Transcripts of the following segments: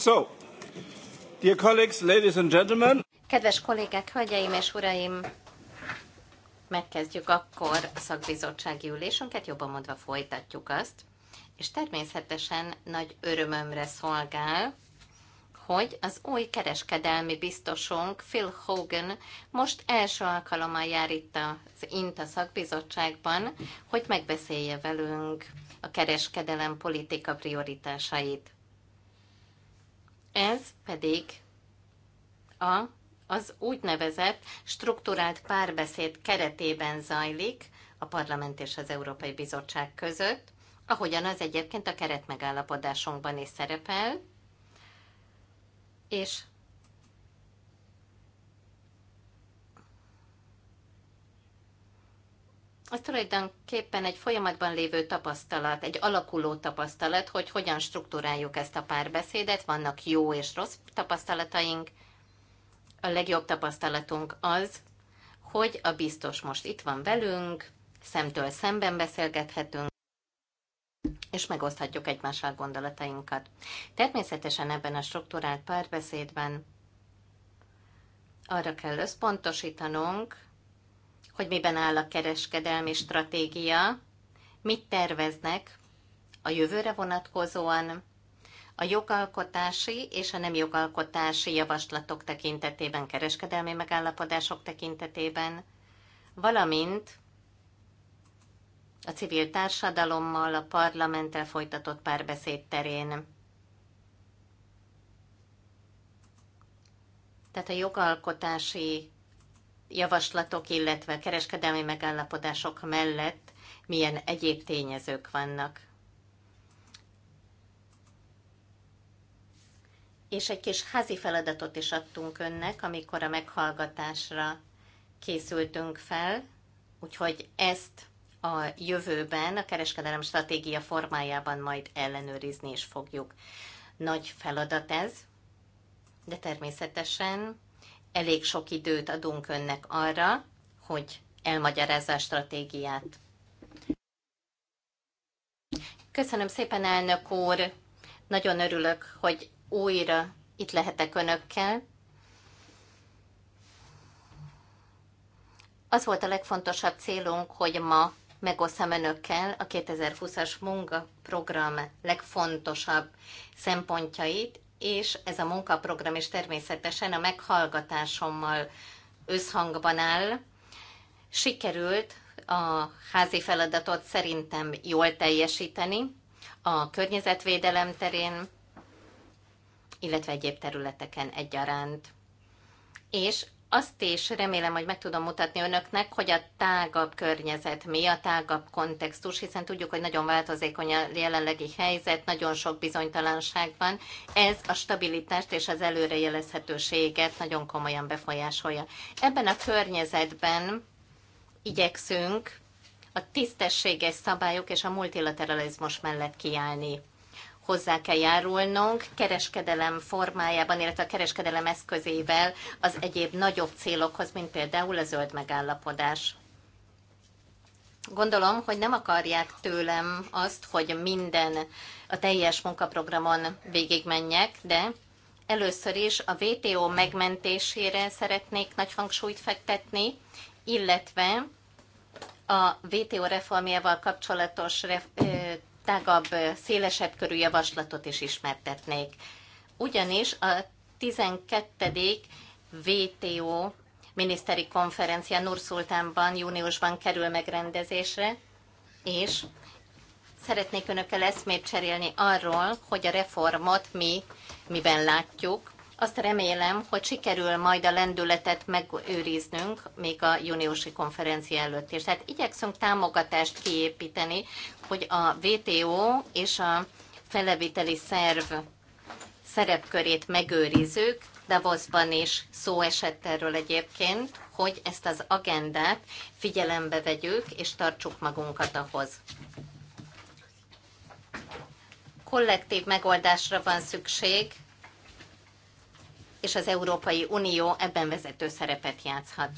So, dear colleagues, ladies and gentlemen. Kedves kollégák, hölgyeim és uraim, megkezdjük akkor a szakbizottsági ülésünket, jobban mondva folytatjuk azt, és természetesen nagy örömömre szolgál, hogy az új kereskedelmi biztosunk Phil Hogan most első alkalommal jár itt az INTA szakbizottságban, hogy megbeszélje velünk a kereskedelem politika prioritásait. Ez pedig a, az úgynevezett strukturált párbeszéd keretében zajlik a Parlament és az Európai Bizottság között, ahogyan az egyébként a keretmegállapodásunkban is szerepel, és az tulajdonképpen egy folyamatban lévő tapasztalat, egy alakuló tapasztalat, hogy hogyan struktúráljuk ezt a párbeszédet, vannak jó és rossz tapasztalataink. A legjobb tapasztalatunk az, hogy a biztos most itt van velünk, szemtől szemben beszélgethetünk, és megoszthatjuk egymással gondolatainkat. Természetesen ebben a struktúrált párbeszédben arra kell összpontosítanunk, hogy miben áll a kereskedelmi stratégia, mit terveznek a jövőre vonatkozóan, a jogalkotási és a nem jogalkotási javaslatok tekintetében, kereskedelmi megállapodások tekintetében, valamint a civil társadalommal, a parlamenttel folytatott párbeszéd terén. Tehát a jogalkotási javaslatok, illetve kereskedelmi megállapodások mellett milyen egyéb tényezők vannak. És egy kis házi feladatot is adtunk önnek, amikor a meghallgatásra készültünk fel, úgyhogy ezt a jövőben a kereskedelem stratégia formájában majd ellenőrizni is fogjuk. Nagy feladat ez, de természetesen elég sok időt adunk önnek arra, hogy elmagyarázza a stratégiát. Köszönöm szépen, elnök úr! Nagyon örülök, hogy újra itt lehetek önökkel. Az volt a legfontosabb célunk, hogy ma megosztam önökkel a 2020-as munkaprogram legfontosabb szempontjait, és ez a munkaprogram is természetesen a meghallgatásommal összhangban áll. Sikerült a házi feladatot szerintem jól teljesíteni a környezetvédelem terén, illetve egyéb területeken egyaránt. És azt is remélem, hogy meg tudom mutatni önöknek, hogy a tágabb környezet mi, a tágabb kontextus, hiszen tudjuk, hogy nagyon változékony a jelenlegi helyzet, nagyon sok bizonytalanság van. Ez a stabilitást és az előrejelezhetőséget nagyon komolyan befolyásolja. Ebben a környezetben igyekszünk a tisztességes szabályok és a multilateralizmus mellett kiállni hozzá kell járulnunk kereskedelem formájában, illetve a kereskedelem eszközével az egyéb nagyobb célokhoz, mint például a zöld megállapodás. Gondolom, hogy nem akarják tőlem azt, hogy minden a teljes munkaprogramon végigmenjek, de először is a VTO megmentésére szeretnék nagy hangsúlyt fektetni, illetve a VTO reformjával kapcsolatos tágabb, szélesebb körű javaslatot is ismertetnék. Ugyanis a 12. WTO miniszteri konferencia Nurszultánban júniusban kerül megrendezésre, és szeretnék önökkel eszmét cserélni arról, hogy a reformot mi miben látjuk, azt remélem, hogy sikerül majd a lendületet megőriznünk még a júniusi konferencia előtt is. Tehát igyekszünk támogatást kiépíteni, hogy a WTO és a feleviteli szerv szerepkörét megőrizzük, Davosban is szó esett erről egyébként, hogy ezt az agendát figyelembe vegyük és tartsuk magunkat ahhoz. Kollektív megoldásra van szükség, és az Európai Unió ebben vezető szerepet játszhat.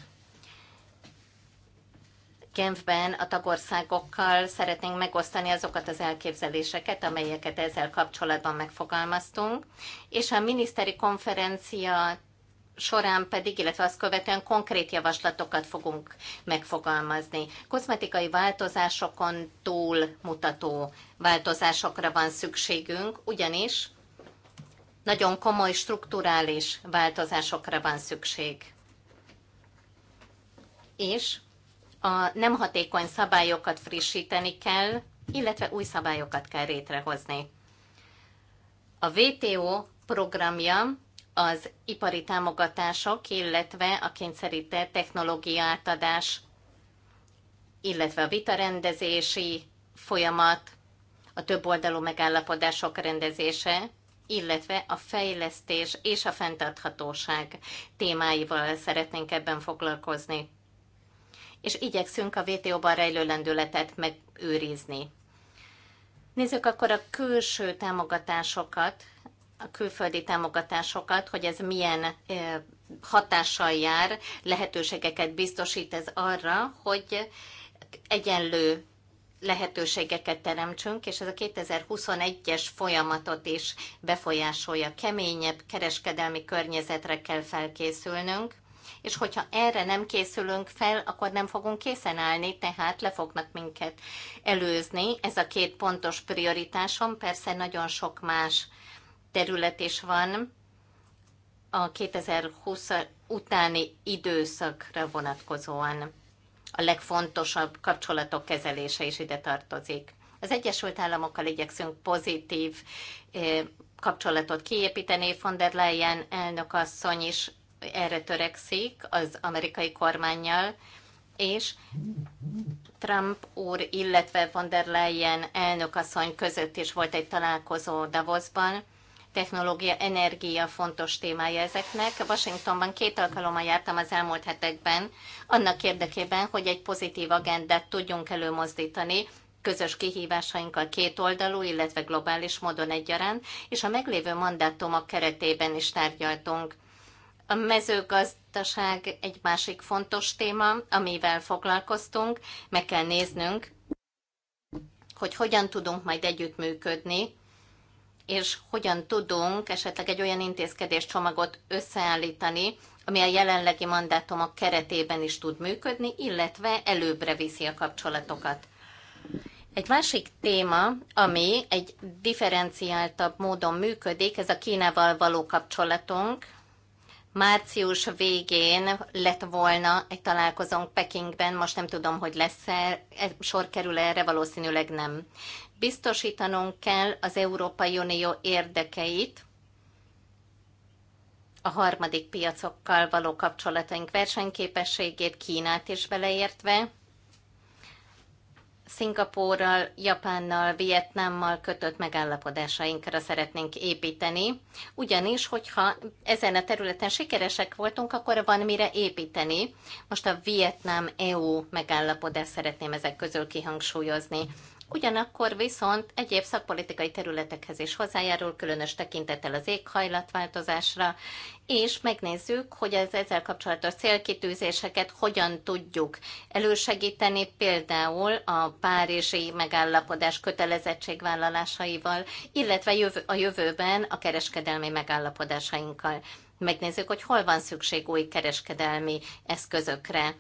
Genfben a tagországokkal szeretnénk megosztani azokat az elképzeléseket, amelyeket ezzel kapcsolatban megfogalmaztunk, és a miniszteri konferencia során pedig, illetve azt követően konkrét javaslatokat fogunk megfogalmazni. Kozmetikai változásokon túl mutató változásokra van szükségünk, ugyanis nagyon komoly strukturális változásokra van szükség. És a nem hatékony szabályokat frissíteni kell, illetve új szabályokat kell létrehozni. A WTO programja az ipari támogatások, illetve a kényszerített technológia átadás, illetve a vitarendezési folyamat, a többoldalú megállapodások rendezése, illetve a fejlesztés és a fenntarthatóság témáival szeretnénk ebben foglalkozni. És igyekszünk a vto ban rejlő lendületet megőrizni. Nézzük akkor a külső támogatásokat, a külföldi támogatásokat, hogy ez milyen hatással jár, lehetőségeket biztosít ez arra, hogy egyenlő lehetőségeket teremtsünk, és ez a 2021-es folyamatot is befolyásolja. Keményebb kereskedelmi környezetre kell felkészülnünk, és hogyha erre nem készülünk fel, akkor nem fogunk készen állni, tehát le fognak minket előzni. Ez a két pontos prioritásom, persze nagyon sok más terület is van a 2020 utáni időszakra vonatkozóan a legfontosabb kapcsolatok kezelése is ide tartozik. Az Egyesült Államokkal igyekszünk pozitív kapcsolatot kiépíteni, von der Leyen asszony is erre törekszik az amerikai kormányjal, és Trump úr, illetve von der Leyen asszony között is volt egy találkozó Davosban, technológia, energia fontos témája ezeknek. Washingtonban két alkalommal jártam az elmúlt hetekben, annak érdekében, hogy egy pozitív agendát tudjunk előmozdítani, közös kihívásainkkal két oldalú, illetve globális módon egyaránt, és a meglévő mandátumok keretében is tárgyaltunk. A mezőgazdaság egy másik fontos téma, amivel foglalkoztunk, meg kell néznünk, hogy hogyan tudunk majd együttműködni és hogyan tudunk esetleg egy olyan intézkedéscsomagot összeállítani, ami a jelenlegi mandátumok keretében is tud működni, illetve előbbre viszi a kapcsolatokat. Egy másik téma, ami egy differenciáltabb módon működik, ez a Kínával való kapcsolatunk. Március végén lett volna egy találkozónk Pekingben, most nem tudom, hogy lesz-e, sor kerül erre, valószínűleg nem. Biztosítanunk kell az Európai Unió érdekeit, a harmadik piacokkal való kapcsolataink versenyképességét, Kínát is beleértve, Szingapúrral, Japánnal, Vietnámmal kötött megállapodásainkra szeretnénk építeni, ugyanis, hogyha ezen a területen sikeresek voltunk, akkor van mire építeni. Most a Vietnám-EU megállapodást szeretném ezek közül kihangsúlyozni. Ugyanakkor viszont egyéb szakpolitikai területekhez is hozzájárul, különös tekintettel az éghajlatváltozásra, és megnézzük, hogy az ezzel kapcsolatos célkitűzéseket hogyan tudjuk elősegíteni, például a párizsi megállapodás kötelezettségvállalásaival, illetve a jövőben a kereskedelmi megállapodásainkkal. Megnézzük, hogy hol van szükség új kereskedelmi eszközökre.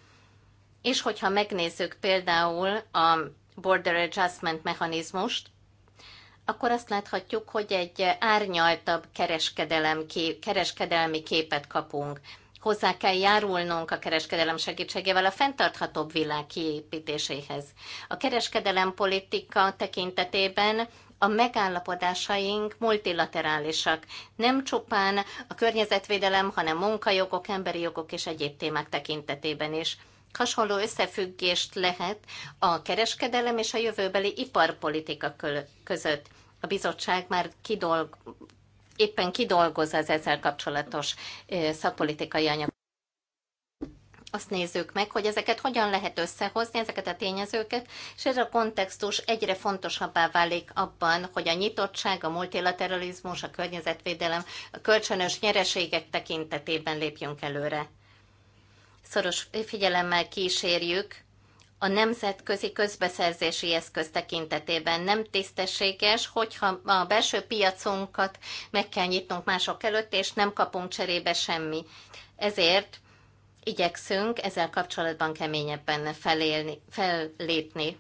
És hogyha megnézzük például a border adjustment mechanizmust, akkor azt láthatjuk, hogy egy árnyaltabb kereskedelem kép, kereskedelmi képet kapunk. Hozzá kell járulnunk a kereskedelem segítségével a fenntarthatóbb világ kiépítéséhez. A kereskedelem politika tekintetében a megállapodásaink multilaterálisak, nem csupán a környezetvédelem, hanem munkajogok, emberi jogok és egyéb témák tekintetében is hasonló összefüggést lehet a kereskedelem és a jövőbeli iparpolitika között. A bizottság már kidolg, éppen kidolgoz az ezzel kapcsolatos szakpolitikai anyagot. Azt nézzük meg, hogy ezeket hogyan lehet összehozni, ezeket a tényezőket, és ez a kontextus egyre fontosabbá válik abban, hogy a nyitottság, a multilateralizmus, a környezetvédelem, a kölcsönös nyereségek tekintetében lépjünk előre szoros figyelemmel kísérjük a nemzetközi közbeszerzési eszköz tekintetében. Nem tisztességes, hogyha a belső piacunkat meg kell nyitnunk mások előtt, és nem kapunk cserébe semmi. Ezért igyekszünk ezzel kapcsolatban keményebben felélni, fellépni.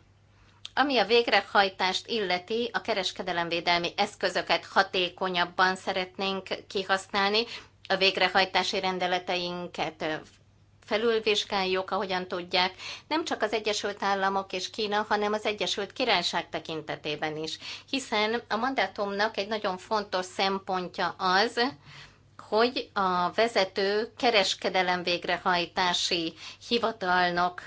Ami a végrehajtást illeti, a kereskedelemvédelmi eszközöket hatékonyabban szeretnénk kihasználni, a végrehajtási rendeleteinket felülvizsgáljuk, ahogyan tudják, nem csak az Egyesült Államok és Kína, hanem az Egyesült Királyság tekintetében is. Hiszen a mandátumnak egy nagyon fontos szempontja az, hogy a vezető kereskedelem végrehajtási hivatalnok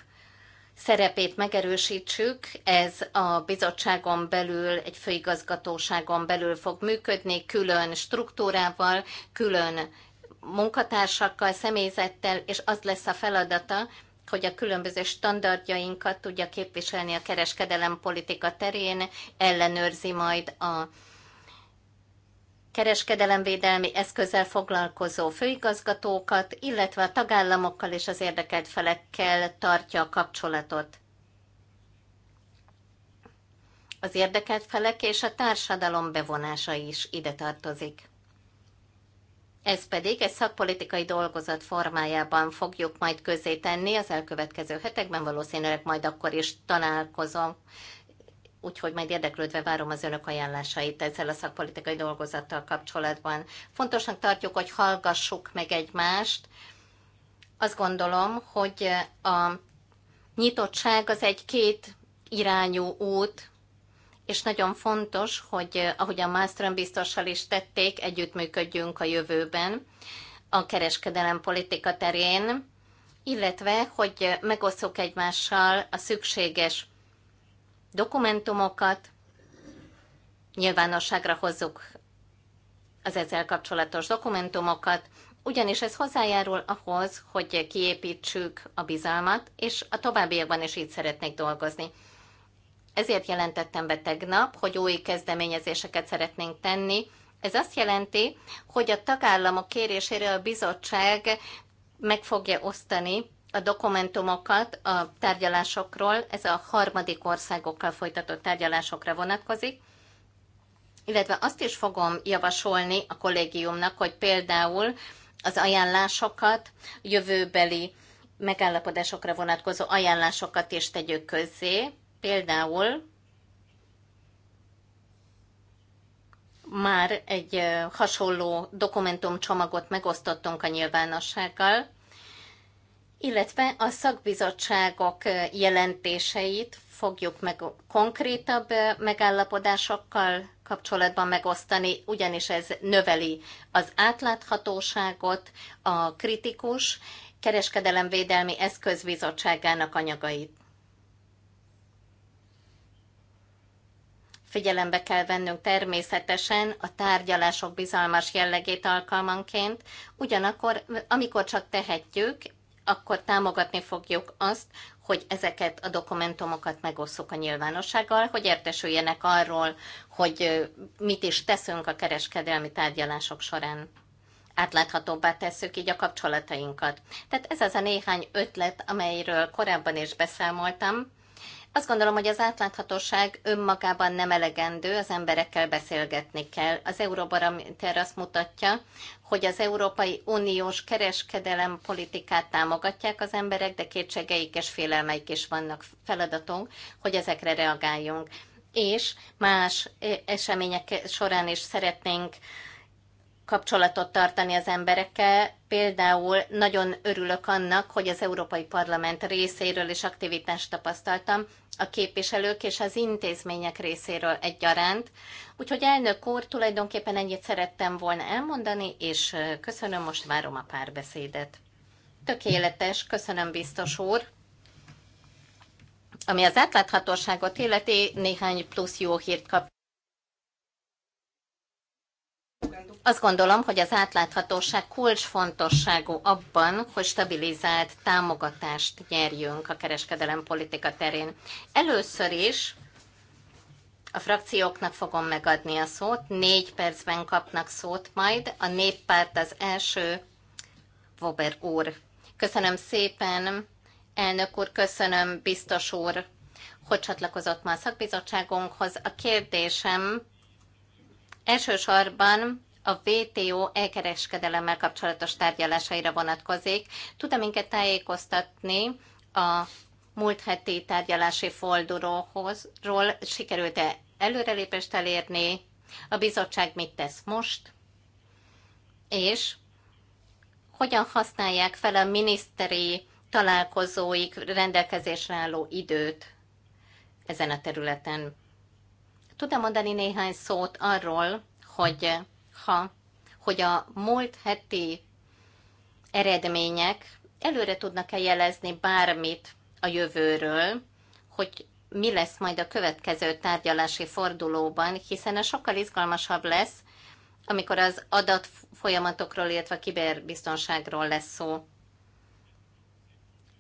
szerepét megerősítsük, ez a bizottságon belül, egy főigazgatóságon belül fog működni, külön struktúrával, külön munkatársakkal, személyzettel, és az lesz a feladata, hogy a különböző standardjainkat tudja képviselni a kereskedelem politika terén, ellenőrzi majd a kereskedelemvédelmi eszközzel foglalkozó főigazgatókat, illetve a tagállamokkal és az érdekelt felekkel tartja a kapcsolatot. Az érdekelt felek és a társadalom bevonása is ide tartozik. Ez pedig egy szakpolitikai dolgozat formájában fogjuk majd közé tenni az elkövetkező hetekben, valószínűleg majd akkor is találkozom. Úgyhogy majd érdeklődve várom az önök ajánlásait ezzel a szakpolitikai dolgozattal kapcsolatban. Fontosnak tartjuk, hogy hallgassuk meg egymást. Azt gondolom, hogy a nyitottság az egy két irányú út, és nagyon fontos, hogy eh, ahogy a Malmström biztossal is tették, együttműködjünk a jövőben a kereskedelem politika terén, illetve, hogy megosszuk egymással a szükséges dokumentumokat, nyilvánosságra hozzuk az ezzel kapcsolatos dokumentumokat, ugyanis ez hozzájárul ahhoz, hogy kiépítsük a bizalmat, és a továbbiakban is így szeretnék dolgozni. Ezért jelentettem be tegnap, hogy új kezdeményezéseket szeretnénk tenni. Ez azt jelenti, hogy a tagállamok kérésére a bizottság meg fogja osztani a dokumentumokat a tárgyalásokról, ez a harmadik országokkal folytatott tárgyalásokra vonatkozik, illetve azt is fogom javasolni a kollégiumnak, hogy például az ajánlásokat, jövőbeli megállapodásokra vonatkozó ajánlásokat is tegyük közzé, Például már egy hasonló dokumentumcsomagot megosztottunk a nyilvánossággal, illetve a szakbizottságok jelentéseit fogjuk meg konkrétabb megállapodásokkal kapcsolatban megosztani, ugyanis ez növeli az átláthatóságot, a kritikus kereskedelemvédelmi eszközbizottságának anyagait. Figyelembe kell vennünk természetesen a tárgyalások bizalmas jellegét alkalmanként, ugyanakkor, amikor csak tehetjük, akkor támogatni fogjuk azt, hogy ezeket a dokumentumokat megosszuk a nyilvánossággal, hogy értesüljenek arról, hogy mit is teszünk a kereskedelmi tárgyalások során. Átláthatóbbá tesszük így a kapcsolatainkat. Tehát ez az a néhány ötlet, amelyről korábban is beszámoltam, azt gondolom, hogy az átláthatóság önmagában nem elegendő, az emberekkel beszélgetni kell. Az Euróbarométer azt mutatja, hogy az Európai Uniós kereskedelem politikát támogatják az emberek, de kétségeik és félelmeik is vannak feladatunk, hogy ezekre reagáljunk. És más e, események során is szeretnénk kapcsolatot tartani az emberekkel. Például nagyon örülök annak, hogy az Európai Parlament részéről is aktivitást tapasztaltam, a képviselők és az intézmények részéről egyaránt. Úgyhogy elnök úr, tulajdonképpen ennyit szerettem volna elmondani, és köszönöm, most várom a párbeszédet. Tökéletes, köszönöm biztos úr. Ami az átláthatóságot illeti, néhány plusz jó hírt kap. Azt gondolom, hogy az átláthatóság kulcsfontosságú abban, hogy stabilizált támogatást nyerjünk a kereskedelem politika terén. Először is a frakcióknak fogom megadni a szót, négy percben kapnak szót majd. A néppárt az első, wober úr. Köszönöm szépen, elnök úr, köszönöm, biztos úr, hogy csatlakozott ma a szakbizottságunkhoz. A kérdésem Elsősorban a WTO elkereskedelemmel kapcsolatos tárgyalásaira vonatkozik. Tud-e minket tájékoztatni a múlt heti tárgyalási fordulóhoz, sikerült-e előrelépést elérni, a bizottság mit tesz most, és hogyan használják fel a miniszteri találkozóik rendelkezésre álló időt ezen a területen. Tud-e mondani néhány szót arról, hogy ha, hogy a múlt heti eredmények előre tudnak-e jelezni bármit a jövőről, hogy mi lesz majd a következő tárgyalási fordulóban, hiszen ez sokkal izgalmasabb lesz, amikor az adatfolyamatokról, illetve a kiberbiztonságról lesz szó.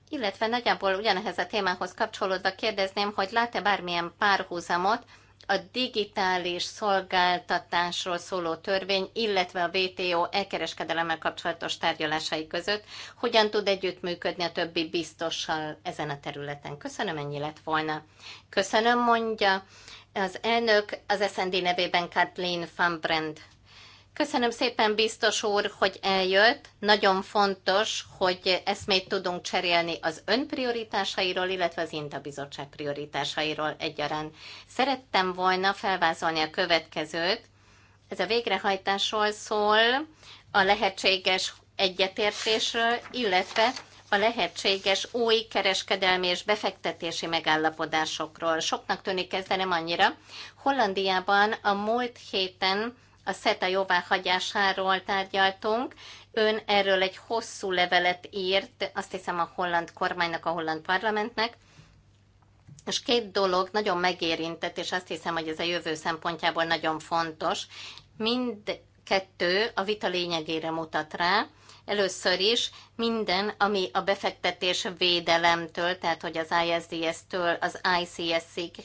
Illetve nagyjából ugyanehez a témához kapcsolódva kérdezném, hogy lát-e bármilyen párhuzamot a digitális szolgáltatásról szóló törvény, illetve a WTO elkereskedelemmel kapcsolatos tárgyalásai között hogyan tud együttműködni a többi biztossal ezen a területen. Köszönöm, ennyi lett volna. Köszönöm, mondja az elnök az SND nevében Kathleen van Brand. Köszönöm szépen, biztos úr, hogy eljött. Nagyon fontos, hogy eszmét tudunk cserélni az ön prioritásairól, illetve az INTA bizottság prioritásairól egyaránt. Szerettem volna felvázolni a következőt. Ez a végrehajtásról szól, a lehetséges egyetértésről, illetve a lehetséges új kereskedelmi és befektetési megállapodásokról. Soknak tűnik ez, de nem annyira. Hollandiában a múlt héten a SETA jóváhagyásáról tárgyaltunk. Ön erről egy hosszú levelet írt, azt hiszem a holland kormánynak, a holland parlamentnek, és két dolog nagyon megérintett, és azt hiszem, hogy ez a jövő szempontjából nagyon fontos. Mind kettő a vita lényegére mutat rá. Először is minden, ami a befektetés védelemtől, tehát hogy az ISDS-től az ics ig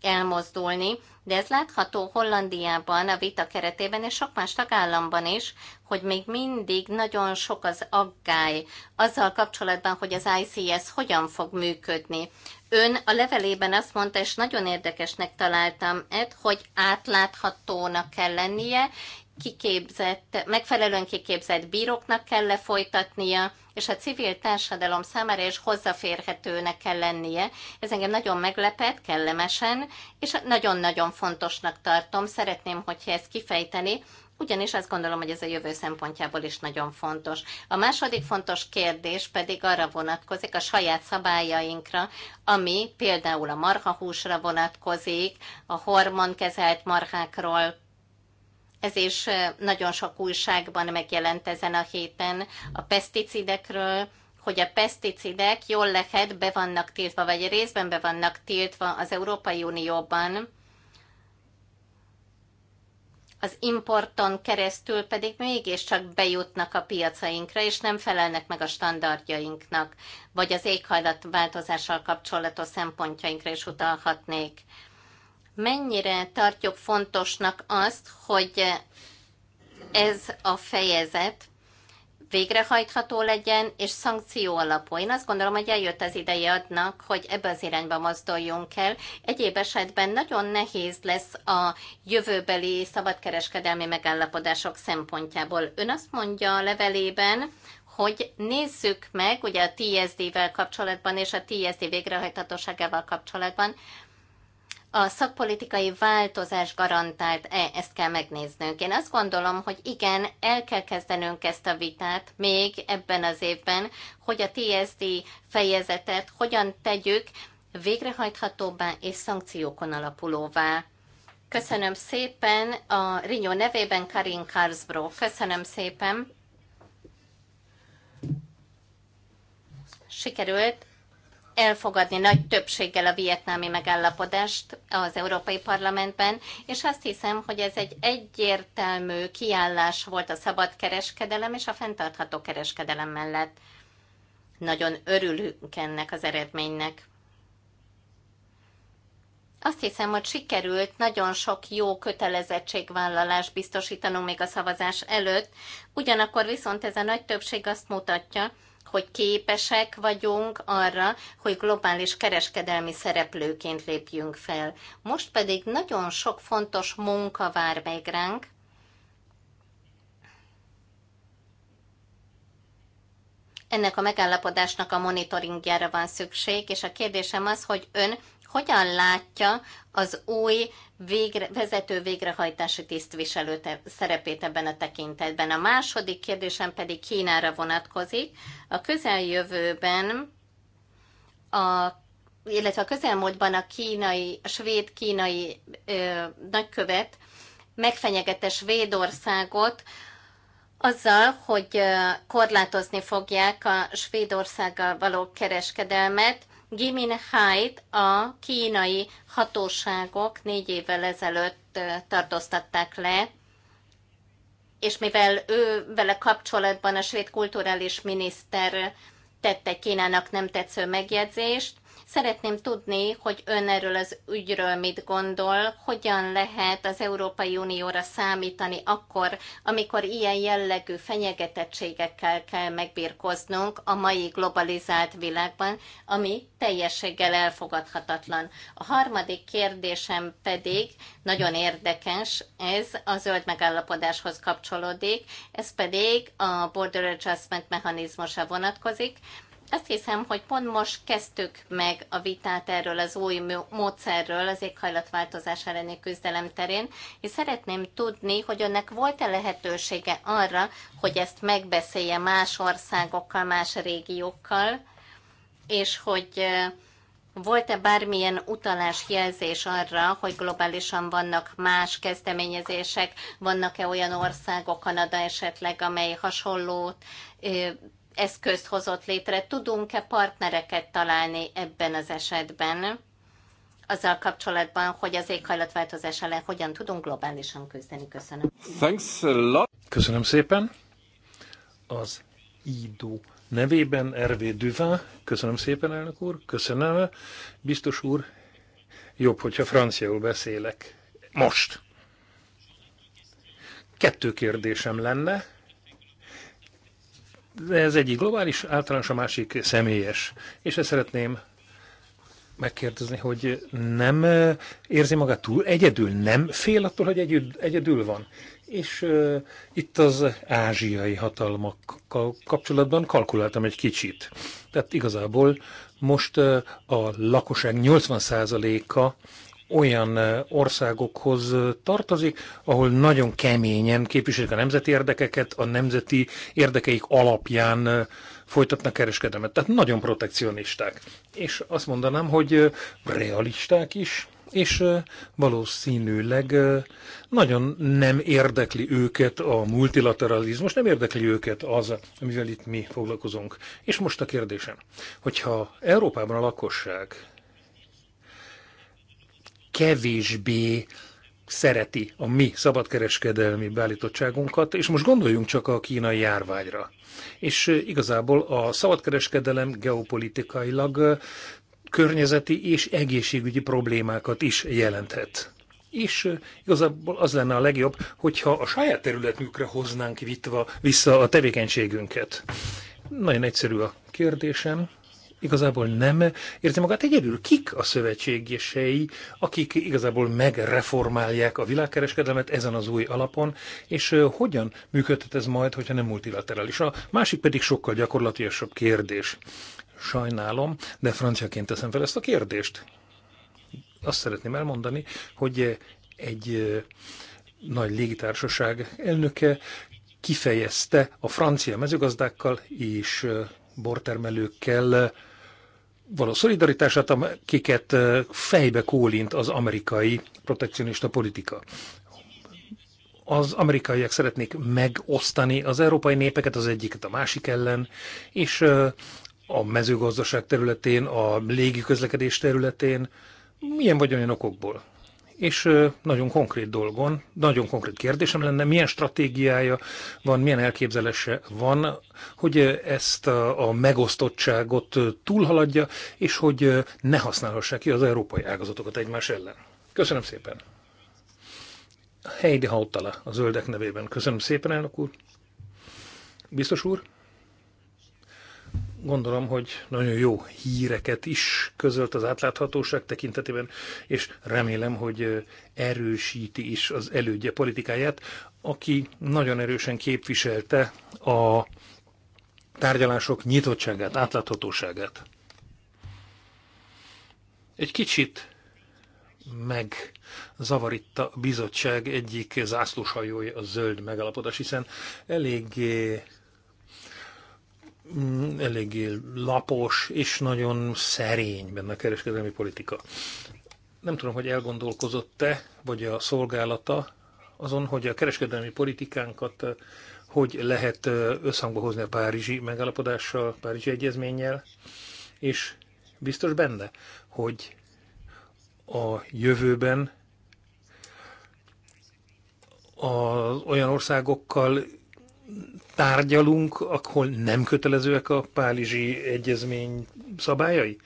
elmozdulni, de ez látható Hollandiában a vita keretében és sok más tagállamban is, hogy még mindig nagyon sok az aggály azzal kapcsolatban, hogy az ICS hogyan fog működni. Ön a levelében azt mondta, és nagyon érdekesnek találtam, Ed, hogy átláthatónak kell lennie, kiképzett, megfelelően kiképzett bíróknak kell lefolytatnia, és a civil társadalom számára is hozzáférhetőnek kell lennie. Ez engem nagyon meglepett, kellemesen, és nagyon-nagyon fontosnak tartom. Szeretném, hogyha ezt kifejteni, ugyanis azt gondolom, hogy ez a jövő szempontjából is nagyon fontos. A második fontos kérdés pedig arra vonatkozik a saját szabályainkra, ami például a marhahúsra vonatkozik, a hormonkezelt marhákról ez is nagyon sok újságban megjelent ezen a héten a peszticidekről, hogy a peszticidek jól lehet be vannak tiltva, vagy részben be vannak tiltva az Európai Unióban, az importon keresztül pedig mégiscsak bejutnak a piacainkra, és nem felelnek meg a standardjainknak, vagy az éghajlatváltozással kapcsolatos szempontjainkra is utalhatnék mennyire tartjuk fontosnak azt, hogy ez a fejezet végrehajtható legyen, és szankció alapú. Én azt gondolom, hogy eljött az ideje adnak, hogy ebbe az irányba mozduljunk el. Egyéb esetben nagyon nehéz lesz a jövőbeli szabadkereskedelmi megállapodások szempontjából. Ön azt mondja a levelében, hogy nézzük meg, ugye a TSD-vel kapcsolatban és a TSD végrehajthatóságával kapcsolatban, a szakpolitikai változás garantált-e, ezt kell megnéznünk. Én azt gondolom, hogy igen, el kell kezdenünk ezt a vitát még ebben az évben, hogy a TSD fejezetet hogyan tegyük végrehajthatóbbá és szankciókon alapulóvá. Köszönöm szépen a Rinyó nevében Karin Karsbro. Köszönöm szépen. Sikerült elfogadni nagy többséggel a vietnámi megállapodást az Európai Parlamentben, és azt hiszem, hogy ez egy egyértelmű kiállás volt a szabad kereskedelem és a fenntartható kereskedelem mellett. Nagyon örülünk ennek az eredménynek. Azt hiszem, hogy sikerült nagyon sok jó kötelezettségvállalást biztosítanunk még a szavazás előtt, ugyanakkor viszont ez a nagy többség azt mutatja, hogy képesek vagyunk arra, hogy globális kereskedelmi szereplőként lépjünk fel. Most pedig nagyon sok fontos munka vár meg ránk, Ennek a megállapodásnak a monitoringjára van szükség, és a kérdésem az, hogy ön hogyan látja az új végre, vezető végrehajtási tisztviselő szerepét ebben a tekintetben. A második kérdésem pedig Kínára vonatkozik. A közeljövőben a illetve a közelmúltban a kínai, a svéd-kínai ö, nagykövet megfenyegette Svédországot azzal, hogy korlátozni fogják a Svédországgal való kereskedelmet, Gimin Hait a kínai hatóságok négy évvel ezelőtt tartóztatták le, és mivel ő vele kapcsolatban a svéd kulturális miniszter tette Kínának nem tetsző megjegyzést, Szeretném tudni, hogy ön erről az ügyről mit gondol, hogyan lehet az Európai Unióra számítani akkor, amikor ilyen jellegű fenyegetettségekkel kell megbírkoznunk a mai globalizált világban, ami teljességgel elfogadhatatlan. A harmadik kérdésem pedig nagyon érdekes, ez a zöld megállapodáshoz kapcsolódik, ez pedig a Border Adjustment mechanizmusa vonatkozik. Azt hiszem, hogy pont most kezdtük meg a vitát erről az új módszerről az éghajlatváltozás elleni küzdelem terén, és szeretném tudni, hogy önnek volt-e lehetősége arra, hogy ezt megbeszélje más országokkal, más régiókkal, és hogy volt-e bármilyen utalás, jelzés arra, hogy globálisan vannak más kezdeményezések, vannak-e olyan országok, Kanada esetleg, amely hasonló eszközt hozott létre. Tudunk-e partnereket találni ebben az esetben? azzal kapcsolatban, hogy az éghajlatváltozás ellen hogyan tudunk globálisan küzdeni. Köszönöm. Thanks a lot. Köszönöm szépen. Az IDO nevében RV Duvin. Köszönöm szépen, elnök úr. Köszönöm. Biztos úr, jobb, hogyha franciául beszélek. Most. Kettő kérdésem lenne de ez egyik globális, általános a másik személyes. És ezt szeretném megkérdezni, hogy nem érzi magát túl egyedül, nem fél attól, hogy együtt, egyedül van. És uh, itt az ázsiai hatalmakkal kapcsolatban kalkuláltam egy kicsit. Tehát igazából most uh, a lakosság 80%-a olyan országokhoz tartozik, ahol nagyon keményen képviselik a nemzeti érdekeket, a nemzeti érdekeik alapján folytatnak kereskedelmet. Tehát nagyon protekcionisták. És azt mondanám, hogy realisták is, és valószínűleg nagyon nem érdekli őket a multilateralizmus, nem érdekli őket az, amivel itt mi foglalkozunk. És most a kérdésem, hogyha Európában a lakosság kevésbé szereti a mi szabadkereskedelmi beállítottságunkat, és most gondoljunk csak a kínai járványra. És igazából a szabadkereskedelem geopolitikailag környezeti és egészségügyi problémákat is jelenthet. És igazából az lenne a legjobb, hogyha a saját területünkre hoznánk vitva vissza a tevékenységünket. Nagyon egyszerű a kérdésem igazából nem érzi magát egyedül. Kik a szövetségesei, akik igazából megreformálják a világkereskedelmet ezen az új alapon, és hogyan működhet ez majd, hogyha nem multilaterális. A másik pedig sokkal gyakorlatilasabb kérdés. Sajnálom, de franciaként teszem fel ezt a kérdést. Azt szeretném elmondani, hogy egy nagy légitársaság elnöke kifejezte a francia mezőgazdákkal és bortermelőkkel való szolidaritását, akiket fejbe kólint az amerikai protekcionista politika. Az amerikaiak szeretnék megosztani az európai népeket az egyiket a másik ellen, és a mezőgazdaság területén, a légi közlekedés területén, milyen vagy olyan okokból és nagyon konkrét dolgon, nagyon konkrét kérdésem lenne, milyen stratégiája van, milyen elképzelése van, hogy ezt a, a megosztottságot túlhaladja, és hogy ne használhassák ki az európai ágazatokat egymás ellen. Köszönöm szépen! Heidi Hautala, a zöldek nevében. Köszönöm szépen, elnök úr! Biztos úr? gondolom, hogy nagyon jó híreket is közölt az átláthatóság tekintetében, és remélem, hogy erősíti is az elődje politikáját, aki nagyon erősen képviselte a tárgyalások nyitottságát, átláthatóságát. Egy kicsit meg zavaritta a bizottság egyik zászlóshajója a zöld megalapodás, hiszen eléggé Mm, eléggé lapos és nagyon szerény benne a kereskedelmi politika. Nem tudom, hogy elgondolkozott-e, vagy a szolgálata azon, hogy a kereskedelmi politikánkat eh, hogy lehet eh, összhangba hozni a Párizsi megállapodással, Párizsi egyezménnyel, és biztos benne, hogy a jövőben az olyan országokkal tárgyalunk, akkor nem kötelezőek a Párizsi Egyezmény szabályai?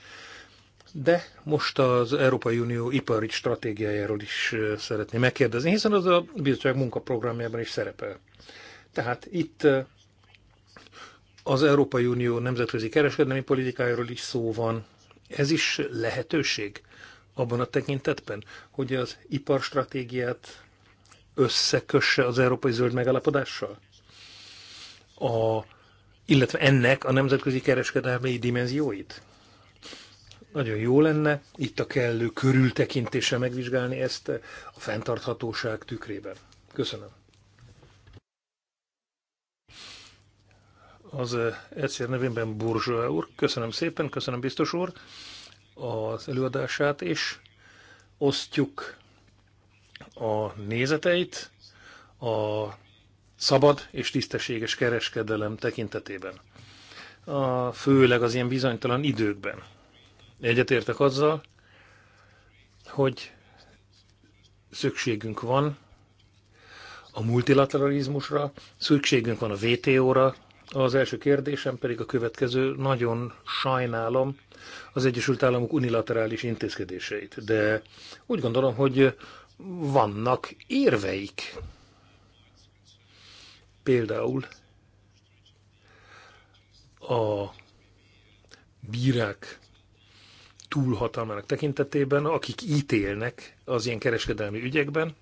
De most az Európai Unió ipari stratégiájáról is szeretné megkérdezni, hiszen az a bizottság munkaprogramjában is szerepel. Tehát itt az Európai Unió nemzetközi kereskedelmi politikájáról is szó van. Ez is lehetőség abban a tekintetben, hogy az iparstratégiát összekösse az Európai Zöld megállapodással? a, illetve ennek a nemzetközi kereskedelmi dimenzióit? Nagyon jó lenne itt a kellő körültekintéssel megvizsgálni ezt a fenntarthatóság tükrében. Köszönöm. Az egyszer eh, nevében Burzsa úr, köszönöm szépen, köszönöm biztos úr az előadását, és osztjuk a nézeteit, a szabad és tisztességes kereskedelem tekintetében. A, főleg az ilyen bizonytalan időkben. Egyetértek azzal, hogy szükségünk van a multilateralizmusra, szükségünk van a WTO-ra. Az első kérdésem pedig a következő, nagyon sajnálom az Egyesült Államok unilaterális intézkedéseit, de úgy gondolom, hogy vannak érveik Például a bírák túlhatalmának tekintetében, akik ítélnek az ilyen kereskedelmi ügyekben,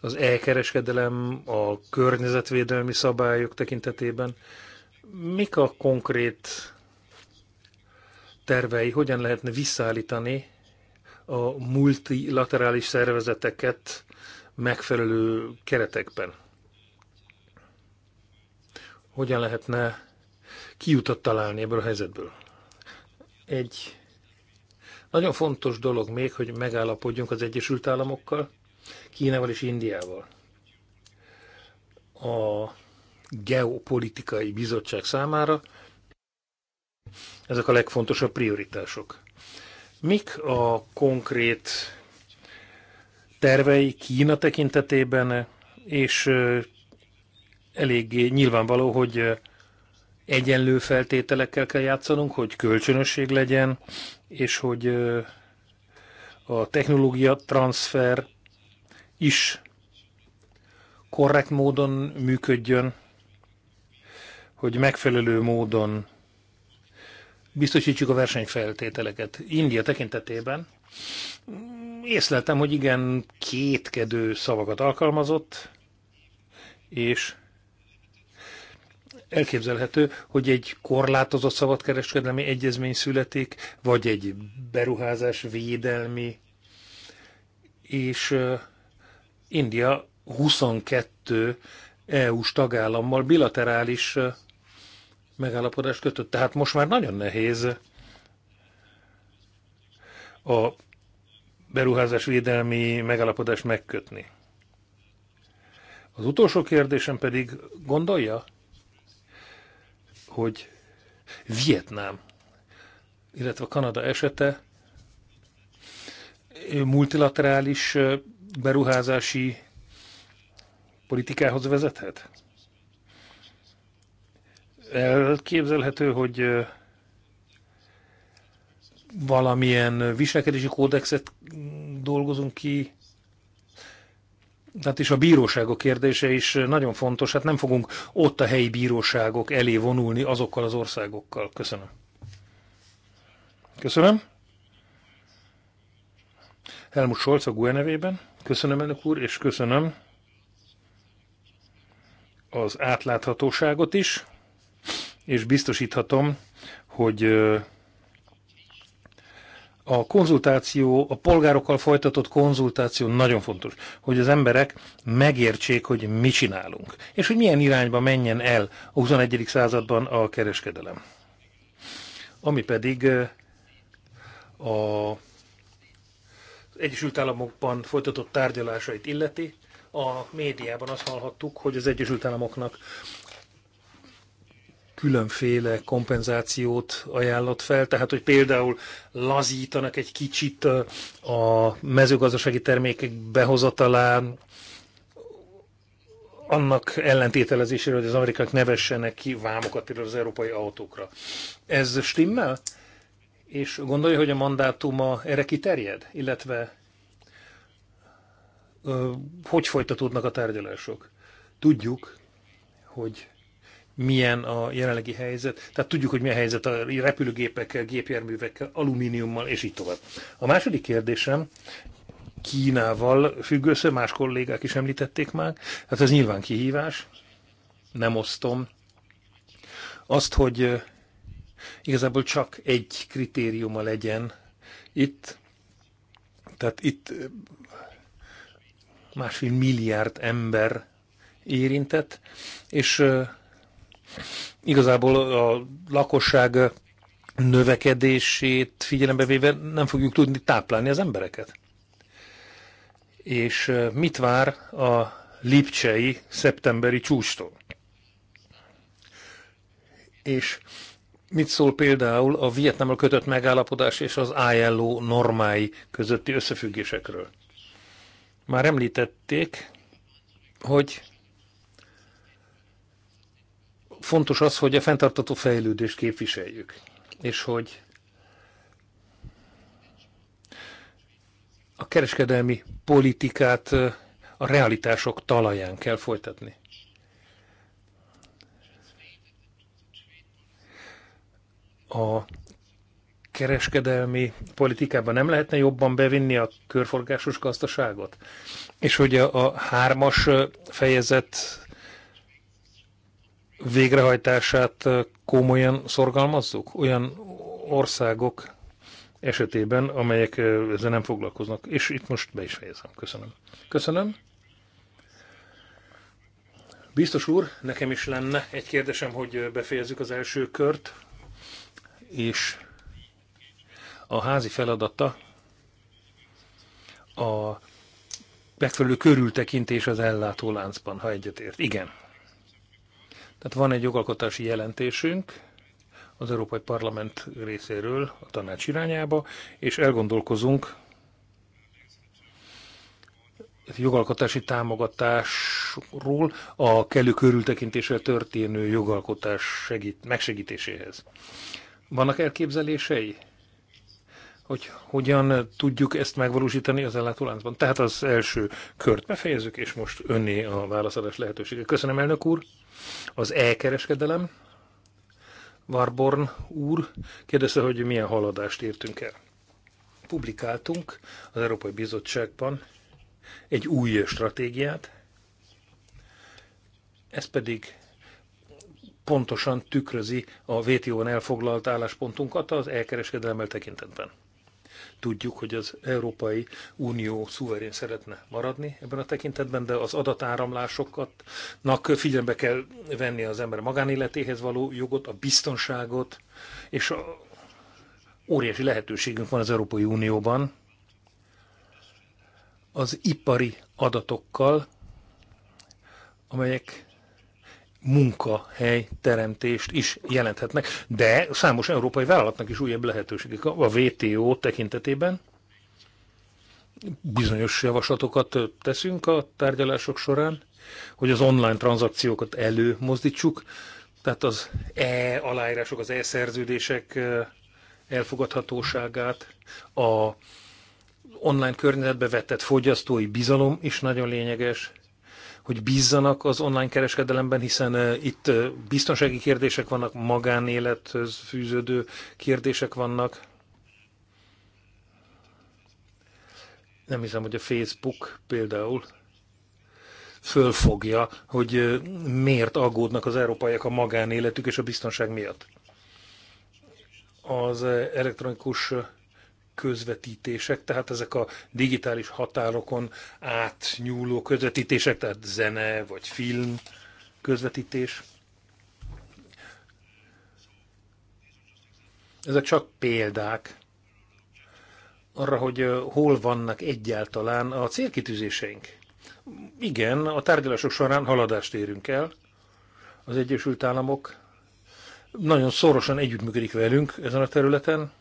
az elkereskedelem, a környezetvédelmi szabályok tekintetében. Mik a konkrét tervei, hogyan lehetne visszaállítani a multilaterális szervezeteket megfelelő keretekben? hogyan lehetne kiutat találni ebből a helyzetből. Egy nagyon fontos dolog még, hogy megállapodjunk az Egyesült Államokkal, Kínával és Indiával. A geopolitikai bizottság számára ezek a legfontosabb prioritások. Mik a konkrét tervei Kína tekintetében és eléggé nyilvánvaló, hogy egyenlő feltételekkel kell játszanunk, hogy kölcsönösség legyen, és hogy a technológia transfer is korrekt módon működjön, hogy megfelelő módon biztosítsuk a versenyfeltételeket. India tekintetében észleltem, hogy igen, kétkedő szavakat alkalmazott, és elképzelhető, hogy egy korlátozott szabadkereskedelmi egyezmény születik, vagy egy beruházás védelmi, és India 22 EU-s tagállammal bilaterális megállapodást kötött. Tehát most már nagyon nehéz a beruházás védelmi megállapodást megkötni. Az utolsó kérdésem pedig gondolja, hogy Vietnám, illetve Kanada esete multilaterális beruházási politikához vezethet? Elképzelhető, hogy valamilyen viselkedési kódexet dolgozunk ki tehát is a bíróságok kérdése is nagyon fontos, hát nem fogunk ott a helyi bíróságok elé vonulni azokkal az országokkal. Köszönöm. Köszönöm. Helmut Scholz a GUE nevében. Köszönöm, elnök úr, és köszönöm az átláthatóságot is, és biztosíthatom, hogy a konzultáció, a polgárokkal folytatott konzultáció nagyon fontos, hogy az emberek megértsék, hogy mi csinálunk, és hogy milyen irányba menjen el a XXI. században a kereskedelem. Ami pedig a Egyesült Államokban folytatott tárgyalásait illeti, a médiában azt hallhattuk, hogy az Egyesült Államoknak különféle kompenzációt ajánlott fel, tehát hogy például lazítanak egy kicsit a mezőgazdasági termékek behozatalán, annak ellentételezésére, hogy az amerikák ne vessenek ki vámokat például az európai autókra. Ez stimmel? És gondolja, hogy a mandátuma erre kiterjed? Illetve hogy folytatódnak a tárgyalások? Tudjuk, hogy milyen a jelenlegi helyzet. Tehát tudjuk, hogy milyen helyzet a repülőgépekkel, gépjárművekkel, alumíniummal, és így tovább. A második kérdésem Kínával függ össze, más kollégák is említették már. Hát ez nyilván kihívás, nem osztom. Azt, hogy igazából csak egy kritériuma legyen itt, tehát itt másfél milliárd ember érintett, és Igazából a lakosság növekedését figyelembe véve nem fogjuk tudni táplálni az embereket. És mit vár a lipcsei szeptemberi csústól? És mit szól például a Vietnámmal kötött megállapodás és az ILO normái közötti összefüggésekről? Már említették, hogy fontos az, hogy a fenntartató fejlődést képviseljük, és hogy a kereskedelmi politikát a realitások talaján kell folytatni. A kereskedelmi politikában nem lehetne jobban bevinni a körforgásos gazdaságot? És hogy a, a hármas fejezet végrehajtását komolyan szorgalmazzuk? Olyan országok esetében, amelyek ezzel nem foglalkoznak. És itt most be is fejezem. Köszönöm. Köszönöm. Biztos úr, nekem is lenne egy kérdésem, hogy befejezzük az első kört, és a házi feladata a megfelelő körültekintés az láncban, ha egyetért. Igen, tehát van egy jogalkotási jelentésünk az Európai Parlament részéről a tanács irányába, és elgondolkozunk jogalkotási támogatásról a kellő körültekintéssel történő jogalkotás segít, megsegítéséhez. Vannak elképzelései? hogy hogyan tudjuk ezt megvalósítani az ellátóláncban. Tehát az első kört befejezzük, és most önné a válaszadás lehetősége. Köszönöm, elnök úr. Az e-kereskedelem. Warborn úr kérdezte, hogy milyen haladást értünk el. Publikáltunk az Európai Bizottságban egy új stratégiát, ez pedig pontosan tükrözi a WTO-n elfoglalt álláspontunkat az elkereskedelemmel tekintetben. Tudjuk, hogy az Európai Unió szuverén szeretne maradni ebben a tekintetben, de az adatáramlásoknak figyelembe kell venni az ember magánéletéhez való jogot, a biztonságot, és a óriási lehetőségünk van az Európai Unióban az ipari adatokkal, amelyek munkahely teremtést is jelenthetnek, de számos európai vállalatnak is újabb lehetőségek a WTO tekintetében. Bizonyos javaslatokat teszünk a tárgyalások során, hogy az online tranzakciókat előmozdítsuk, tehát az e aláírások, az e-szerződések elfogadhatóságát, a online környezetbe vetett fogyasztói bizalom is nagyon lényeges, hogy bízzanak az online kereskedelemben, hiszen eh, itt eh, biztonsági kérdések vannak, magánélethöz fűződő kérdések vannak. Nem hiszem, hogy a Facebook például fölfogja, hogy eh, miért aggódnak az európaiak a magánéletük és a biztonság miatt. Az elektronikus közvetítések, tehát ezek a digitális határokon átnyúló közvetítések, tehát zene vagy film közvetítés. Ezek csak példák arra, hogy hol vannak egyáltalán a célkitűzéseink. Igen, a tárgyalások során haladást érünk el. Az Egyesült Államok nagyon szorosan együttműködik velünk ezen a területen,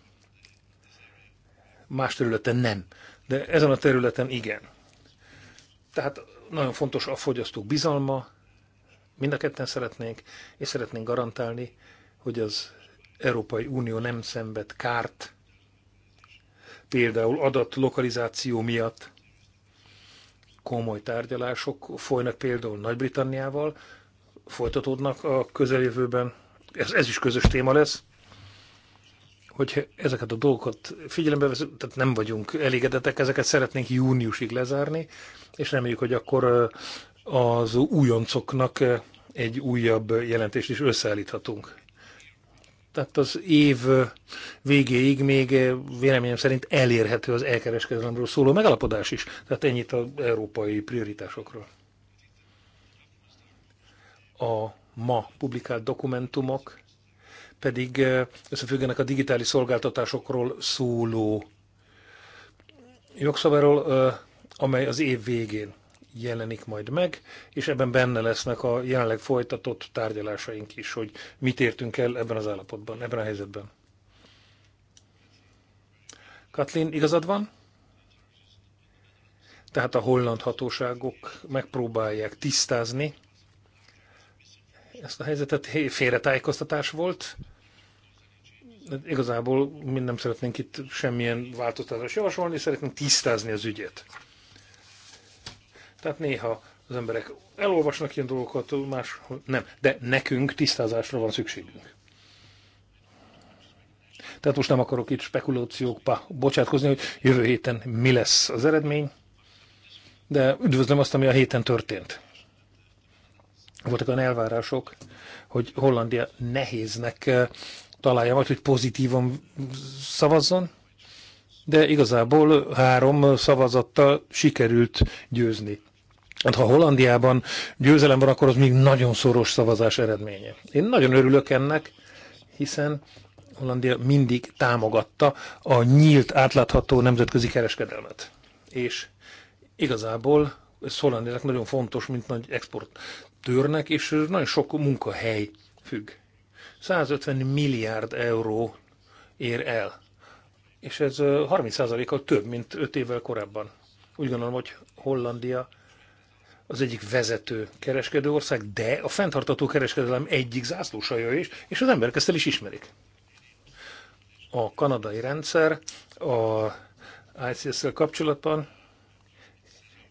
más területen nem. De ezen a területen igen. Tehát nagyon fontos a fogyasztók bizalma, mind a ketten szeretnénk, és szeretnénk garantálni, hogy az Európai Unió nem szenved kárt, például adat lokalizáció miatt komoly tárgyalások folynak például Nagy-Britanniával, folytatódnak a közeljövőben, ez, ez is közös téma lesz, hogyha ezeket a dolgokat figyelembe veszünk, tehát nem vagyunk elégedettek, ezeket szeretnénk júniusig lezárni, és reméljük, hogy akkor az újoncoknak egy újabb jelentést is összeállíthatunk. Tehát az év végéig még véleményem szerint elérhető az elkereskedelemről szóló megalapodás is. Tehát ennyit az európai prioritásokról. A ma publikált dokumentumok pedig összefüggenek a digitális szolgáltatásokról szóló jogszabáról, amely az év végén jelenik majd meg, és ebben benne lesznek a jelenleg folytatott tárgyalásaink is, hogy mit értünk el ebben az állapotban, ebben a helyzetben. Katlin, igazad van? Tehát a holland hatóságok megpróbálják tisztázni ezt a helyzetet, félretájékoztatás volt. Igazából mi nem szeretnénk itt semmilyen változtatást javasolni, szeretnénk tisztázni az ügyet. Tehát néha az emberek elolvasnak ilyen dolgokat, más nem. De nekünk tisztázásra van szükségünk. Tehát most nem akarok itt spekulációkba bocsátkozni, hogy jövő héten mi lesz az eredmény, de üdvözlöm azt, ami a héten történt voltak olyan elvárások, hogy Hollandia nehéznek eh, találja majd, hogy pozitívan szavazzon, de igazából három szavazattal sikerült győzni. Hát ha Hollandiában győzelem van, akkor az még nagyon szoros szavazás eredménye. Én nagyon örülök ennek, hiszen Hollandia mindig támogatta a nyílt, átlátható nemzetközi kereskedelmet. És igazából ez Hollandiának nagyon fontos, mint nagy export törnek, és nagyon sok munkahely függ. 150 milliárd euró ér el, és ez 30 a több, mint 5 évvel korábban. Úgy gondolom, hogy Hollandia az egyik vezető kereskedő ország, de a fenntartató kereskedelem egyik zászlósaja is, és az emberek ezt el is ismerik. A kanadai rendszer a ICS-szel kapcsolatban,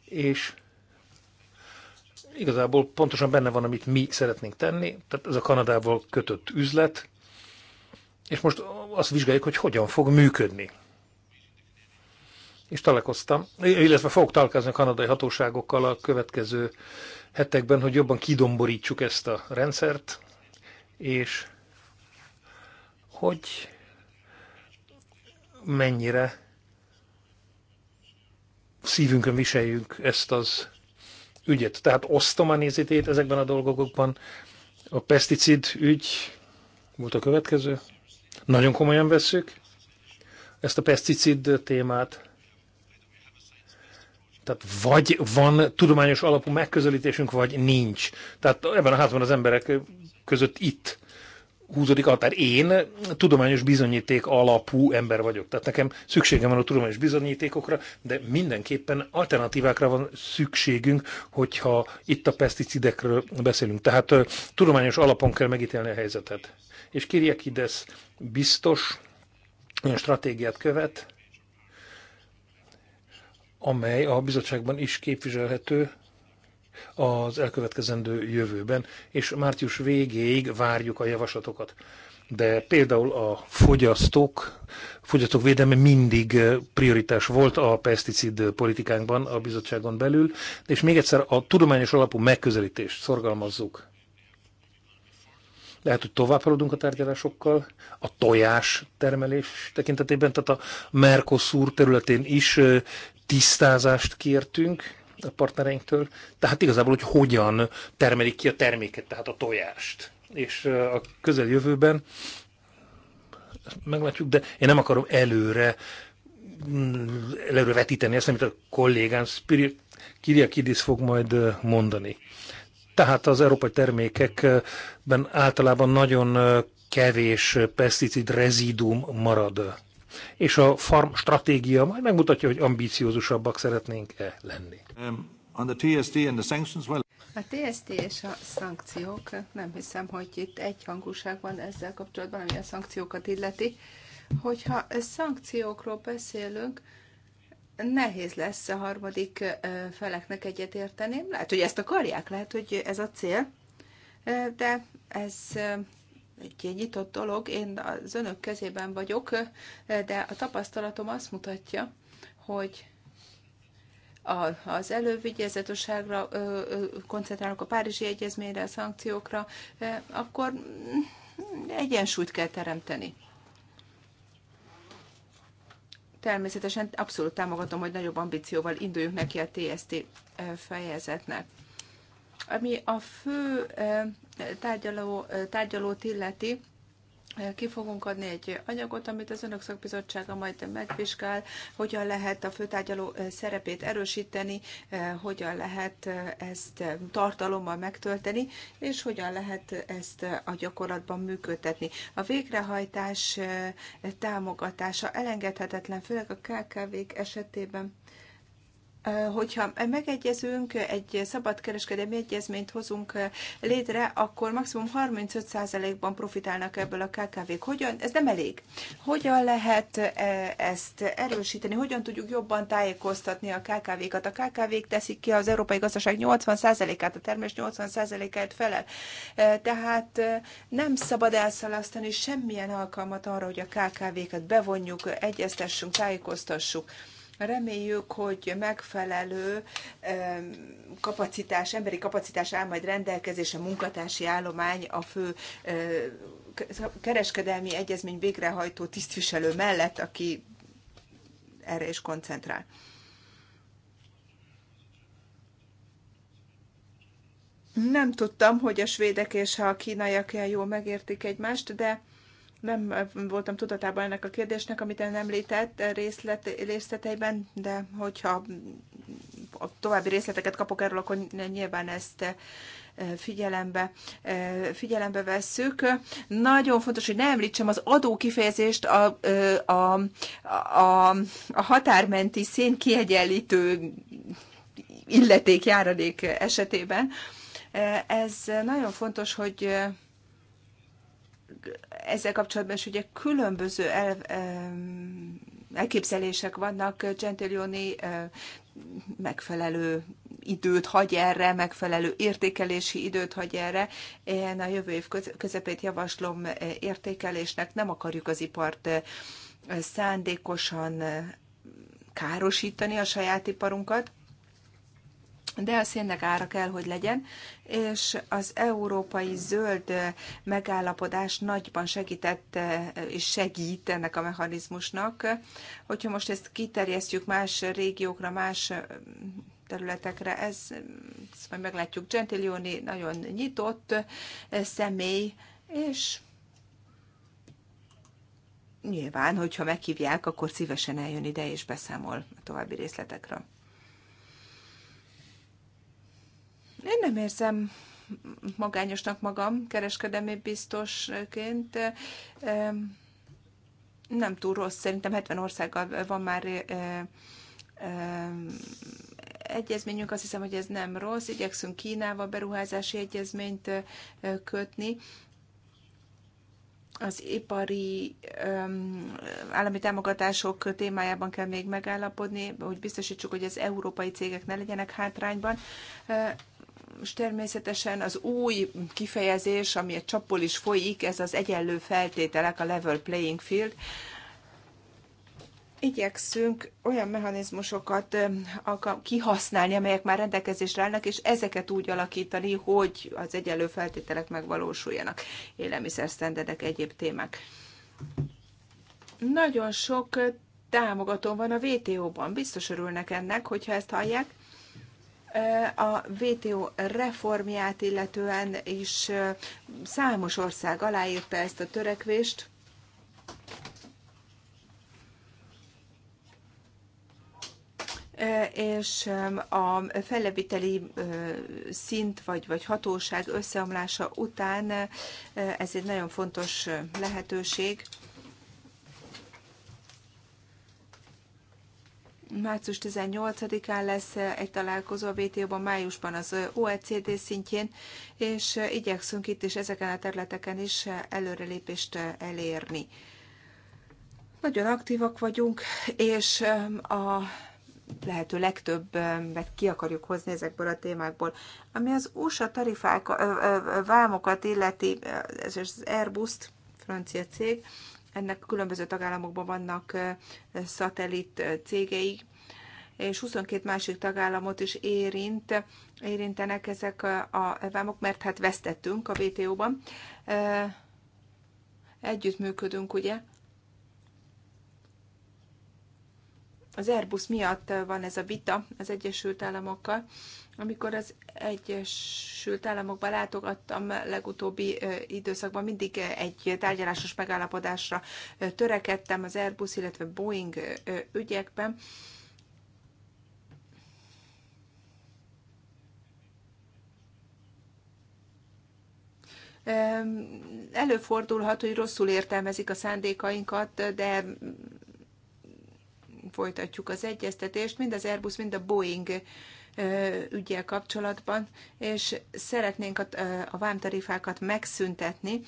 és igazából pontosan benne van, amit mi szeretnénk tenni, tehát ez a Kanadával kötött üzlet, és most azt vizsgáljuk, hogy hogyan fog működni. És találkoztam, illetve fogok találkozni a kanadai hatóságokkal a következő hetekben, hogy jobban kidomborítsuk ezt a rendszert, és hogy mennyire szívünkön viseljünk ezt az ügyet. Tehát osztom a nézetét ezekben a dolgokban. A peszticid ügy volt a következő. Nagyon komolyan veszük ezt a peszticid témát. Tehát vagy van tudományos alapú megközelítésünk, vagy nincs. Tehát ebben a házban az emberek között itt húzódik határ. Én tudományos bizonyíték alapú ember vagyok, tehát nekem szükségem van a tudományos bizonyítékokra, de mindenképpen alternatívákra van szükségünk, hogyha itt a peszticidekről beszélünk. Tehát tudományos alapon kell megítélni a helyzetet. És kérjek Kiriakides biztos olyan stratégiát követ, amely a bizottságban is képviselhető, az elkövetkezendő jövőben, és március végéig várjuk a javaslatokat. De például a fogyasztók, fogyasztók védelme mindig prioritás volt a peszticid politikánkban, a bizottságon belül, és még egyszer a tudományos alapú megközelítést szorgalmazzuk. Lehet, hogy tovább haladunk a tárgyalásokkal, a tojás termelés tekintetében, tehát a Mercosur területén is tisztázást kértünk, a partnereinktől. Tehát igazából, hogy hogyan termelik ki a terméket, tehát a tojást. És a közeljövőben meglátjuk, de én nem akarom előre mm, előre vetíteni ezt, amit a kollégám Spirit Kiriakidis fog majd mondani. Tehát az európai termékekben általában nagyon kevés peszticid rezidum marad és a farm stratégia majd megmutatja, hogy ambíciózusabbak szeretnénk-e lenni. Um, a TST és a szankciók, nem hiszem, hogy itt egyhangúság van ezzel kapcsolatban, ami a szankciókat illeti. Hogyha szankciókról beszélünk, nehéz lesz a harmadik feleknek egyetérteni. Lehet, hogy ezt akarják, lehet, hogy ez a cél, de ez egy nyitott dolog, én az önök kezében vagyok, de a tapasztalatom azt mutatja, hogy a, az elővigyázatosságra koncentrálok a Párizsi Egyezményre, a szankciókra, akkor egyensúlyt kell teremteni. Természetesen abszolút támogatom, hogy nagyobb ambícióval induljunk neki a TST fejezetnek. Ami a fő tárgyaló, tárgyalót illeti, ki fogunk adni egy anyagot, amit az Önök Szakbizottsága majd megvizsgál, hogyan lehet a főtárgyaló szerepét erősíteni, hogyan lehet ezt tartalommal megtölteni, és hogyan lehet ezt a gyakorlatban működtetni. A végrehajtás támogatása elengedhetetlen, főleg a KKV-k esetében hogyha megegyezünk, egy kereskedelmi egyezményt hozunk létre, akkor maximum 35%-ban profitálnak ebből a KKV-k. Hogyan? Ez nem elég. Hogyan lehet e, ezt erősíteni? Hogyan tudjuk jobban tájékoztatni a KKV-kat? A KKV-k teszik ki az európai gazdaság 80%-át, a termés 80%-át felel. E, tehát e, nem szabad elszalasztani semmilyen alkalmat arra, hogy a kkv kat bevonjuk, egyeztessünk, tájékoztassuk. Reméljük, hogy megfelelő kapacitás, emberi kapacitás áll majd rendelkezésre, munkatársi állomány a fő kereskedelmi egyezmény végrehajtó tisztviselő mellett, aki erre is koncentrál. Nem tudtam, hogy a svédek és a kínaiak ilyen jól megértik egymást, de nem voltam tudatában ennek a kérdésnek, amit nem említett részlet, részleteiben, de hogyha további részleteket kapok erről, akkor nyilván ezt eh, figyelembe, eh, figyelembe vesszük. Nagyon fontos, hogy ne említsem az adó kifejezést a, eh, a, a, a határmenti szén kiegyenlítő illeték járadék esetében. Ez nagyon fontos, hogy ezzel kapcsolatban is ugye különböző el, elképzelések vannak, Gentilioni megfelelő időt hagy erre, megfelelő értékelési időt hagy erre. Én a jövő év közepét javaslom eh, értékelésnek, nem akarjuk az ipart eh, szándékosan eh, károsítani a saját iparunkat, de a szénnek ára kell, hogy legyen, és az európai zöld megállapodás nagyban segített és segít ennek a mechanizmusnak. Hogyha most ezt kiterjesztjük más régiókra, más területekre, ez, ezt majd meglátjuk, Gentilioni nagyon nyitott személy, és nyilván, hogyha meghívják, akkor szívesen eljön ide és beszámol a további részletekről. Én nem érzem magányosnak magam kereskedelmi biztosként. Nem túl rossz, szerintem 70 országgal van már eh, egyezményünk, azt hiszem, hogy ez nem rossz. Igyekszünk Kínával beruházási egyezményt eh, kötni. Az ipari um, állami támogatások témájában kell még megállapodni, hogy biztosítsuk, hogy az európai cégek ne legyenek hátrányban. Eh, és természetesen az új kifejezés, ami a csapból is folyik, ez az egyenlő feltételek, a level playing field, igyekszünk olyan mechanizmusokat kihasználni, amelyek már rendelkezésre állnak, és ezeket úgy alakítani, hogy az egyenlő feltételek megvalósuljanak, élelmiszersztenderdek, egyéb témák. Nagyon sok támogató van a WTO-ban, biztos örülnek ennek, hogyha ezt hallják a WTO reformját illetően is számos ország aláírta ezt a törekvést. és a felleviteli szint vagy, vagy hatóság összeomlása után ez egy nagyon fontos lehetőség március 18-án lesz eh, egy találkozó a WTO-ban, májusban az eh, OECD szintjén, és eh, igyekszünk itt is ezeken a területeken is előrelépést elérni. Nagyon aktívak vagyunk, és a lehető legtöbbet ki akarjuk hozni ezekből a témákból. Ami az USA tarifák, vámokat illeti, ez az Airbus-t, francia cég, ennek különböző tagállamokban vannak szatellit cégeik, és 22 másik tagállamot is érint, érintenek ezek a vámok, mert hát vesztettünk a WTO-ban. Együttműködünk, ugye? Az Airbus miatt van ez a vita az Egyesült Államokkal, amikor az Egyesült Államokba látogattam legutóbbi időszakban, mindig egy tárgyalásos megállapodásra törekedtem az Airbus, illetve Boeing ügyekben. Előfordulhat, hogy rosszul értelmezik a szándékainkat, de folytatjuk az egyeztetést. Mind az Airbus, mind a Boeing ügyel kapcsolatban, és szeretnénk a, a vámtarifákat megszüntetni.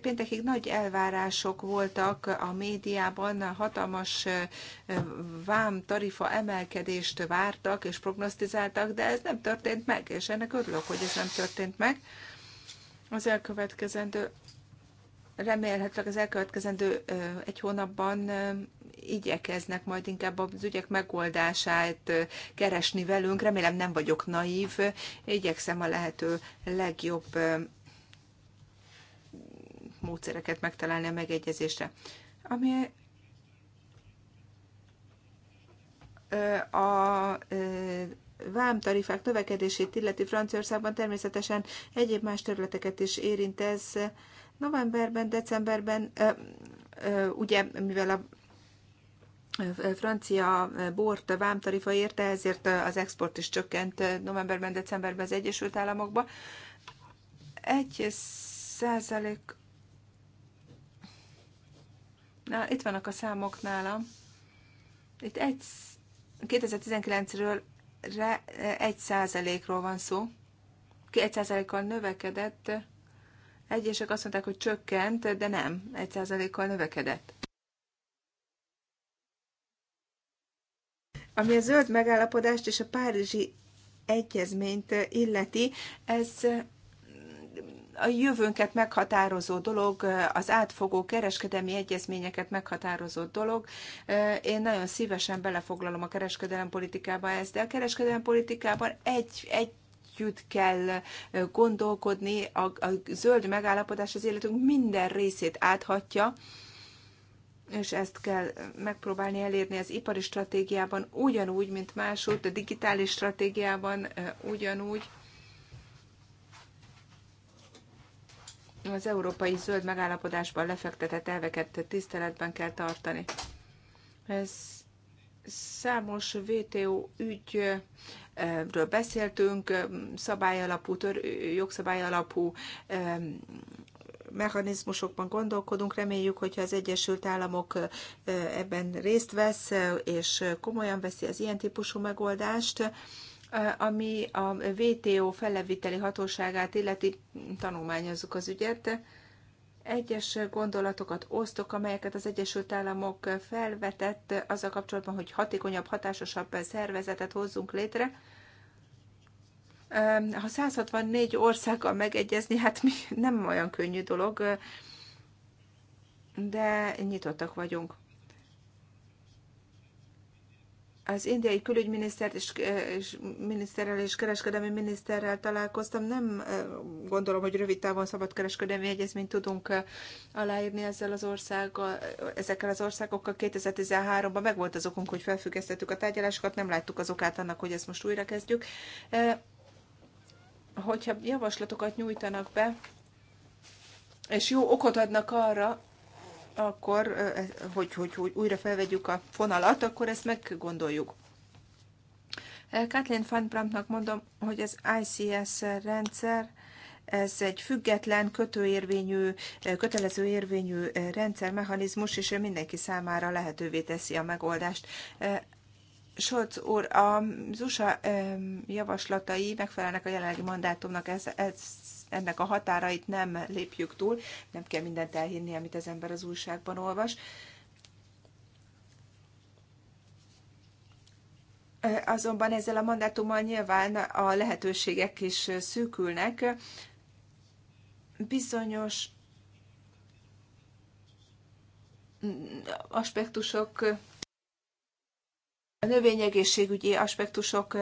Péntekig nagy elvárások voltak a médiában, hatalmas vám tarifa emelkedést vártak és prognosztizáltak, de ez nem történt meg, és ennek örülök, hogy ez nem történt meg. Az elkövetkezendő remélhetőleg az elkövetkezendő egy hónapban igyekeznek majd inkább az ügyek megoldását keresni velünk. Remélem nem vagyok naív, igyekszem a lehető legjobb módszereket megtalálni a megegyezésre. Ami a vámtarifák növekedését illeti Franciaországban természetesen egyéb más területeket is érint ez, Novemberben, decemberben, ugye, mivel a francia bort vámtarifa érte, ezért az export is csökkent novemberben, decemberben az Egyesült Államokba. Egy százalék... Na, itt vannak a számok nálam. Itt egy... 2019-ről egy százalékról van szó. Egy százalékkal növekedett Egyesek azt mondták, hogy csökkent, de nem, 1%-kal növekedett. Ami a zöld megállapodást és a párizsi egyezményt illeti, ez a jövőnket meghatározó dolog, az átfogó kereskedelmi egyezményeket meghatározó dolog. Én nagyon szívesen belefoglalom a kereskedelem politikába ezt, de a kereskedelem politikában egy, egy együtt kell gondolkodni. A, a zöld megállapodás az életünk minden részét áthatja, és ezt kell megpróbálni elérni az ipari stratégiában ugyanúgy, mint másút, a digitális stratégiában ugyanúgy. Az európai zöld megállapodásban lefektetett elveket tiszteletben kell tartani. Ez számos VTO ügy ről beszéltünk, szabályalapú, tör, jogszabályalapú mechanizmusokban gondolkodunk. Reméljük, hogyha az Egyesült Államok ebben részt vesz, és komolyan veszi az ilyen típusú megoldást, ami a WTO felleviteli hatóságát illeti, tanulmányozzuk az ügyet. Egyes gondolatokat osztok, amelyeket az Egyesült Államok felvetett azzal kapcsolatban, hogy hatékonyabb, hatásosabb szervezetet hozzunk létre. Ha 164 országgal megegyezni, hát mi nem olyan könnyű dolog, de nyitottak vagyunk az indiai külügyminisztert és, és miniszterrel és kereskedelmi miniszterrel találkoztam. Nem gondolom, hogy rövid távon szabad kereskedelmi egyezményt tudunk aláírni ezzel az országgal, ezekkel az országokkal. 2013-ban megvolt az okunk, hogy felfüggesztettük a tárgyalásokat, nem láttuk az okát annak, hogy ezt most újra kezdjük. Hogyha javaslatokat nyújtanak be, és jó okot adnak arra, akkor, hogy, hogy, hogy újra felvegyük a fonalat, akkor ezt meggondoljuk. Kathleen van Brandtnak mondom, hogy az ICS rendszer, ez egy független, kötőérvényű, kötelező érvényű rendszermechanizmus, és mindenki számára lehetővé teszi a megoldást. Scholz úr, az USA javaslatai megfelelnek a jelenlegi mandátumnak, ez, ez ennek a határait nem lépjük túl, nem kell mindent elhinni, amit az ember az újságban olvas. Azonban ezzel a mandátummal nyilván a lehetőségek is szűkülnek. Bizonyos aspektusok, a növényegészségügyi aspektusok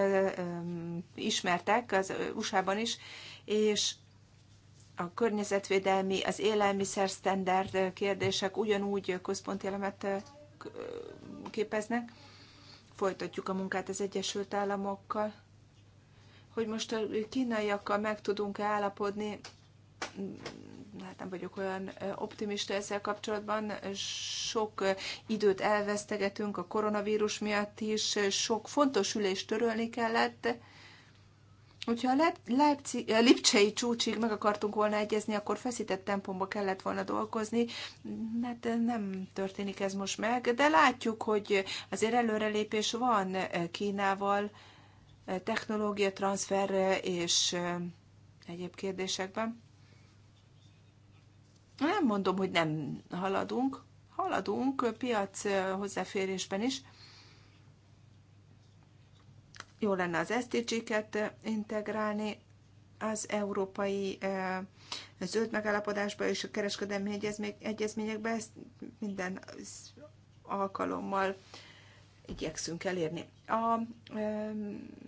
ismertek az USA-ban is, és a környezetvédelmi, az élelmiszer standard kérdések ugyanúgy központi elemet képeznek. Folytatjuk a munkát az Egyesült Államokkal. Hogy most a kínaiakkal meg tudunk-e állapodni, hát nem vagyok olyan optimista ezzel kapcsolatban. Sok időt elvesztegetünk a koronavírus miatt is, sok fontos ülést törölni kellett, Hogyha a Lipcsei csúcsig meg akartunk volna egyezni, akkor feszített tempomba kellett volna dolgozni. Hát eh, nem történik ez most meg, de látjuk, hogy azért előrelépés van eh, Kínával, eh, technológia transfer és egyéb kérdésekben. Nem mondom, hogy nem haladunk. Haladunk piac hozzáférésben is jó lenne az SDG-ket eh, integrálni az európai eh, zöld megállapodásba és a kereskedelmi egyezményekbe, ezt minden alkalommal igyekszünk elérni. A eh,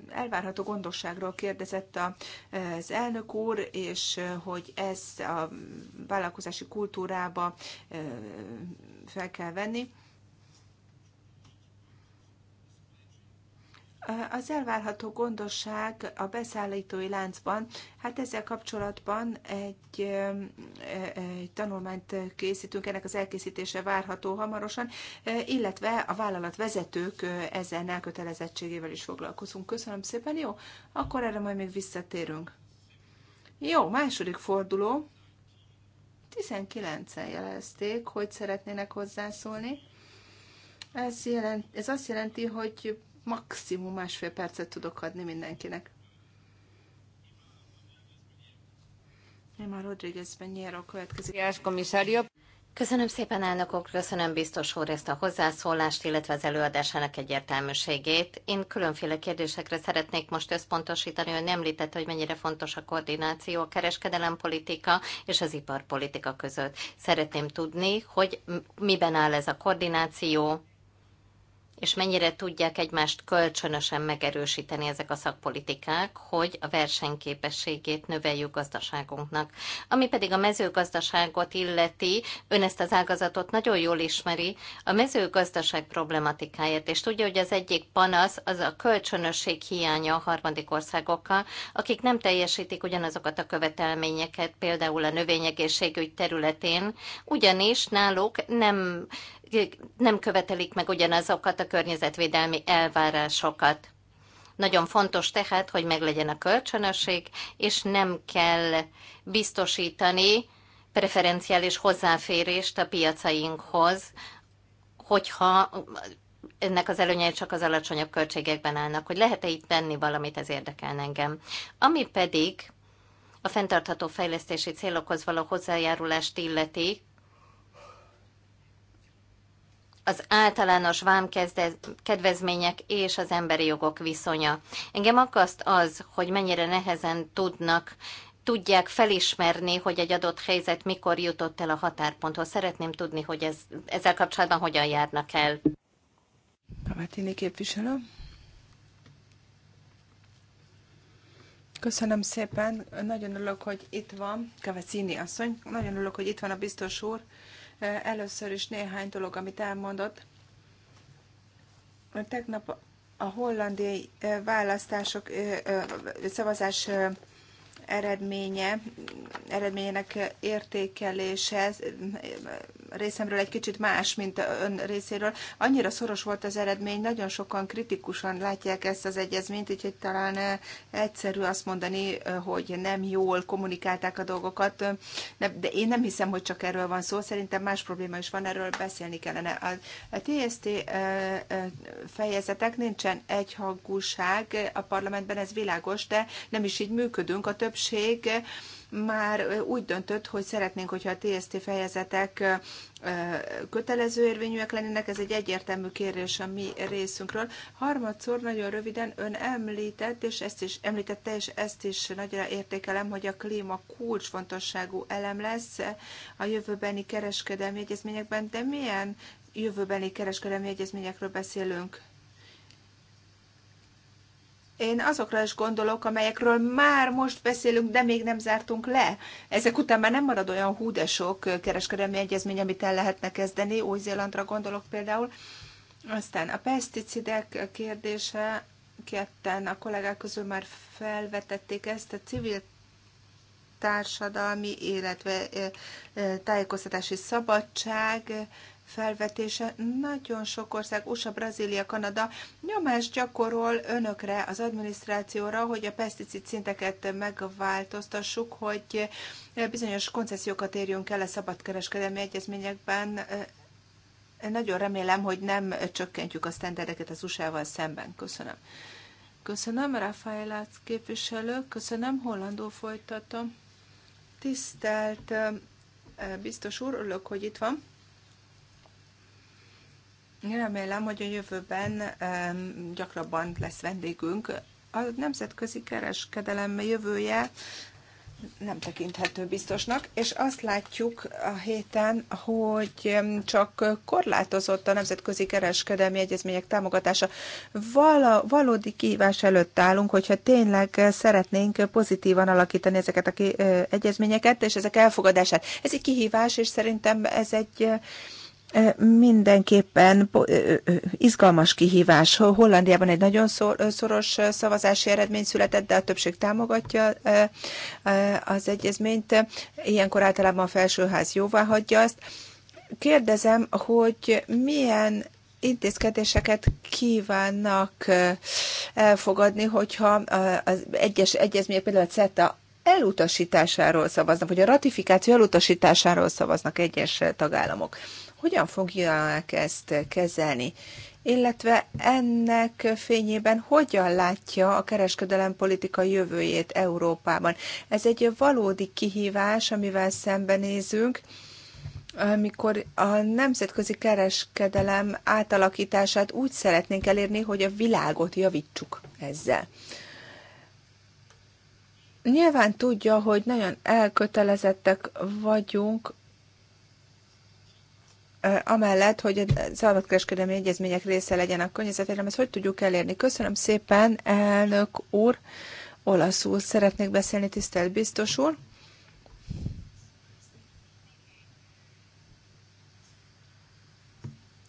elvárható gondosságról kérdezett az elnök úr, és hogy ez a vállalkozási kultúrába fel kell venni. Az elvárható gondosság a beszállítói láncban, hát ezzel kapcsolatban egy, egy tanulmányt készítünk, ennek az elkészítése várható hamarosan, illetve a vállalat vezetők ezen elkötelezettségével is foglalkozunk. Köszönöm szépen, jó? Akkor erre majd még visszatérünk. Jó, második forduló. 19-en jelezték, hogy szeretnének hozzászólni. Ez, jelent, ez azt jelenti, hogy maximum másfél percet tudok adni mindenkinek. nyer a Benyero következik. Köszönöm szépen, elnök úr, köszönöm biztos úr ezt a hozzászólást, illetve az előadásának egyértelműségét. Én különféle kérdésekre szeretnék most összpontosítani, hogy említette, hogy mennyire fontos a koordináció a kereskedelempolitika és az iparpolitika között. Szeretném tudni, hogy miben áll ez a koordináció, és mennyire tudják egymást kölcsönösen megerősíteni ezek a szakpolitikák, hogy a versenyképességét növeljük gazdaságunknak. Ami pedig a mezőgazdaságot illeti, ön ezt az ágazatot nagyon jól ismeri, a mezőgazdaság problematikáját, és tudja, hogy az egyik panasz az a kölcsönösség hiánya a harmadik országokkal, akik nem teljesítik ugyanazokat a követelményeket, például a növényegészségügy területén, ugyanis náluk nem nem követelik meg ugyanazokat a környezetvédelmi elvárásokat. Nagyon fontos tehát, hogy meglegyen a kölcsönösség, és nem kell biztosítani preferenciális hozzáférést a piacainkhoz, hogyha ennek az előnyei csak az alacsonyabb költségekben állnak, hogy lehet-e itt tenni valamit, ez érdekel engem. Ami pedig a fenntartható fejlesztési célokhoz való hozzájárulást illeti, az általános vámkedvezmények és az emberi jogok viszonya. Engem akaszt az, hogy mennyire nehezen tudnak tudják felismerni, hogy egy adott helyzet mikor jutott el a határponthoz. Szeretném tudni, hogy ez, ezzel kapcsolatban hogyan járnak el. Pavatini képviselő. Köszönöm szépen, nagyon örülök, hogy itt van, Kavatini asszony, nagyon örülök, hogy itt van a biztos úr, Először is néhány dolog, amit elmondott. Tegnap a hollandiai választások szavazás eredménye, eredményének értékelése részemről egy kicsit más, mint ön részéről. Annyira szoros volt az eredmény, nagyon sokan kritikusan látják ezt az egyezményt, úgyhogy talán egyszerű azt mondani, hogy nem jól kommunikálták a dolgokat, de én nem hiszem, hogy csak erről van szó, szerintem más probléma is van, erről beszélni kellene. A TST fejezetek nincsen egyhangúság a parlamentben, ez világos, de nem is így működünk. A több többség már úgy döntött, hogy szeretnénk, hogyha a TST fejezetek kötelező érvényűek lennének, ez egy egyértelmű kérdés a mi részünkről. Harmadszor nagyon röviden ön említett, és ezt is említette, és ezt is nagyra értékelem, hogy a klíma kulcsfontosságú elem lesz a jövőbeni kereskedelmi egyezményekben, de milyen jövőbeni kereskedelmi egyezményekről beszélünk? én azokra is gondolok, amelyekről már most beszélünk, de még nem zártunk le. Ezek után már nem marad olyan hú de sok kereskedelmi egyezmény, amit el lehetne kezdeni. Új-Zélandra gondolok például. Aztán a peszticidek kérdése, ketten a kollégák közül már felvetették ezt, a civil társadalmi, illetve tájékoztatási szabadság felvetése. Nagyon sok ország, USA, Brazília, Kanada nyomást gyakorol önökre, az adminisztrációra, hogy a peszticid szinteket megváltoztassuk, hogy bizonyos koncesziókat érjünk el a szabadkereskedelmi egyezményekben. Nagyon remélem, hogy nem csökkentjük a sztenderdeket az USA-val szemben. Köszönöm. Köszönöm, Rafaelát képviselő, köszönöm, Hollandó folytatom. Tisztelt biztos úr, örülök, hogy itt van én remélem, hogy a jövőben gyakrabban lesz vendégünk. A nemzetközi kereskedelem jövője nem tekinthető biztosnak, és azt látjuk a héten, hogy csak korlátozott a nemzetközi kereskedelmi egyezmények támogatása. Vala, valódi kívás előtt állunk, hogyha tényleg szeretnénk pozitívan alakítani ezeket a ki, egyezményeket, és ezek elfogadását. Ez egy kihívás, és szerintem ez egy mindenképpen izgalmas kihívás. Hollandiában egy nagyon szoros szavazási eredmény született, de a többség támogatja az egyezményt. Ilyenkor általában a felsőház jóvá hagyja azt. Kérdezem, hogy milyen intézkedéseket kívánnak elfogadni, hogyha az egyes egyezmények, például a CETA elutasításáról szavaznak, vagy a ratifikáció elutasításáról szavaznak egyes tagállamok hogyan fogják ezt kezelni, illetve ennek fényében hogyan látja a kereskedelem politika jövőjét Európában. Ez egy valódi kihívás, amivel szembenézünk, amikor a nemzetközi kereskedelem átalakítását úgy szeretnénk elérni, hogy a világot javítsuk ezzel. Nyilván tudja, hogy nagyon elkötelezettek vagyunk amellett, hogy a szabadkereskedelmi egyezmények része legyen a környezetvédelem, ezt hogy tudjuk elérni? Köszönöm szépen, elnök úr, olaszul szeretnék beszélni, tisztelt biztos úr.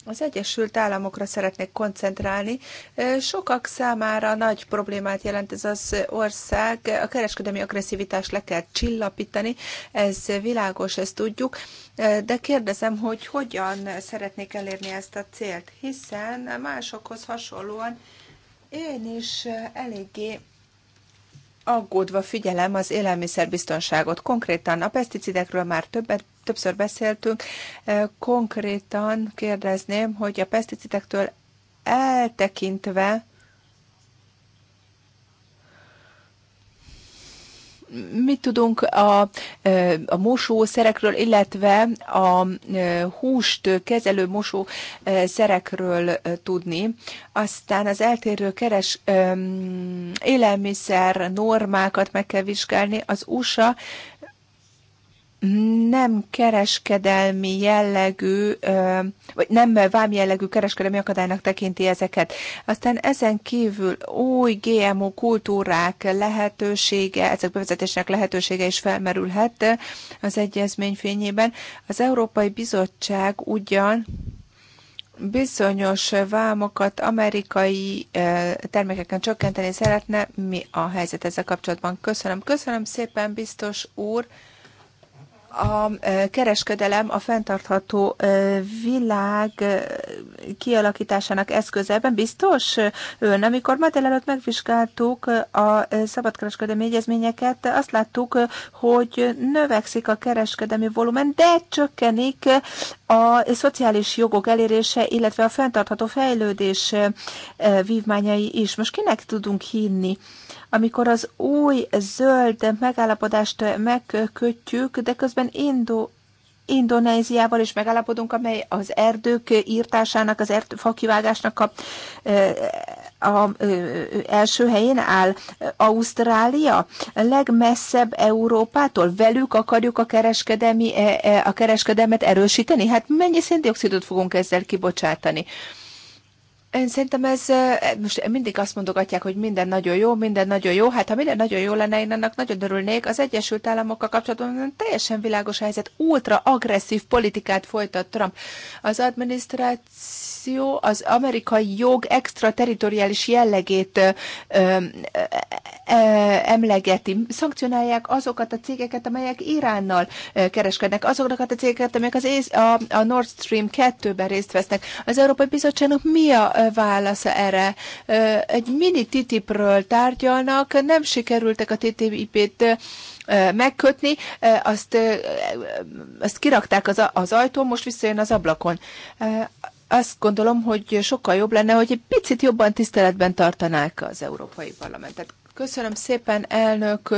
Az Egyesült Államokra szeretnék koncentrálni. Sokak számára nagy problémát jelent ez az ország. A kereskedelmi agresszivitást le kell csillapítani, ez világos, ezt tudjuk. De kérdezem, hogy hogyan szeretnék elérni ezt a célt, hiszen másokhoz hasonlóan én is eléggé aggódva figyelem az élelmiszerbiztonságot. Konkrétan a peszticidekről már többet, többször beszéltünk. Konkrétan kérdezném, hogy a peszticidektől eltekintve mit tudunk a, a mosószerekről, illetve a húst kezelő mosószerekről tudni. Aztán az eltérő keres élelmiszer normákat meg kell vizsgálni. Az USA nem kereskedelmi jellegű, vagy nem jellegű kereskedelmi akadálynak tekinti ezeket. Aztán ezen kívül új GMO kultúrák lehetősége, ezek bevezetésnek lehetősége is felmerülhet az egyezmény fényében. Az Európai Bizottság ugyan bizonyos vámokat amerikai termékeken csökkenteni szeretne. Mi a helyzet ezzel kapcsolatban? Köszönöm. Köszönöm szépen, biztos úr a e, kereskedelem a fenntartható e, világ e, kialakításának eszközeben biztos ön. Amikor ma délelőtt megvizsgáltuk a szabadkereskedelmi egyezményeket, azt láttuk, hogy növekszik a kereskedelmi volumen, de csökkenik a szociális jogok elérése, illetve a fenntartható fejlődés vívmányai is. Most kinek tudunk hinni? amikor az új zöld megállapodást megkötjük, de közben Indó Indonéziával is megállapodunk, amely az erdők írtásának, az erd, fakivágásnak a, a, a első helyén áll. Ausztrália legmesszebb Európától. Velük akarjuk a, kereskedemi, e, e, a kereskedelmet erősíteni. Hát mennyi széndiokszidot fogunk ezzel kibocsátani? Én szerintem ez, e, most mindig azt mondogatják, hogy minden nagyon jó, minden nagyon jó. Hát ha minden nagyon jó lenne, én annak nagyon örülnék. Az Egyesült Államokkal kapcsolatban teljesen világos helyzet. Ultra agresszív politikát folytat Trump. Az adminisztráció az amerikai jog extraterritoriális jellegét ö, ö, ö, emlegeti. Szankcionálják azokat a cégeket, amelyek Iránnal kereskednek, azokat a cégeket, amelyek az, a, a Nord Stream 2-ben részt vesznek. Az Európai Bizottságnak mi a válasz erre. Egy mini TTIP-ről tárgyalnak, nem sikerültek a TTIP-t megkötni, azt, azt kirakták az, az ajtón, most visszajön az ablakon. Azt gondolom, hogy sokkal jobb lenne, hogy egy picit jobban tiszteletben tartanák az Európai Parlamentet. Köszönöm szépen, elnök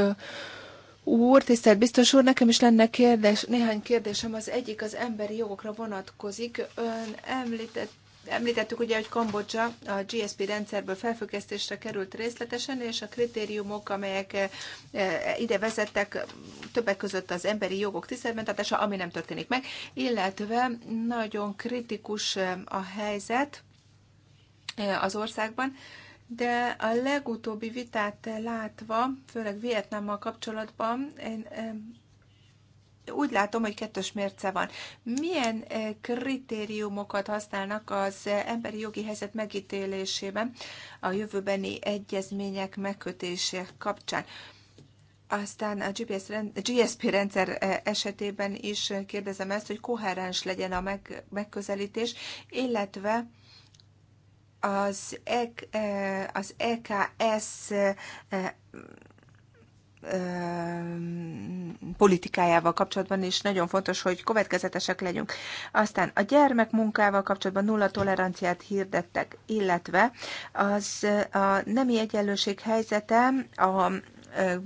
úr, tisztelt biztos úr, nekem is lenne kérdés, néhány kérdésem. Az egyik az emberi jogokra vonatkozik. Ön említett Említettük ugye, hogy Kambodzsa a GSP rendszerből felfüggesztésre került részletesen, és a kritériumok, amelyek eh, eh, ide vezettek, többek között az emberi jogok tiszteletmentartása, ami nem történik meg, illetve nagyon kritikus eh, a helyzet az országban, de a legutóbbi vitát látva, főleg Vietnámmal kapcsolatban, én úgy látom, hogy kettős mérce van. Milyen eh, kritériumokat használnak az emberi jogi helyzet megítélésében a jövőbeni egyezmények megkötése kapcsán? Aztán a GPS rend, GSP rendszer eh, esetében is kérdezem ezt, hogy koherens legyen a meg, megközelítés, illetve az, e, eh, az EKS politikájával kapcsolatban is nagyon fontos, hogy következetesek legyünk. Aztán a gyermek munkával kapcsolatban nulla toleranciát hirdettek, illetve az a nemi egyenlőség helyzete a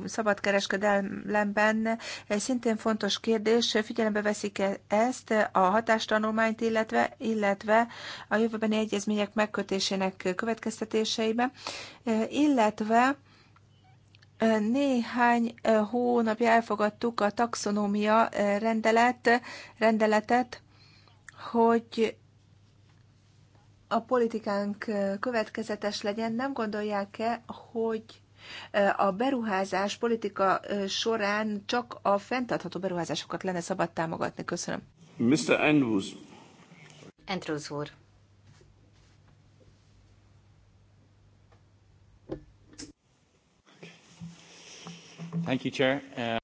szabadkereskedelemben szintén fontos kérdés, figyelembe veszik -e ezt a hatástanulmányt, illetve, illetve a jövőbeni egyezmények megkötésének következtetéseibe, illetve néhány hónapja elfogadtuk a taxonómia rendelet, rendeletet, hogy a politikánk következetes legyen. Nem gondolják-e, hogy a beruházás politika során csak a fenntartható beruházásokat lenne szabad támogatni? Köszönöm. Mr. Andrews. Andrews úr. Thank you, Chair. Uh,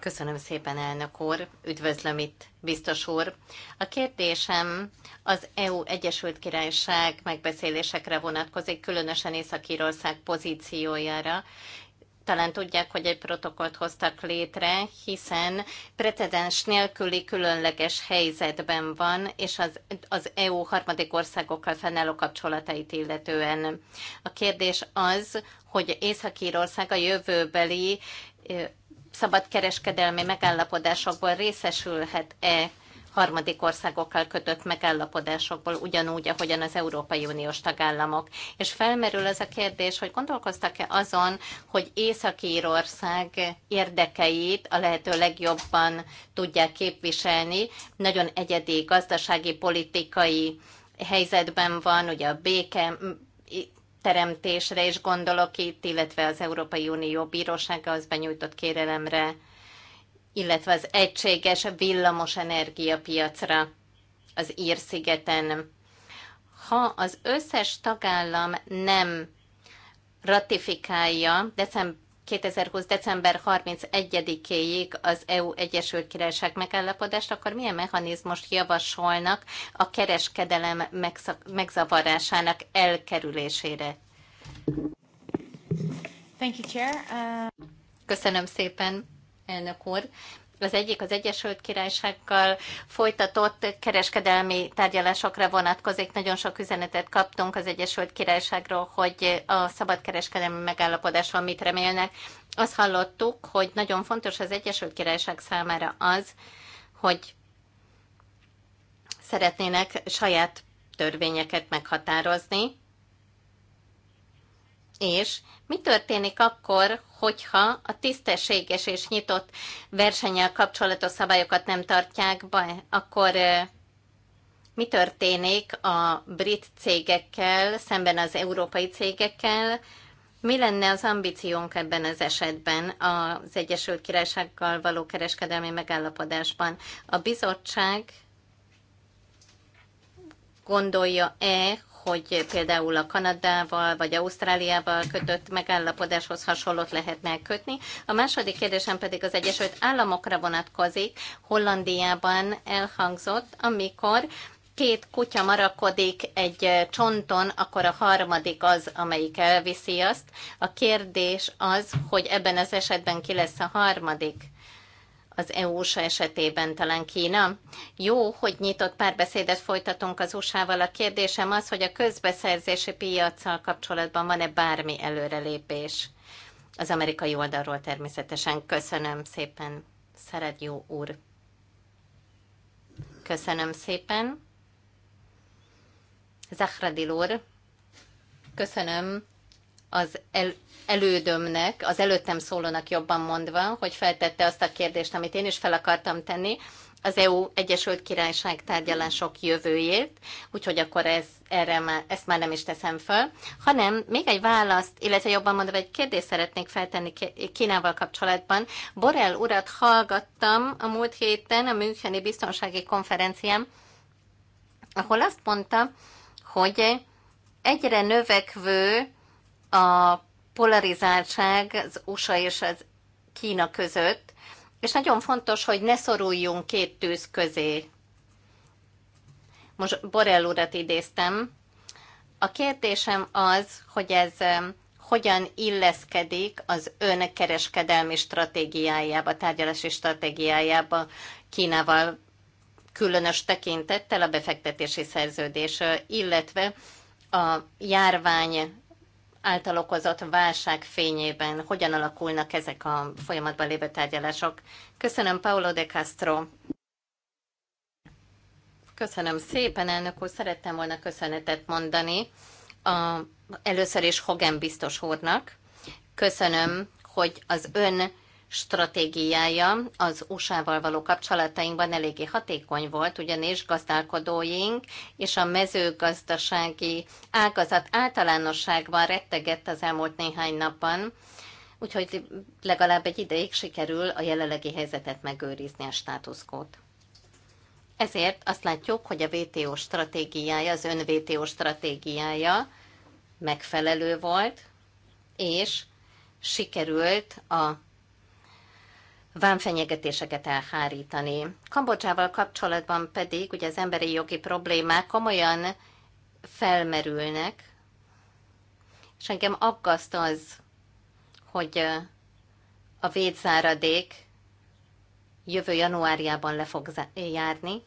Köszönöm szépen, elnök úr. Üdvözlöm itt, biztos úr. A kérdésem az EU Egyesült Királyság megbeszélésekre vonatkozik, különösen Észak-Írország pozíciójára. Talán tudják, hogy egy protokollt hoztak létre, hiszen precedens nélküli különleges helyzetben van, és az, az EU harmadik országokkal fennálló kapcsolatait illetően. A kérdés az, hogy Észak-Írország a jövőbeli szabadkereskedelmi megállapodásokból részesülhet-e harmadik országokkal kötött megállapodásokból, ugyanúgy, ahogyan az Európai Uniós tagállamok. És felmerül az a kérdés, hogy gondolkoztak-e azon, hogy Észak-Írország érdekeit a lehető legjobban tudják képviselni, nagyon egyedi gazdasági, politikai helyzetben van, ugye a béke teremtésre is gondolok itt, illetve az Európai Unió Bírósága az benyújtott kérelemre, illetve az egységes villamos energiapiacra az Ír-szigeten. Ha az összes tagállam nem ratifikálja december 2020. december 31-éig az EU Egyesült Királyság megállapodást, akkor milyen mechanizmust javasolnak a kereskedelem megzavarásának elkerülésére? Thank you, Chair. Uh... Köszönöm szépen, elnök úr. Az egyik az Egyesült Királysággal folytatott kereskedelmi tárgyalásokra vonatkozik. Nagyon sok üzenetet kaptunk az Egyesült Királyságról, hogy a szabadkereskedelmi megállapodáson mit remélnek. Azt hallottuk, hogy nagyon fontos az Egyesült Királyság számára az, hogy szeretnének saját törvényeket meghatározni, és mi történik akkor, hogyha a tisztességes és nyitott versennyel kapcsolatos szabályokat nem tartják be? Akkor mi történik a brit cégekkel szemben az európai cégekkel? Mi lenne az ambíciónk ebben az esetben az Egyesült Királysággal való kereskedelmi megállapodásban? A bizottság gondolja-e, hogy például a Kanadával vagy Ausztráliával kötött megállapodáshoz hasonlót lehet megkötni. A második kérdésem pedig az Egyesült Államokra vonatkozik. Hollandiában elhangzott, amikor két kutya marakodik egy csonton, akkor a harmadik az, amelyik elviszi azt. A kérdés az, hogy ebben az esetben ki lesz a harmadik az EU-s esetében talán Kína. Jó, hogy nyitott párbeszédet folytatunk az USA-val. A kérdésem az, hogy a közbeszerzési piacsal kapcsolatban van-e bármi előrelépés? Az amerikai oldalról természetesen. Köszönöm szépen, jó úr. Köszönöm szépen. Zahradil úr, köszönöm az el, elődömnek, az előttem szólónak jobban mondva, hogy feltette azt a kérdést, amit én is fel akartam tenni, az EU Egyesült Királyság tárgyalások jövőjét, úgyhogy akkor ez, erre már, ezt már nem is teszem föl, hanem még egy választ, illetve jobban mondva egy kérdést szeretnék feltenni Kínával kapcsolatban. Borel urat hallgattam a múlt héten a Müncheni Biztonsági Konferencián, ahol azt mondta, hogy egyre növekvő a polarizáltság az USA és az Kína között, és nagyon fontos, hogy ne szoruljunk két tűz közé. Most Borrell urat idéztem. A kérdésem az, hogy ez hogyan illeszkedik az ön kereskedelmi stratégiájába, tárgyalási stratégiájába Kínával különös tekintettel a befektetési szerződés, illetve a járvány által okozott válság fényében hogyan alakulnak ezek a folyamatban lévő tárgyalások. Köszönöm, Paulo de Castro. Köszönöm szépen, elnök úr. Szerettem volna köszönetet mondani a, először is Hogan biztos úrnak. Köszönöm, hogy az ön stratégiája az USA-val való kapcsolatainkban eléggé hatékony volt, ugyanis gazdálkodóink és a mezőgazdasági ágazat általánosságban rettegett az elmúlt néhány napban, úgyhogy legalább egy ideig sikerül a jelenlegi helyzetet megőrizni a státuszkót. Ezért azt látjuk, hogy a VTO stratégiája, az ön VTO stratégiája megfelelő volt, és sikerült a vámfenyegetéseket elhárítani. Kambodzsával kapcsolatban pedig ugye az emberi jogi problémák komolyan felmerülnek, és engem aggaszt az, hogy a védzáradék jövő januárjában le fog járni.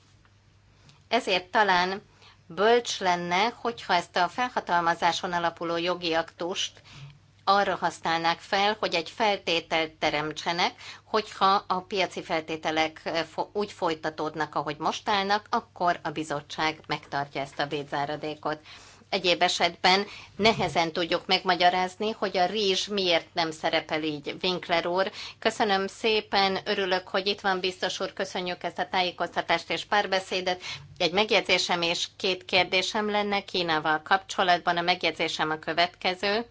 Ezért talán bölcs lenne, hogyha ezt a felhatalmazáson alapuló jogi aktust arra használnák fel, hogy egy feltételt teremtsenek, hogyha a piaci feltételek eh, úgy folytatódnak, ahogy most állnak, akkor a bizottság megtartja ezt a védzáradékot. Egyéb esetben nehezen tudjuk megmagyarázni, hogy a rizs miért nem szerepel így, Winkler úr. Köszönöm szépen, örülök, hogy itt van biztos úr, köszönjük ezt a tájékoztatást és párbeszédet. Egy megjegyzésem és két kérdésem lenne Kínával kapcsolatban. A megjegyzésem a következő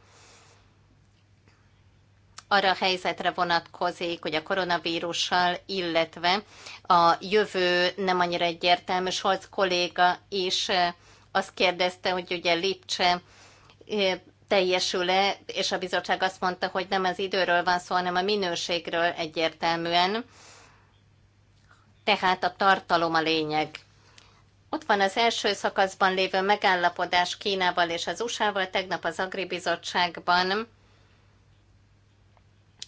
arra a helyzetre vonatkozik, hogy a koronavírussal, illetve a jövő nem annyira egyértelmű. Scholz kolléga is azt kérdezte, hogy ugye Lipcse teljesül-e, és a bizottság azt mondta, hogy nem az időről van szó, hanem a minőségről egyértelműen. Tehát a tartalom a lényeg. Ott van az első szakaszban lévő megállapodás Kínával és az USA-val tegnap az Agribizottságban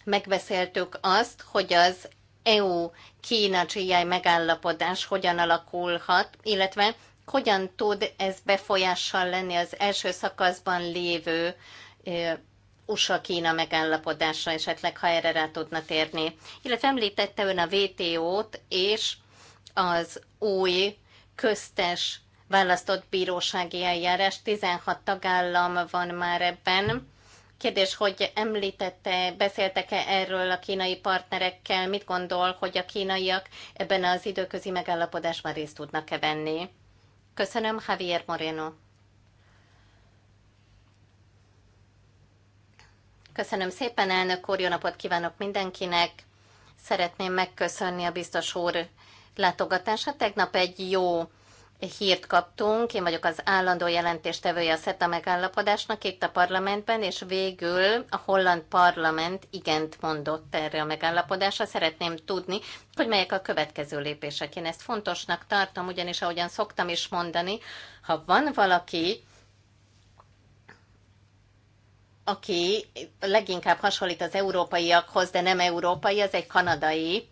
megbeszéltük azt, hogy az EU-Kína GI megállapodás hogyan alakulhat, illetve hogyan tud ez befolyással lenni az első szakaszban lévő USA-Kína megállapodásra, esetleg ha erre rá tudna térni. Illetve említette ön a WTO-t és az új köztes választott bírósági eljárás. 16 tagállam van már ebben. Kérdés, hogy említette, beszéltek-e erről a kínai partnerekkel, mit gondol, hogy a kínaiak ebben az időközi megállapodásban részt tudnak-e venni? Köszönöm, Javier Moreno. Köszönöm szépen, elnök úr, jó napot kívánok mindenkinek. Szeretném megköszönni a biztos úr látogatását. Tegnap egy jó hírt kaptunk, én vagyok az állandó jelentéstevője a SETA megállapodásnak itt a parlamentben, és végül a holland parlament igent mondott erre a megállapodásra. Szeretném tudni, hogy melyek a következő lépések. Én ezt fontosnak tartom, ugyanis ahogyan szoktam is mondani, ha van valaki, aki leginkább hasonlít az európaiakhoz, de nem európai, az egy kanadai,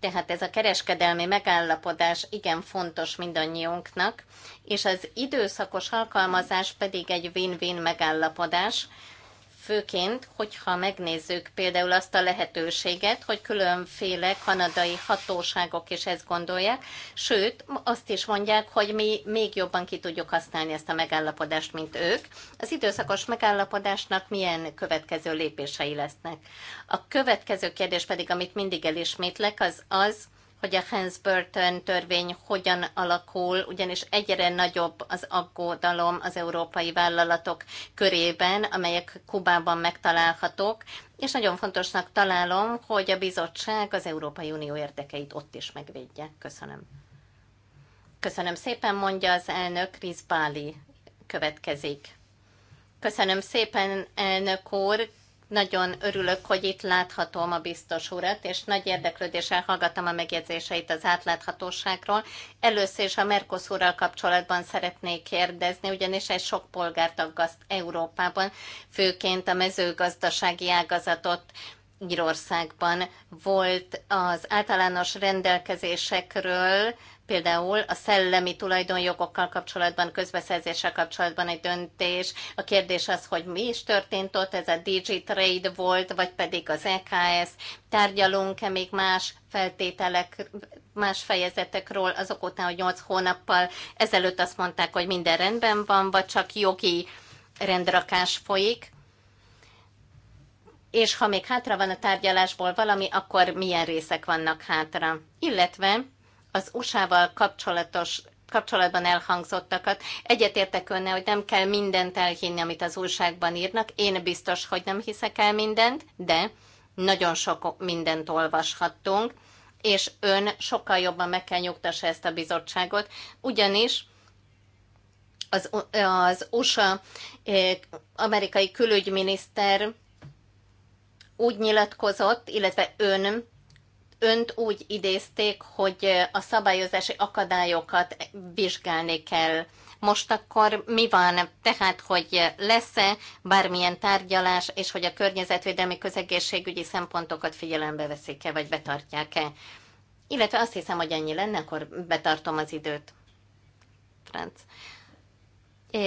tehát ez a kereskedelmi megállapodás igen fontos mindannyiunknak, és az időszakos alkalmazás pedig egy win-win megállapodás, Főként, hogyha megnézzük például azt a lehetőséget, hogy különféle kanadai hatóságok is ezt gondolják, sőt, azt is mondják, hogy mi még jobban ki tudjuk használni ezt a megállapodást, mint ők. Az időszakos megállapodásnak milyen következő lépései lesznek? A következő kérdés pedig, amit mindig elismétlek, az az, hogy a Hans-Burton törvény hogyan alakul, ugyanis egyre nagyobb az aggódalom az európai vállalatok körében, amelyek Kubában megtalálhatók, és nagyon fontosnak találom, hogy a bizottság az Európai Unió érdekeit ott is megvédje. Köszönöm. Köszönöm szépen, mondja az elnök Riz Báli. Következik. Köszönöm szépen, elnök úr. Nagyon örülök, hogy itt láthatom a biztos urat, és nagy érdeklődéssel hallgattam a megjegyzéseit az átláthatóságról. Először is a Mercosurral kapcsolatban szeretnék kérdezni, ugyanis egy sok polgárt aggaszt Európában, főként a mezőgazdasági ágazatot Írországban volt az általános rendelkezésekről például a szellemi tulajdonjogokkal kapcsolatban, közbeszerzéssel kapcsolatban egy döntés. A kérdés az, hogy mi is történt ott, ez a DG Trade volt, vagy pedig az EKS. Tárgyalunk-e még más feltételek, más fejezetekről azok után, hogy 8 hónappal ezelőtt azt mondták, hogy minden rendben van, vagy csak jogi rendrakás folyik és ha még hátra van a tárgyalásból valami, akkor milyen részek vannak hátra. Illetve az USA-val kapcsolatos kapcsolatban elhangzottakat. Egyetértek önne, hogy nem kell mindent elhinni, amit az újságban írnak. Én biztos, hogy nem hiszek el mindent, de nagyon sok mindent olvashattunk, és ön sokkal jobban meg kell nyugtassa ezt a bizottságot, ugyanis az, az USA eh, amerikai külügyminiszter úgy nyilatkozott, illetve ön önt úgy idézték, hogy a szabályozási akadályokat vizsgálni kell. Most akkor mi van? Tehát, hogy lesz-e bármilyen tárgyalás, és hogy a környezetvédelmi közegészségügyi szempontokat figyelembe veszik-e, vagy betartják-e? Illetve azt hiszem, hogy ennyi lenne, akkor betartom az időt. Franc.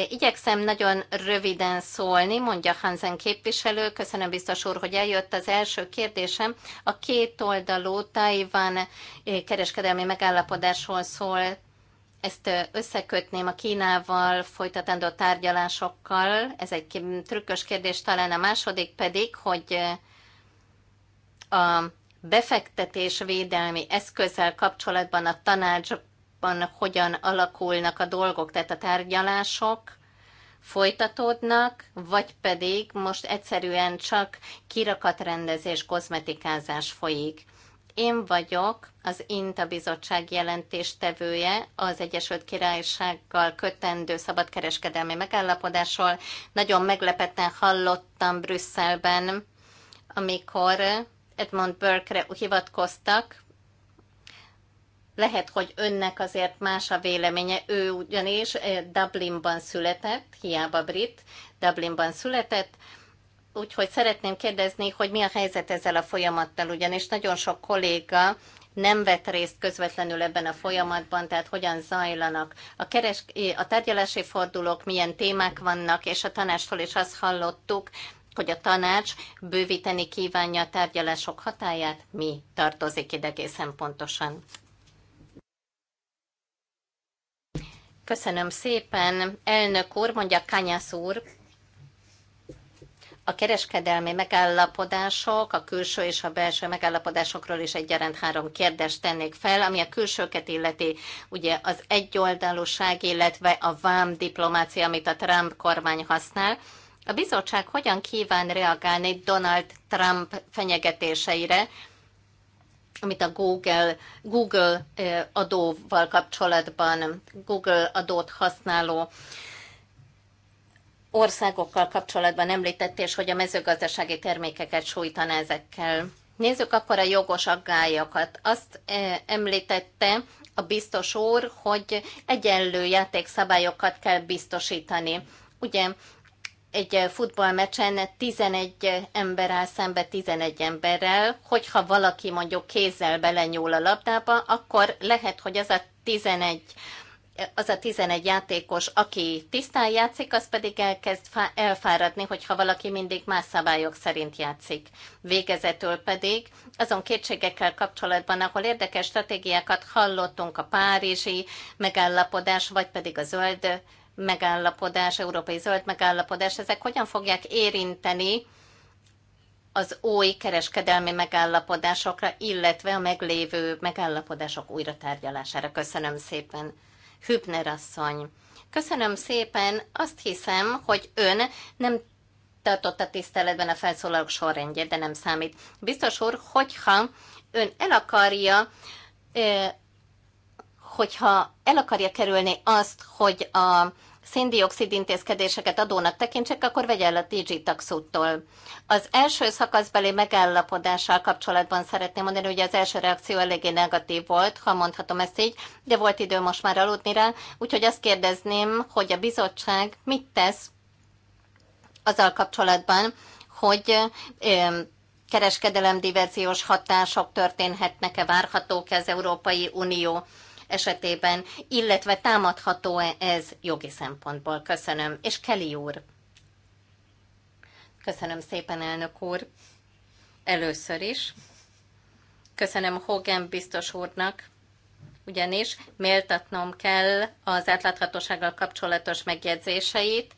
Igyekszem nagyon röviden szólni, mondja Hansen képviselő. Köszönöm biztos úr, hogy eljött. Az első kérdésem a két oldalú Taiwan kereskedelmi megállapodásról szól. Ezt összekötném a Kínával folytatandó tárgyalásokkal. Ez egy trükkös kérdés talán. A második pedig, hogy a befektetés védelmi eszközzel kapcsolatban a tanács Irakban hogyan alakulnak a dolgok, tehát a tárgyalások folytatódnak, vagy pedig most egyszerűen csak kirakatrendezés, kozmetikázás folyik. Én vagyok az INTA bizottság jelentéstevője az Egyesült Királysággal kötendő szabadkereskedelmi megállapodásról. Nagyon meglepetten hallottam Brüsszelben, amikor Edmund Burke-re hivatkoztak, lehet, hogy önnek azért más a véleménye, ő ugyanis Dublinban született, hiába brit, Dublinban született, úgyhogy szeretném kérdezni, hogy mi a helyzet ezzel a folyamattal, ugyanis nagyon sok kolléga nem vett részt közvetlenül ebben a folyamatban, tehát hogyan zajlanak a, keres, a tárgyalási fordulók, milyen témák vannak, és a tanástól is azt hallottuk, hogy a tanács bővíteni kívánja a tárgyalások hatáját, mi tartozik ide egészen pontosan. Köszönöm szépen, elnök úr, mondja Kanyász úr. A kereskedelmi megállapodások, a külső és a belső megállapodásokról is egyaránt három kérdést tennék fel, ami a külsőket illeti, ugye az egyoldalúság, illetve a vám diplomácia, amit a Trump kormány használ. A bizottság hogyan kíván reagálni Donald Trump fenyegetéseire, amit a Google, Google eh, adóval kapcsolatban, Google adót használó országokkal kapcsolatban említett, és hogy a mezőgazdasági termékeket sújtaná ezekkel. Nézzük akkor a jogos aggályokat. Azt eh, említette a biztos úr, hogy egyenlő játékszabályokat kell biztosítani. Ugye egy eh, futballmeccsen 11 eh, ember áll szembe 11 emberrel, hogyha valaki mondjuk kézzel belenyúl a labdába, akkor lehet, hogy az a 11 eh, az a 11 játékos, aki tisztán játszik, az pedig elkezd elfáradni, hogyha valaki mindig más szabályok szerint játszik. Végezetül pedig azon kétségekkel kapcsolatban, ahol érdekes stratégiákat hallottunk a párizsi megállapodás, vagy pedig a zöld megállapodás, európai zöld megállapodás, ezek hogyan fogják érinteni az új kereskedelmi megállapodásokra, illetve a meglévő megállapodások újra tárgyalására. Köszönöm szépen. Hübner asszony. Köszönöm szépen. Azt hiszem, hogy ön nem a tiszteletben a felszólalók sorrendjét, de nem számít. Biztos úr, hogyha ön el akarja eh, hogyha el akarja kerülni azt, hogy a széndiokszid intézkedéseket adónak tekintsek, akkor vegye el a Digitaxuttól. Az első szakaszbeli megállapodással kapcsolatban szeretném mondani, hogy az első reakció eléggé negatív volt, ha mondhatom ezt így, de volt idő most már aludni rá, úgyhogy azt kérdezném, hogy a bizottság mit tesz azzal kapcsolatban, hogy kereskedelem diverziós hatások történhetnek-e, várhatók az Európai Unió esetében, illetve támadható-e ez jogi szempontból? Köszönöm. És Kelly úr. Köszönöm szépen, elnök úr. Először is. Köszönöm Hogan biztos úrnak, ugyanis méltatnom kell az átláthatósággal kapcsolatos megjegyzéseit,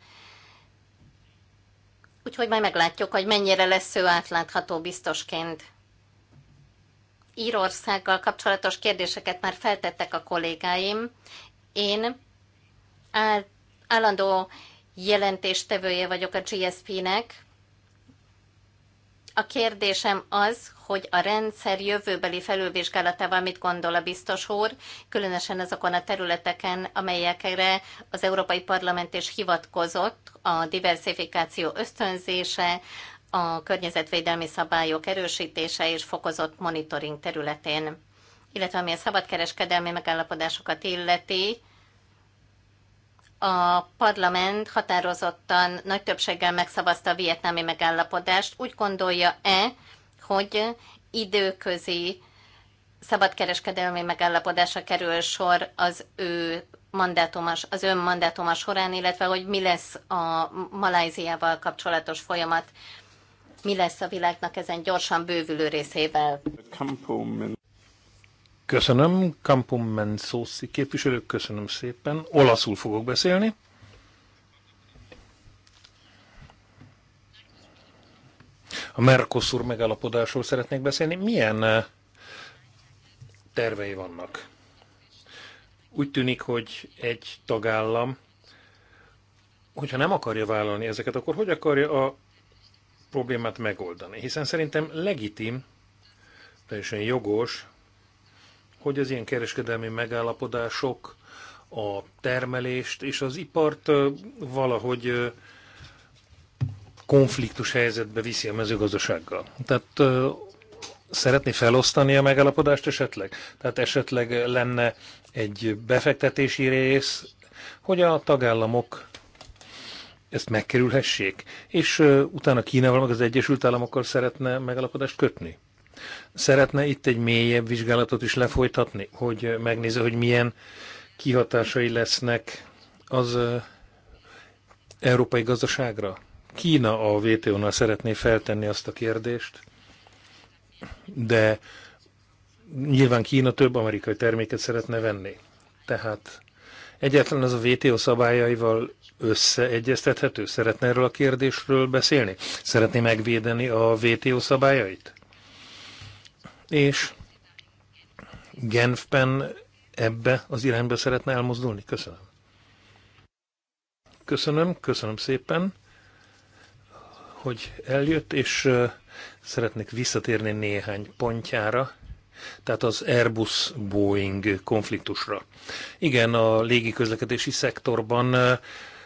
úgyhogy majd meglátjuk, hogy mennyire lesz ő átlátható biztosként. Írországgal kapcsolatos kérdéseket már feltettek a kollégáim. Én állandó jelentéstevője vagyok a GSP-nek. A kérdésem az, hogy a rendszer jövőbeli felülvizsgálatával mit gondol a biztos úr, különösen azokon a területeken, amelyekre az Európai Parlament is hivatkozott, a diversifikáció ösztönzése, a környezetvédelmi szabályok erősítése és fokozott monitoring területén, illetve ami a szabadkereskedelmi megállapodásokat illeti, a parlament határozottan nagy többséggel megszavazta a vietnámi megállapodást. Úgy gondolja-e, hogy időközi szabadkereskedelmi megállapodása kerül sor az ő mandátumas, az ön mandátumas során, illetve hogy mi lesz a Malajziával kapcsolatos folyamat mi lesz a világnak ezen gyorsan bővülő részével. Köszönöm, Campum Menzószi képviselők, köszönöm szépen. Olaszul fogok beszélni. A Mercosur megállapodásról szeretnék beszélni. Milyen eh, tervei vannak? Úgy tűnik, hogy egy tagállam, hogyha nem akarja vállalni ezeket, akkor hogy akarja a problémát megoldani. Hiszen szerintem legitim, teljesen jogos, hogy az ilyen kereskedelmi megállapodások a termelést és az ipart valahogy konfliktus helyzetbe viszi a mezőgazdasággal. Tehát szeretné felosztani a megállapodást esetleg? Tehát esetleg lenne egy befektetési rész, hogy a tagállamok ezt megkerülhessék, és utána Kínával meg az Egyesült Államokkal szeretne megalapodást kötni. Szeretne itt egy mélyebb vizsgálatot is lefolytatni, hogy megnézze, hogy milyen kihatásai lesznek az európai gazdaságra? Kína a WTO-nál szeretné feltenni azt a kérdést, de nyilván Kína több amerikai terméket szeretne venni. Tehát egyáltalán az a WTO szabályaival összeegyeztethető? Szeretne erről a kérdésről beszélni? Szeretné megvédeni a WTO szabályait? És Genfben ebbe az irányba szeretne elmozdulni? Köszönöm. Köszönöm, köszönöm szépen, hogy eljött, és szeretnék visszatérni néhány pontjára, tehát az Airbus-Boeing konfliktusra. Igen, a légiközlekedési szektorban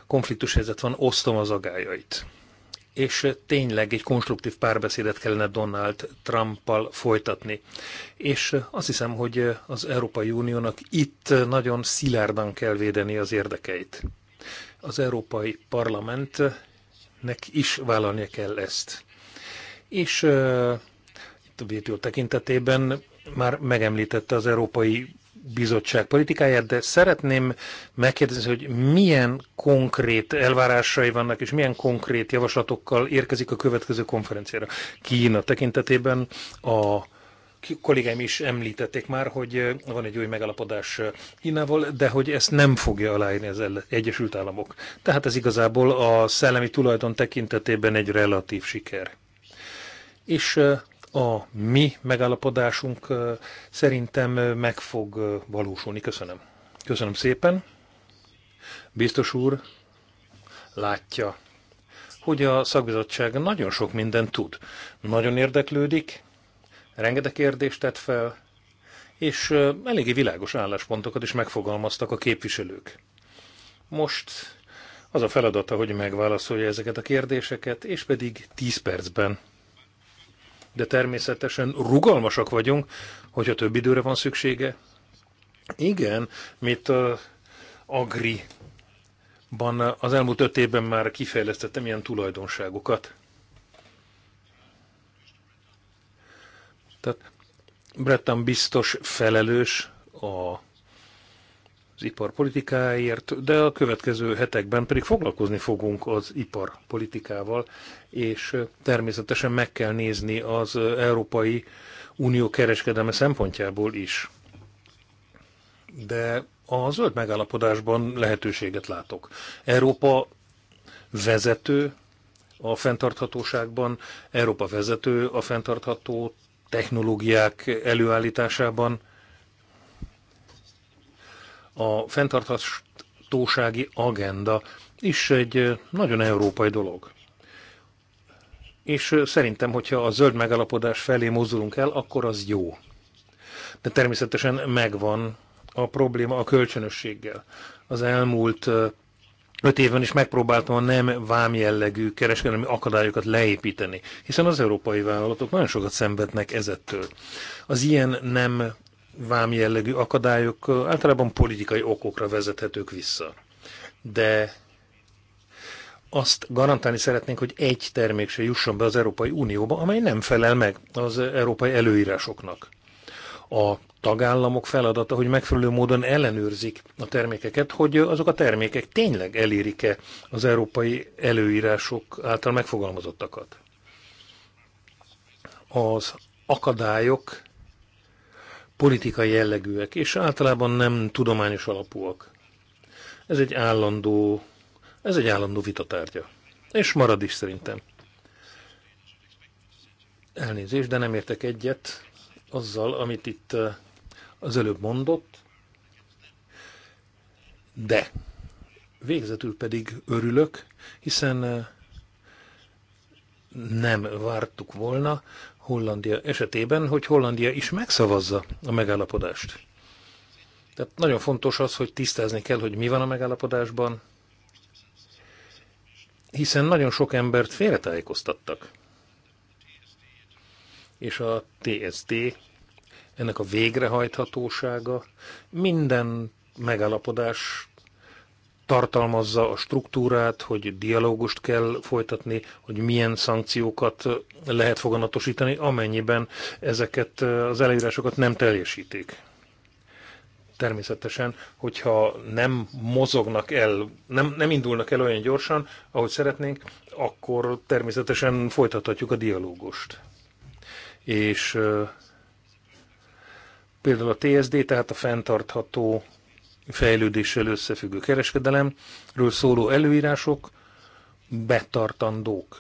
konfliktus helyzet van, osztom az agályait. És tényleg egy konstruktív párbeszédet kellene Donald Trumpal folytatni. És azt hiszem, hogy az Európai Uniónak itt nagyon szilárdan kell védeni az érdekeit. Az Európai Parlamentnek is vállalnia kell ezt. És eh, itt a WTO tekintetében már megemlítette az Európai bizottság politikáját, de szeretném megkérdezni, hogy milyen konkrét elvárásai vannak, és milyen konkrét javaslatokkal érkezik a következő konferenciára. Kína tekintetében a kollégáim is említették már, hogy eh, van egy új megalapodás eh, Kínával, de hogy ezt nem fogja aláírni az Egyesült Államok. Tehát ez igazából a szellemi tulajdon tekintetében egy relatív siker. És eh, a mi megállapodásunk szerintem meg fog valósulni. Köszönöm. Köszönöm szépen. Biztos úr látja, hogy a szakbizottság nagyon sok mindent tud. Nagyon érdeklődik, rengeteg kérdést tett fel, és eléggé világos álláspontokat is megfogalmaztak a képviselők. Most az a feladata, hogy megválaszolja ezeket a kérdéseket, és pedig 10 percben de természetesen rugalmasak vagyunk, hogyha több időre van szüksége. Igen, mint a Agri-ban az elmúlt öt évben már kifejlesztettem ilyen tulajdonságokat. Tehát Bretton biztos felelős a az iparpolitikáért, de a következő hetekben pedig foglalkozni fogunk az iparpolitikával, és természetesen meg kell nézni az Európai Unió kereskedelme szempontjából is. De a zöld megállapodásban lehetőséget látok. Európa vezető a fenntarthatóságban, Európa vezető a fenntartható technológiák előállításában, a fenntarthatósági agenda is egy nagyon európai dolog. És szerintem, hogyha a zöld megalapodás felé mozdulunk el, akkor az jó. De természetesen megvan a probléma a kölcsönösséggel. Az elmúlt öt évben is megpróbáltam a nem vámjellegű kereskedelmi akadályokat leépíteni, hiszen az európai vállalatok nagyon sokat szenvednek ezettől. Az ilyen nem vám jellegű akadályok általában politikai okokra vezethetők vissza. De azt garantálni szeretnénk, hogy egy termék se jusson be az Európai Unióba, amely nem felel meg az európai előírásoknak. A tagállamok feladata, hogy megfelelő módon ellenőrzik a termékeket, hogy azok a termékek tényleg elérik-e az európai előírások által megfogalmazottakat. Az akadályok politikai jellegűek, és általában nem tudományos alapúak. Ez egy állandó, ez egy állandó vitatárgya. És marad is szerintem. Elnézést, de nem értek egyet azzal, amit itt eh, az előbb mondott, de végzetül pedig örülök, hiszen eh, nem vártuk volna, Hollandia esetében, hogy Hollandia is megszavazza a megállapodást. Tehát nagyon fontos az, hogy tisztázni kell, hogy mi van a megállapodásban, hiszen nagyon sok embert félretájékoztattak. És a TSD, ennek a végrehajthatósága minden megállapodás tartalmazza a struktúrát, hogy dialógust kell folytatni, hogy milyen szankciókat lehet foganatosítani, amennyiben ezeket eh, az előírásokat nem teljesítik. Természetesen, hogyha nem mozognak el, nem, nem indulnak el olyan gyorsan, ahogy szeretnénk, akkor természetesen folytathatjuk a dialógust. És eh, például a TSD, tehát a fenntartható fejlődéssel összefüggő kereskedelemről szóló előírások betartandók.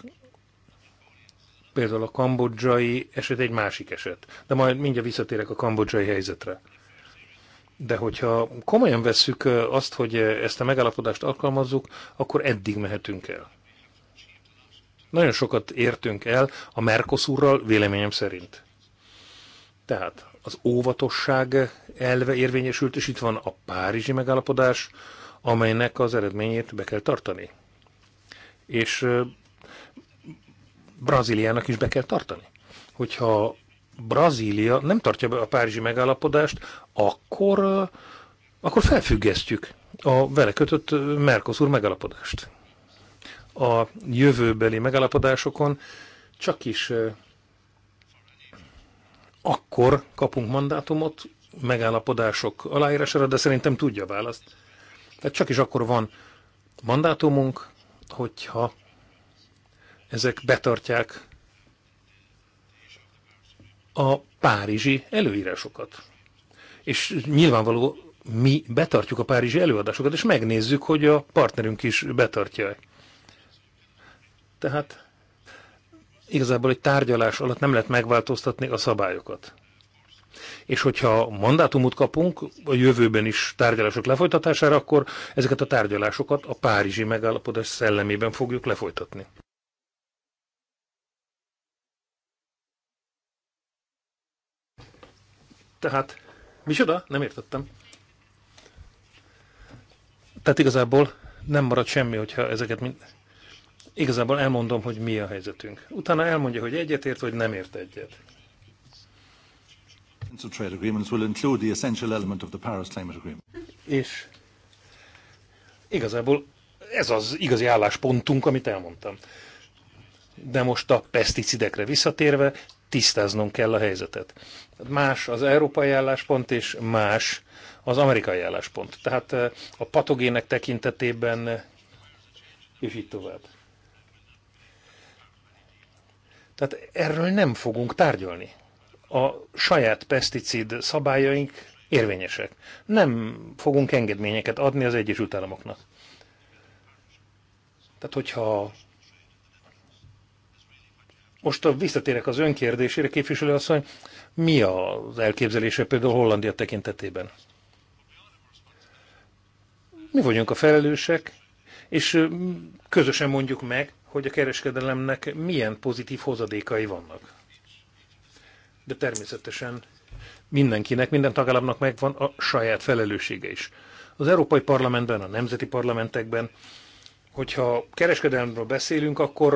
Például a kambodzsai eset egy másik eset, de majd mindjárt visszatérek a kambodzsai helyzetre. De hogyha komolyan vesszük azt, hogy ezt a megállapodást alkalmazzuk, akkor eddig mehetünk el. Nagyon sokat értünk el a Mercosurral véleményem szerint. Tehát az óvatosság elve érvényesült, és itt van a Párizsi megállapodás, amelynek az eredményét be kell tartani. És Brazíliának is be kell tartani. Hogyha Brazília nem tartja be a Párizsi megállapodást, akkor, akkor felfüggesztjük a vele kötött Mercosur megállapodást. A jövőbeli megállapodásokon csak is akkor kapunk mandátumot, megállapodások aláírására, de szerintem tudja a választ. Tehát csak is akkor van mandátumunk, hogyha ezek betartják a párizsi előírásokat. És nyilvánvaló, mi betartjuk a párizsi előadásokat, és megnézzük, hogy a partnerünk is betartja. Tehát igazából egy tárgyalás alatt nem lehet megváltoztatni a szabályokat. És hogyha mandátumot kapunk a jövőben is tárgyalások lefolytatására, akkor ezeket a tárgyalásokat a párizsi megállapodás szellemében fogjuk lefolytatni. Tehát, micsoda? Nem értettem. Tehát igazából nem marad semmi, hogyha ezeket mind igazából elmondom, hogy mi a helyzetünk. Utána elmondja, hogy egyetért, vagy nem ért egyet. És igazából ez az igazi álláspontunk, amit elmondtam. De most a peszticidekre visszatérve tisztáznunk kell a helyzetet. Más az európai álláspont, és más az amerikai álláspont. Tehát eh, a patogének tekintetében, és így tovább. Tehát erről nem fogunk tárgyalni. A saját peszticid szabályaink érvényesek. Nem fogunk engedményeket adni az Egyesült Államoknak. Tehát, hogyha most visszatérek az önkérdésére, képviselő asszony, mi az elképzelése például Hollandia tekintetében? Mi vagyunk a felelősek, és közösen mondjuk meg, hogy a kereskedelemnek milyen pozitív hozadékai vannak. De természetesen mindenkinek, minden tagállamnak megvan a saját felelőssége is. Az Európai Parlamentben, a nemzeti parlamentekben, hogyha kereskedelemről beszélünk, akkor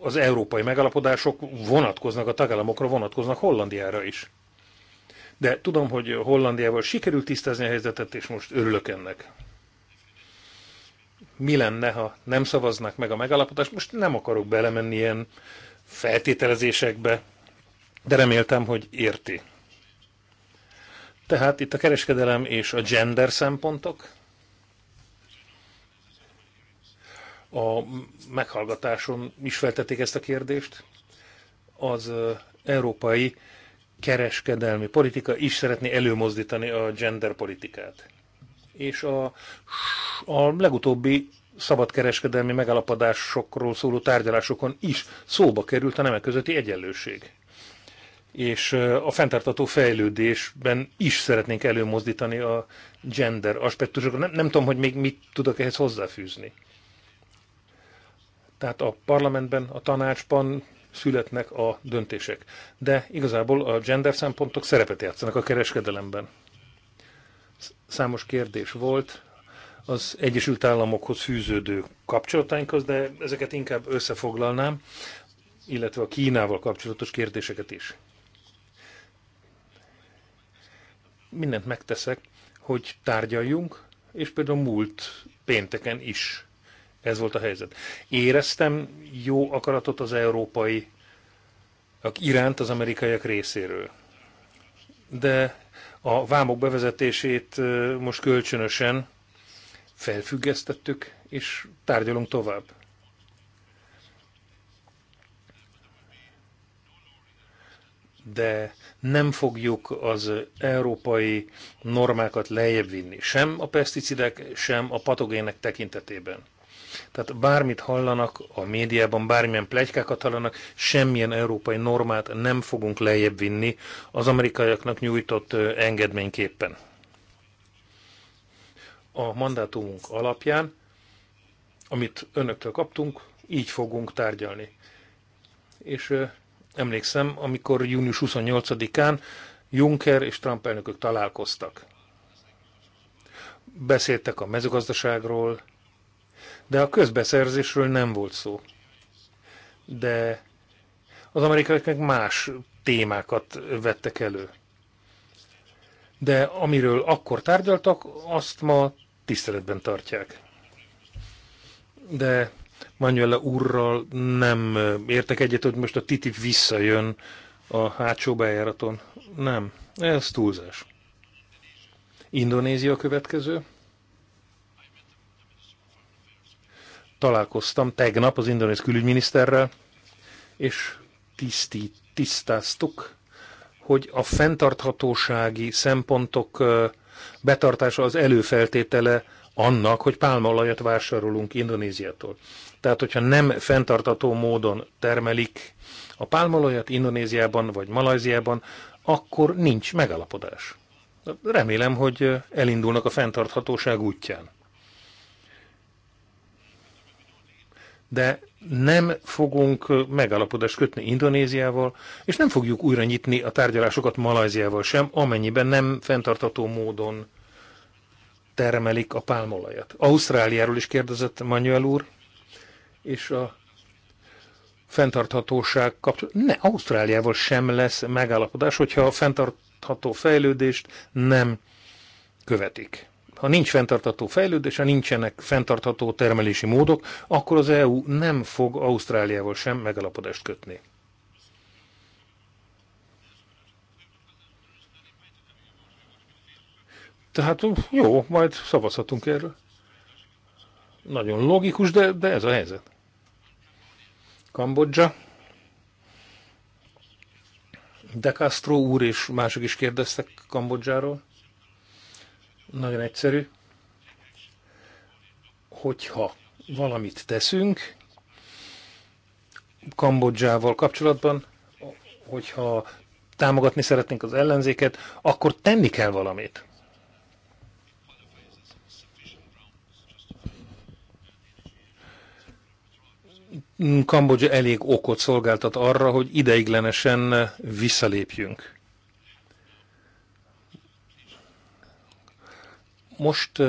az európai megalapodások vonatkoznak a tagállamokra, vonatkoznak Hollandiára is. De tudom, hogy Hollandiával sikerült tisztázni a helyzetet, és most örülök ennek mi lenne, ha nem szavaznak meg a megállapodást. Most nem akarok belemenni ilyen feltételezésekbe, de reméltem, hogy érti. Tehát itt a kereskedelem és a gender szempontok. A meghallgatáson is feltették ezt a kérdést. Az európai kereskedelmi politika is szeretné előmozdítani a gender politikát és a, a legutóbbi szabadkereskedelmi megalapodásokról szóló tárgyalásokon is szóba került a nemek közötti egyenlőség. És a fenntartató fejlődésben is szeretnénk előmozdítani a gender aspektusokat. Nem, nem tudom, hogy még mit tudok ehhez hozzáfűzni. Tehát a parlamentben, a tanácsban születnek a döntések. De igazából a gender szempontok szerepet játszanak a kereskedelemben. Számos kérdés volt az Egyesült Államokhoz fűződő kapcsolatainkhoz, de ezeket inkább összefoglalnám, illetve a Kínával kapcsolatos kérdéseket is. Mindent megteszek, hogy tárgyaljunk, és például múlt pénteken is ez volt a helyzet. Éreztem jó akaratot az európai iránt az amerikaiak részéről. De a vámok bevezetését most kölcsönösen felfüggesztettük, és tárgyalunk tovább. De nem fogjuk az európai normákat lejjebb vinni, sem a peszticidek, sem a patogének tekintetében. Tehát bármit hallanak a médiában, bármilyen plegykákat hallanak, semmilyen európai normát nem fogunk lejjebb vinni az amerikaiaknak nyújtott engedményképpen. A mandátumunk alapján, amit önöktől kaptunk, így fogunk tárgyalni. És emlékszem, amikor június 28-án Juncker és Trump elnökök találkoztak. Beszéltek a mezőgazdaságról, de a közbeszerzésről nem volt szó. De az amerikaiak meg más témákat vettek elő. De amiről akkor tárgyaltak, azt ma tiszteletben tartják. De Manuela úrral nem értek egyet, hogy most a titi visszajön a hátsó bejáraton. Nem, ez túlzás. Indonézia a következő. találkoztam tegnap az indonéz külügyminiszterrel, és tiszti, tisztáztuk, hogy a fenntarthatósági szempontok betartása az előfeltétele annak, hogy pálmaolajat vásárolunk Indonéziától. Tehát, hogyha nem fenntartató módon termelik a pálmaolajat Indonéziában vagy Malajziában, akkor nincs megalapodás. Remélem, hogy elindulnak a fenntarthatóság útján. de nem fogunk megalapodást kötni Indonéziával, és nem fogjuk újra nyitni a tárgyalásokat Malajziával sem, amennyiben nem fenntartató módon termelik a pálmolajat. Ausztráliáról is kérdezett Manuel úr, és a fenntarthatóság kapcsolatban. Ne, Ausztráliával sem lesz megállapodás, hogyha a fenntartható fejlődést nem követik ha nincs fenntartható fejlődés, ha nincsenek fenntartható termelési módok, akkor az EU nem fog Ausztráliával sem megalapodást kötni. Tehát jó, majd szavazhatunk erről. Nagyon logikus, de, de ez a helyzet. Kambodzsa. De Castro úr és mások is kérdeztek Kambodzsáról. Nagyon egyszerű. Hogyha valamit teszünk Kambodzsával kapcsolatban, hogyha támogatni szeretnénk az ellenzéket, akkor tenni kell valamit. Kambodzsa elég okot szolgáltat arra, hogy ideiglenesen visszalépjünk. most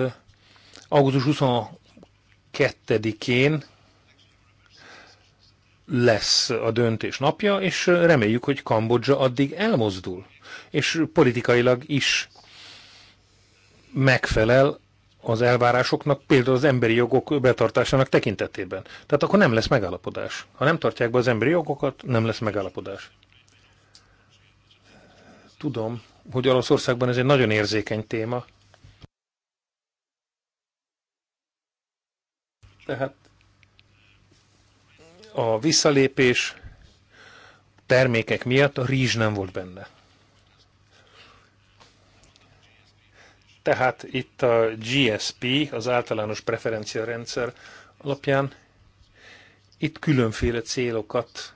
augusztus 22-én lesz a döntés napja, és reméljük, hogy Kambodzsa addig elmozdul, és politikailag is megfelel az elvárásoknak, például az emberi jogok betartásának tekintetében. Tehát akkor nem lesz megállapodás. Ha nem tartják be az emberi jogokat, nem lesz megállapodás. Tudom, hogy Olaszországban ez egy nagyon érzékeny téma, Tehát a visszalépés termékek miatt a rizs nem volt benne. Tehát itt a GSP, az általános preferencia rendszer alapján itt különféle célokat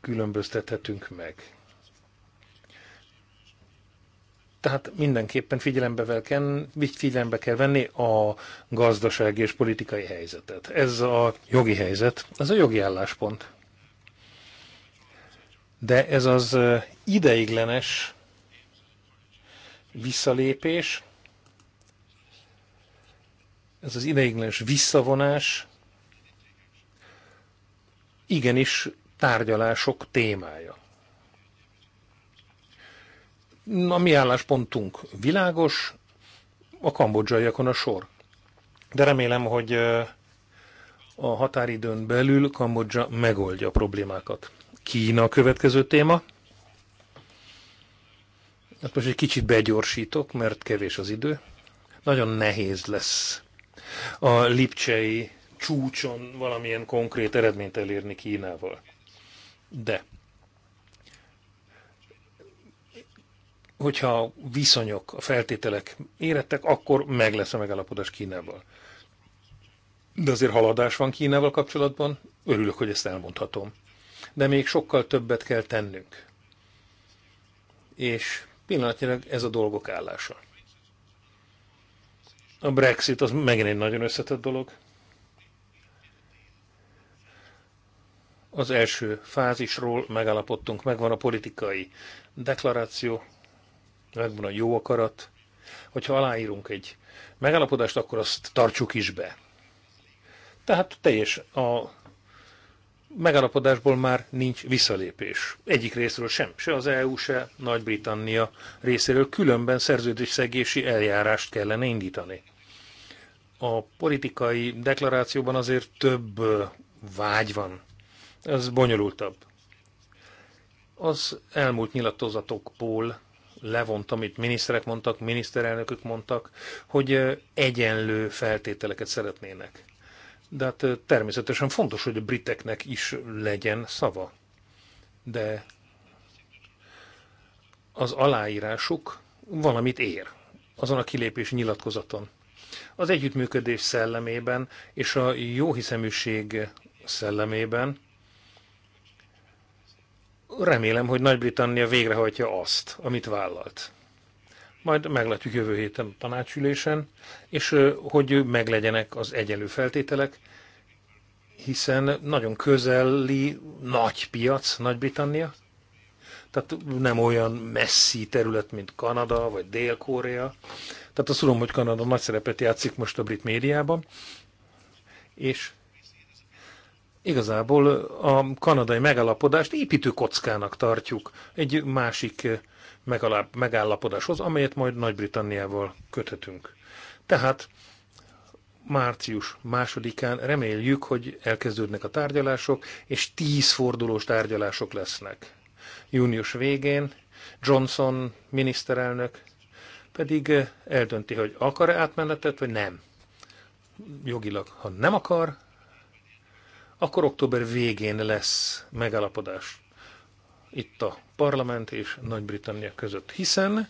különböztethetünk meg. Tehát mindenképpen figyelembe kell, kell, figyelembe kell venni a gazdasági és politikai helyzetet. Ez a jogi helyzet, ez a jogi álláspont. De ez az ideiglenes visszalépés, ez az ideiglenes visszavonás igenis tárgyalások témája a mi álláspontunk világos, a kambodzsaiakon a sor. De remélem, hogy a határidőn belül Kambodzsa megoldja a problémákat. Kína a következő téma. Hát most egy kicsit begyorsítok, mert kevés az idő. Nagyon nehéz lesz a lipcsei csúcson valamilyen konkrét eredményt elérni Kínával. De hogyha a viszonyok, a feltételek érettek, akkor meg lesz a megállapodás Kínával. De azért haladás van Kínával kapcsolatban, örülök, hogy ezt elmondhatom. De még sokkal többet kell tennünk. És pillanatnyilag ez a dolgok állása. A Brexit az megint egy nagyon összetett dolog. Az első fázisról megállapodtunk, megvan a politikai deklaráció, megvan a jó akarat. Hogyha aláírunk egy megállapodást, akkor azt tartsuk is be. Tehát teljes a megállapodásból már nincs visszalépés. Egyik részről sem, se az EU, se Nagy-Britannia részéről különben szerződésszegési eljárást kellene indítani. A politikai deklarációban azért több vágy van. Ez bonyolultabb. Az elmúlt nyilatkozatokból levontam, amit miniszterek mondtak, miniszterelnökök mondtak, hogy egyenlő feltételeket szeretnének. De hát természetesen fontos, hogy a briteknek is legyen szava. De az aláírásuk valamit ér azon a kilépés nyilatkozaton. Az együttműködés szellemében és a jóhiszeműség szellemében remélem, hogy Nagy-Britannia végrehajtja azt, amit vállalt. Majd meglátjuk jövő héten a tanácsülésen, és hogy meglegyenek az egyenlő feltételek, hiszen nagyon közeli nagy piac Nagy-Britannia, tehát nem olyan messzi terület, mint Kanada vagy Dél-Korea. Tehát azt tudom, hogy Kanada nagy szerepet játszik most a brit médiában, és Igazából a kanadai megállapodást kockának tartjuk egy másik eh, megállapodáshoz, amelyet majd Nagy-Britanniával köthetünk. Tehát március másodikán reméljük, hogy elkezdődnek a tárgyalások, és tíz fordulós tárgyalások lesznek. Június végén Johnson miniszterelnök pedig eh, eldönti, hogy akar-e átmenetet, vagy nem. Jogilag, ha nem akar, akkor október végén lesz megállapodás itt a parlament és Nagy-Britannia között, hiszen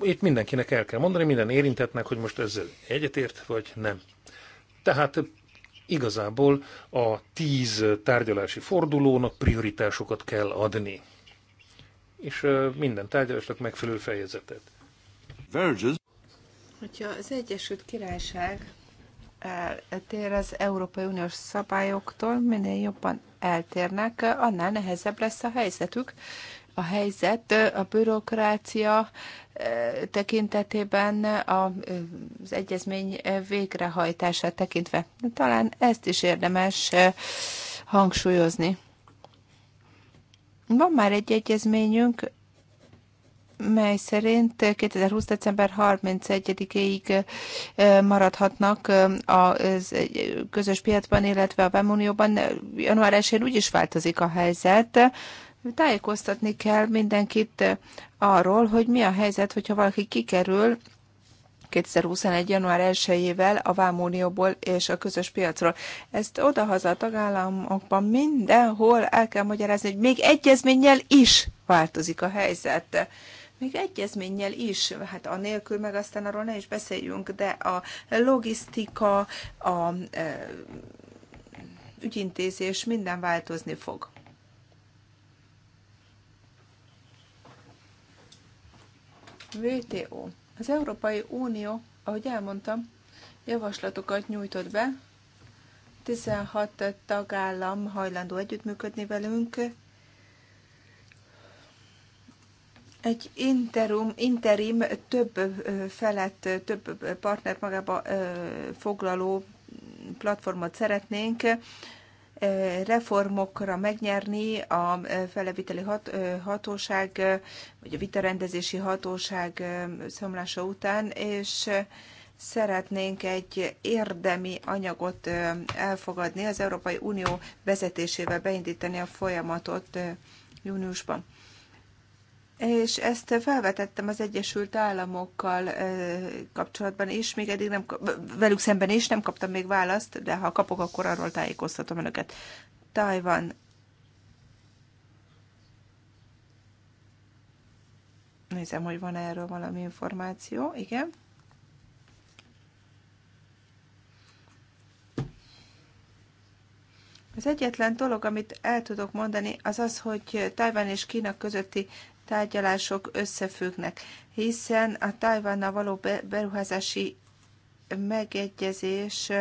itt mindenkinek el kell mondani, minden érintetnek, hogy most ezzel egyetért, vagy nem. Tehát igazából a tíz tárgyalási fordulónak prioritásokat kell adni. És minden tárgyalásnak megfelelő fejezetet. Hogyha az Egyesült Királyság eltér az Európai Uniós szabályoktól, minél jobban eltérnek, annál nehezebb lesz a helyzetük. A helyzet a bürokrácia eh, tekintetében az egyezmény végrehajtását tekintve. Talán ezt is érdemes eh, hangsúlyozni. Van már egy egyezményünk, mely szerint 2020. december 31-ig maradhatnak a közös piacban, illetve a Bemunióban. Január 1-én úgyis változik a helyzet. Tájékoztatni kell mindenkit arról, hogy mi a helyzet, hogyha valaki kikerül 2021. január 1-ével a Vámunióból és a közös piacról. Ezt odahaza a tagállamokban mindenhol el kell magyarázni, hogy még egyezménnyel is változik a helyzet még egyezménnyel is, hát anélkül meg aztán arról ne is beszéljünk, de a logisztika, a e, ügyintézés minden változni fog. VTO. Az Európai Unió, ahogy elmondtam, javaslatokat nyújtott be. 16 tagállam hajlandó együttműködni velünk, egy interim, interim több felett, több partnert magába foglaló platformot szeretnénk reformokra megnyerni a feleviteli hat, hatóság, vagy a vitarendezési hatóság szomlása után, és szeretnénk egy érdemi anyagot elfogadni, az Európai Unió vezetésével beindítani a folyamatot júniusban és ezt felvetettem az Egyesült Államokkal kapcsolatban is, még eddig nem, velük szemben is nem kaptam még választ, de ha kapok, akkor arról tájékoztatom önöket. Tajvan. Nézem, hogy van -e erről valami információ. Igen. Az egyetlen dolog, amit el tudok mondani, az az, hogy Tajván és Kína közötti tárgyalások összefüggnek, hiszen a Tajvannal való beruházási megegyezés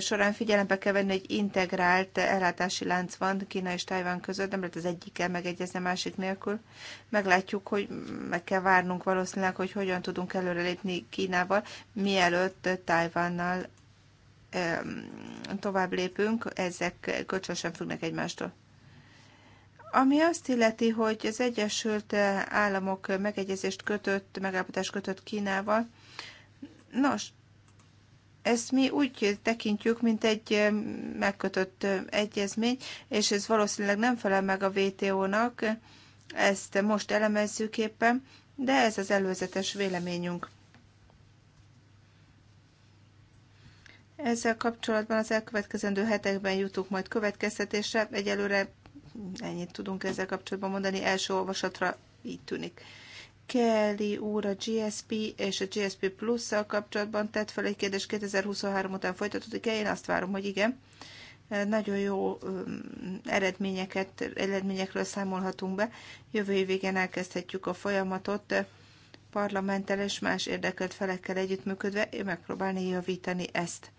során figyelembe kell venni, hogy integrált ellátási lánc van Kína és Tajvan között, nem lehet az egyikkel megegyezni a másik nélkül. Meglátjuk, hogy meg kell várnunk valószínűleg, hogy hogyan tudunk előrelépni Kínával, mielőtt Tajvannal tovább lépünk, ezek kölcsönösen függnek egymástól. Ami azt illeti, hogy az Egyesült Államok megegyezést kötött, megállapodást kötött Kínával, nos, ezt mi úgy tekintjük, mint egy megkötött egyezmény, és ez valószínűleg nem felel meg a WTO-nak, ezt most elemezzük éppen, de ez az előzetes véleményünk. Ezzel kapcsolatban az elkövetkezendő hetekben jutunk majd következtetésre, egyelőre Ennyit tudunk ezzel kapcsolatban mondani. Első olvasatra így tűnik. Kelly úr a GSP és a GSP Plus-szal kapcsolatban tett fel egy kérdést 2023 után folytatódik-e? Én azt várom, hogy igen. Nagyon jó eredményeket, eredményekről számolhatunk be. Jövő év végén elkezdhetjük a folyamatot parlamenttel és más érdekelt felekkel együttműködve megpróbálni javítani ezt.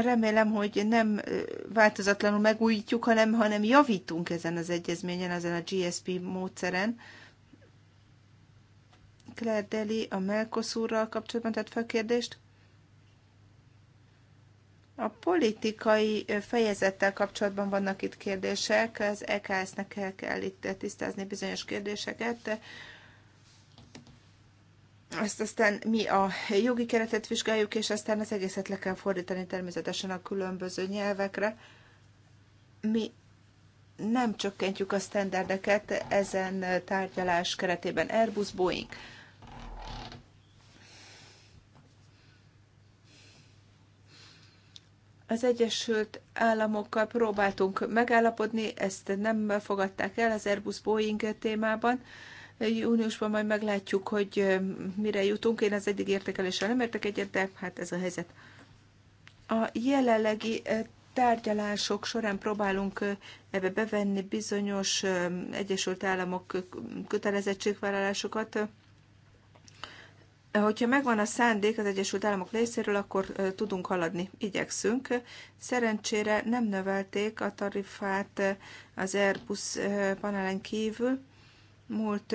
remélem, hogy nem változatlanul megújítjuk, hanem, hanem javítunk ezen az egyezményen, ezen a GSP módszeren. Claire Deli a Melkoszúrral kapcsolatban tett fel kérdést. A politikai fejezettel kapcsolatban vannak itt kérdések, az EKS-nek kell, kell itt tisztázni bizonyos kérdéseket, ezt aztán mi a jogi keretet vizsgáljuk, és aztán az egészet le kell fordítani természetesen a különböző nyelvekre. Mi nem csökkentjük a sztenderdeket ezen tárgyalás keretében. Airbus, Boeing. Az Egyesült Államokkal próbáltunk megállapodni, ezt nem fogadták el az Airbus-Boeing témában júniusban majd meglátjuk, hogy mire jutunk. Én az eddig értékeléssel nem értek egyet, de hát ez a helyzet. A jelenlegi tárgyalások során próbálunk ebbe bevenni bizonyos Egyesült Államok kötelezettségvállalásokat. Hogyha megvan a szándék az Egyesült Államok részéről, akkor tudunk haladni, igyekszünk. Szerencsére nem növelték a tarifát az Airbus panelen kívül, múlt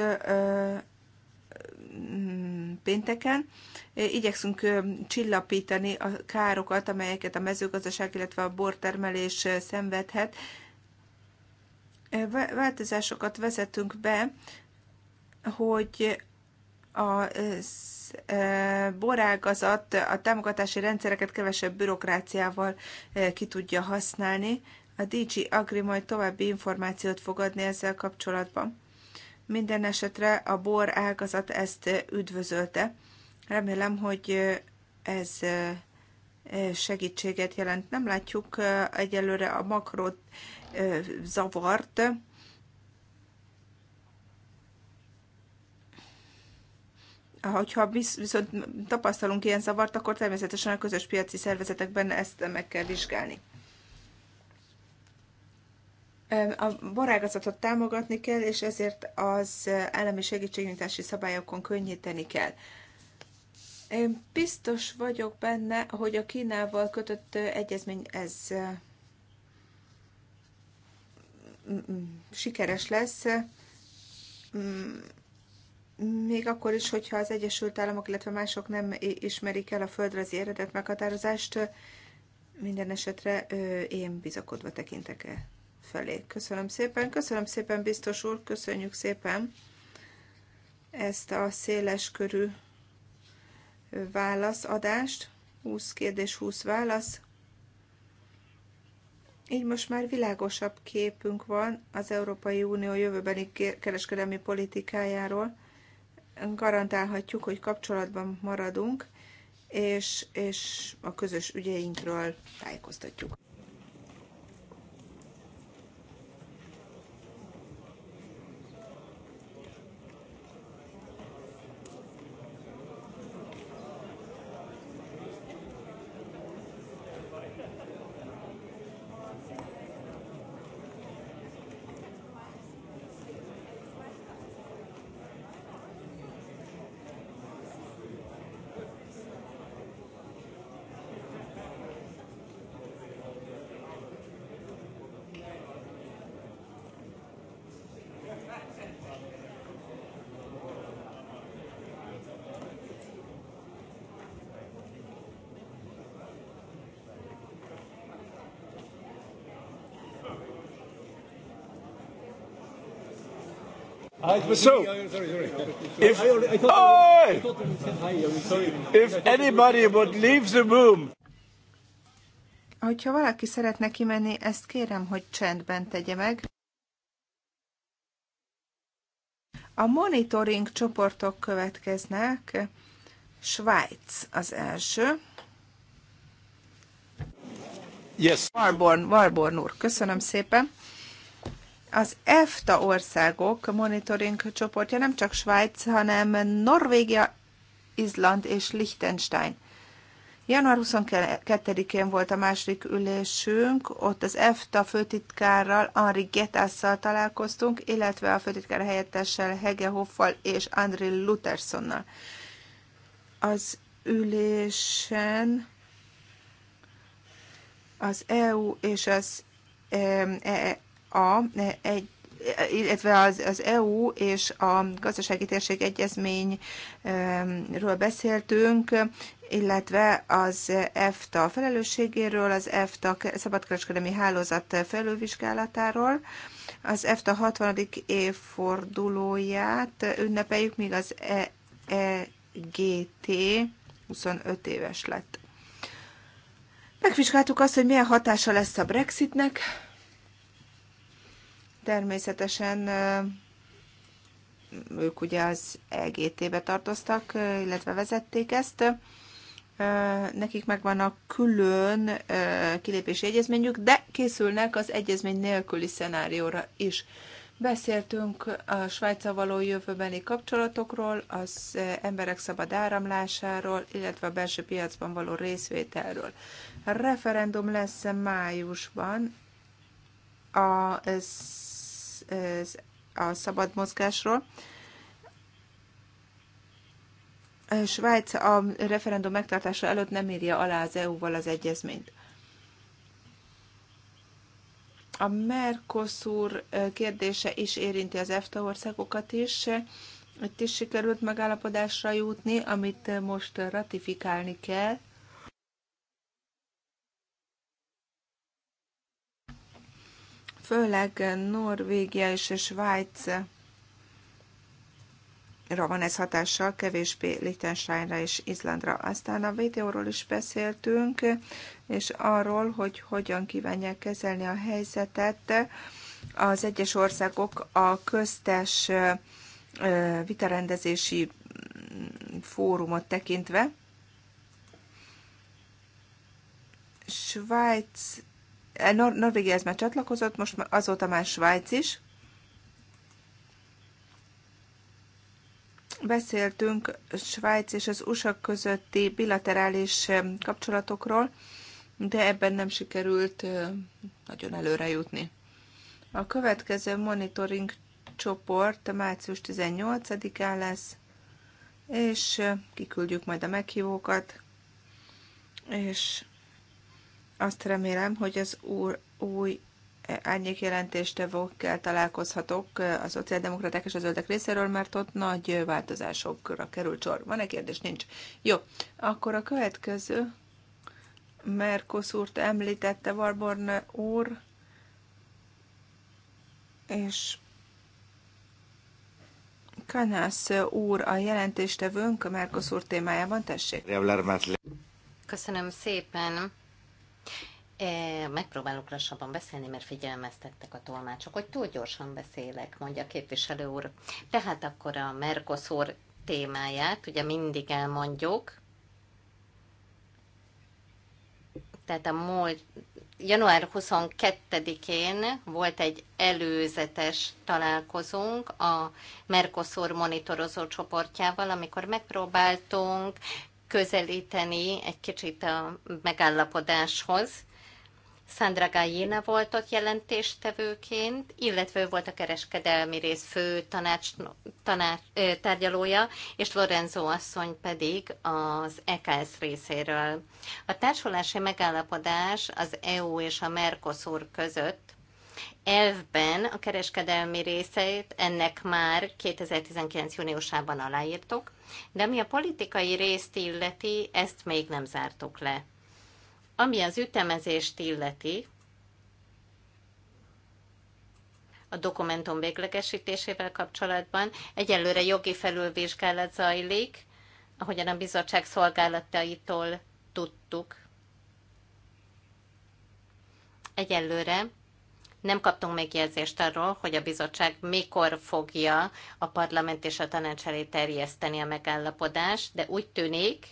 mm, pénteken. Igyekszünk csillapítani a károkat, amelyeket a mezőgazdaság, illetve a bortermelés szenvedhet. Változásokat vezetünk be, hogy a borágazat a támogatási rendszereket kevesebb bürokráciával ki tudja használni. A DG Agri majd további információt fog adni ezzel kapcsolatban. Minden esetre a bor ágazat ezt üdvözölte. Remélem, hogy ez segítséget jelent. Nem látjuk egyelőre a makrot zavart, hogyha viszont tapasztalunk ilyen zavart, akkor természetesen a közös piaci szervezetekben ezt meg kell vizsgálni. A borágazatot támogatni kell, és ezért az állami segítségnyújtási szabályokon könnyíteni kell. Én biztos vagyok benne, hogy a Kínával kötött egyezmény ez mm, mm, sikeres lesz, mm, még akkor is, hogyha az Egyesült Államok, illetve mások nem ismerik el a földrajzi eredet meghatározást, minden esetre én bizakodva tekintek el felé. Köszönöm szépen, köszönöm szépen, biztos úr, köszönjük szépen ezt a széles körű válaszadást, 20 kérdés, 20 válasz. Így most már világosabb képünk van az Európai Unió jövőbeni kereskedelmi politikájáról. Garantálhatjuk, hogy kapcsolatban maradunk, és, és a közös ügyeinkről tájékoztatjuk. So, if, oh, if anybody would leave the room. Hogyha valaki szeretne kimenni, ezt kérem, hogy csendben tegye meg. A monitoring csoportok következnek. Svájc az első. Yes. Warborn, Warborn úr, köszönöm szépen az EFTA országok monitoring csoportja nem csak Svájc, hanem Norvégia, Izland és Liechtenstein. Január 22-én volt a második ülésünk, ott az EFTA főtitkárral, Henri Getásszal találkoztunk, illetve a főtitkár helyettessel Hege Hoffal és André Luthersonnal. Az ülésen az EU és az e e a egy illetve az, az EU és a gazdasági térség egyezményről beszéltünk, illetve az EFTA felelősségéről, az EFTA szabadkereskedelmi hálózat felülvizsgálatáról. Az EFTA 60. évfordulóját ünnepeljük, míg az EEGT 25 éves lett. Megvizsgáltuk azt, hogy milyen hatása lesz a Brexitnek, Természetesen ők ugye az EGT-be tartoztak, illetve vezették ezt. Nekik megvan a külön kilépési egyezményük, de készülnek az egyezmény nélküli szenárióra is. Beszéltünk a Svájca való jövőbeni kapcsolatokról, az emberek szabad áramlásáról, illetve a belső piacban való részvételről. A referendum lesz májusban a a szabad mozgásról. Svájc a referendum megtartása előtt nem írja alá az EU-val az egyezményt. A Mercosur kérdése is érinti az EFTA országokat is. Itt is sikerült megállapodásra jutni, amit most ratifikálni kell. főleg Norvégia és Svájc van ez hatással, kevésbé Lichtensteinra és Izlandra. Aztán a videóról is beszéltünk, és arról, hogy hogyan kívánják kezelni a helyzetet. Az egyes országok a köztes vitarendezési fórumot tekintve. Svájc Eh, Nor- Norvégia ez már csatlakozott, most azóta már Svájc is. Beszéltünk Svájc és az USA közötti bilaterális kapcsolatokról, de ebben nem sikerült nagyon előre jutni. A következő monitoring csoport március 18-án lesz, és kiküldjük majd a meghívókat, és azt remélem, hogy az úr új e, árnyék jelentéstevőkkel találkozhatok e, a szociáldemokraták és a zöldek részéről, mert ott nagy változásokra kerül sor. Van-e kérdés? Nincs. Jó, akkor a következő. Merkusz úrt említette Valborn úr, és Kanász úr a jelentéstevőnk a Merkusz úr témájában. Tessék! Köszönöm szépen! E, megpróbálok lassabban beszélni, mert figyelmeztettek a tolmácsok, hogy túl gyorsan beszélek, mondja a képviselő úr. Tehát akkor a Mercosur témáját, ugye mindig elmondjuk, tehát a múlt január 22-én volt egy előzetes találkozunk a Mercosur monitorozó csoportjával, amikor megpróbáltunk közelíteni egy kicsit a megállapodáshoz. Sandra Gallina volt ott jelentéstevőként, illetve ő volt a kereskedelmi rész fő tanács, tanács, tárgyalója, és Lorenzo asszony pedig az EKS részéről. A társulási megállapodás az EU és a Mercosur között Elvben a kereskedelmi részeit ennek már 2019. júniusában aláírtuk, de mi a politikai részt illeti, ezt még nem zártuk le. Ami az ütemezést illeti, a dokumentum véglegesítésével kapcsolatban. Egyelőre jogi felülvizsgálat zajlik, ahogyan a bizottság szolgálataitól tudtuk. Egyelőre nem kaptunk még jelzést arról, hogy a bizottság mikor fogja a parlament és a tanács elé terjeszteni a megállapodást, de úgy tűnik,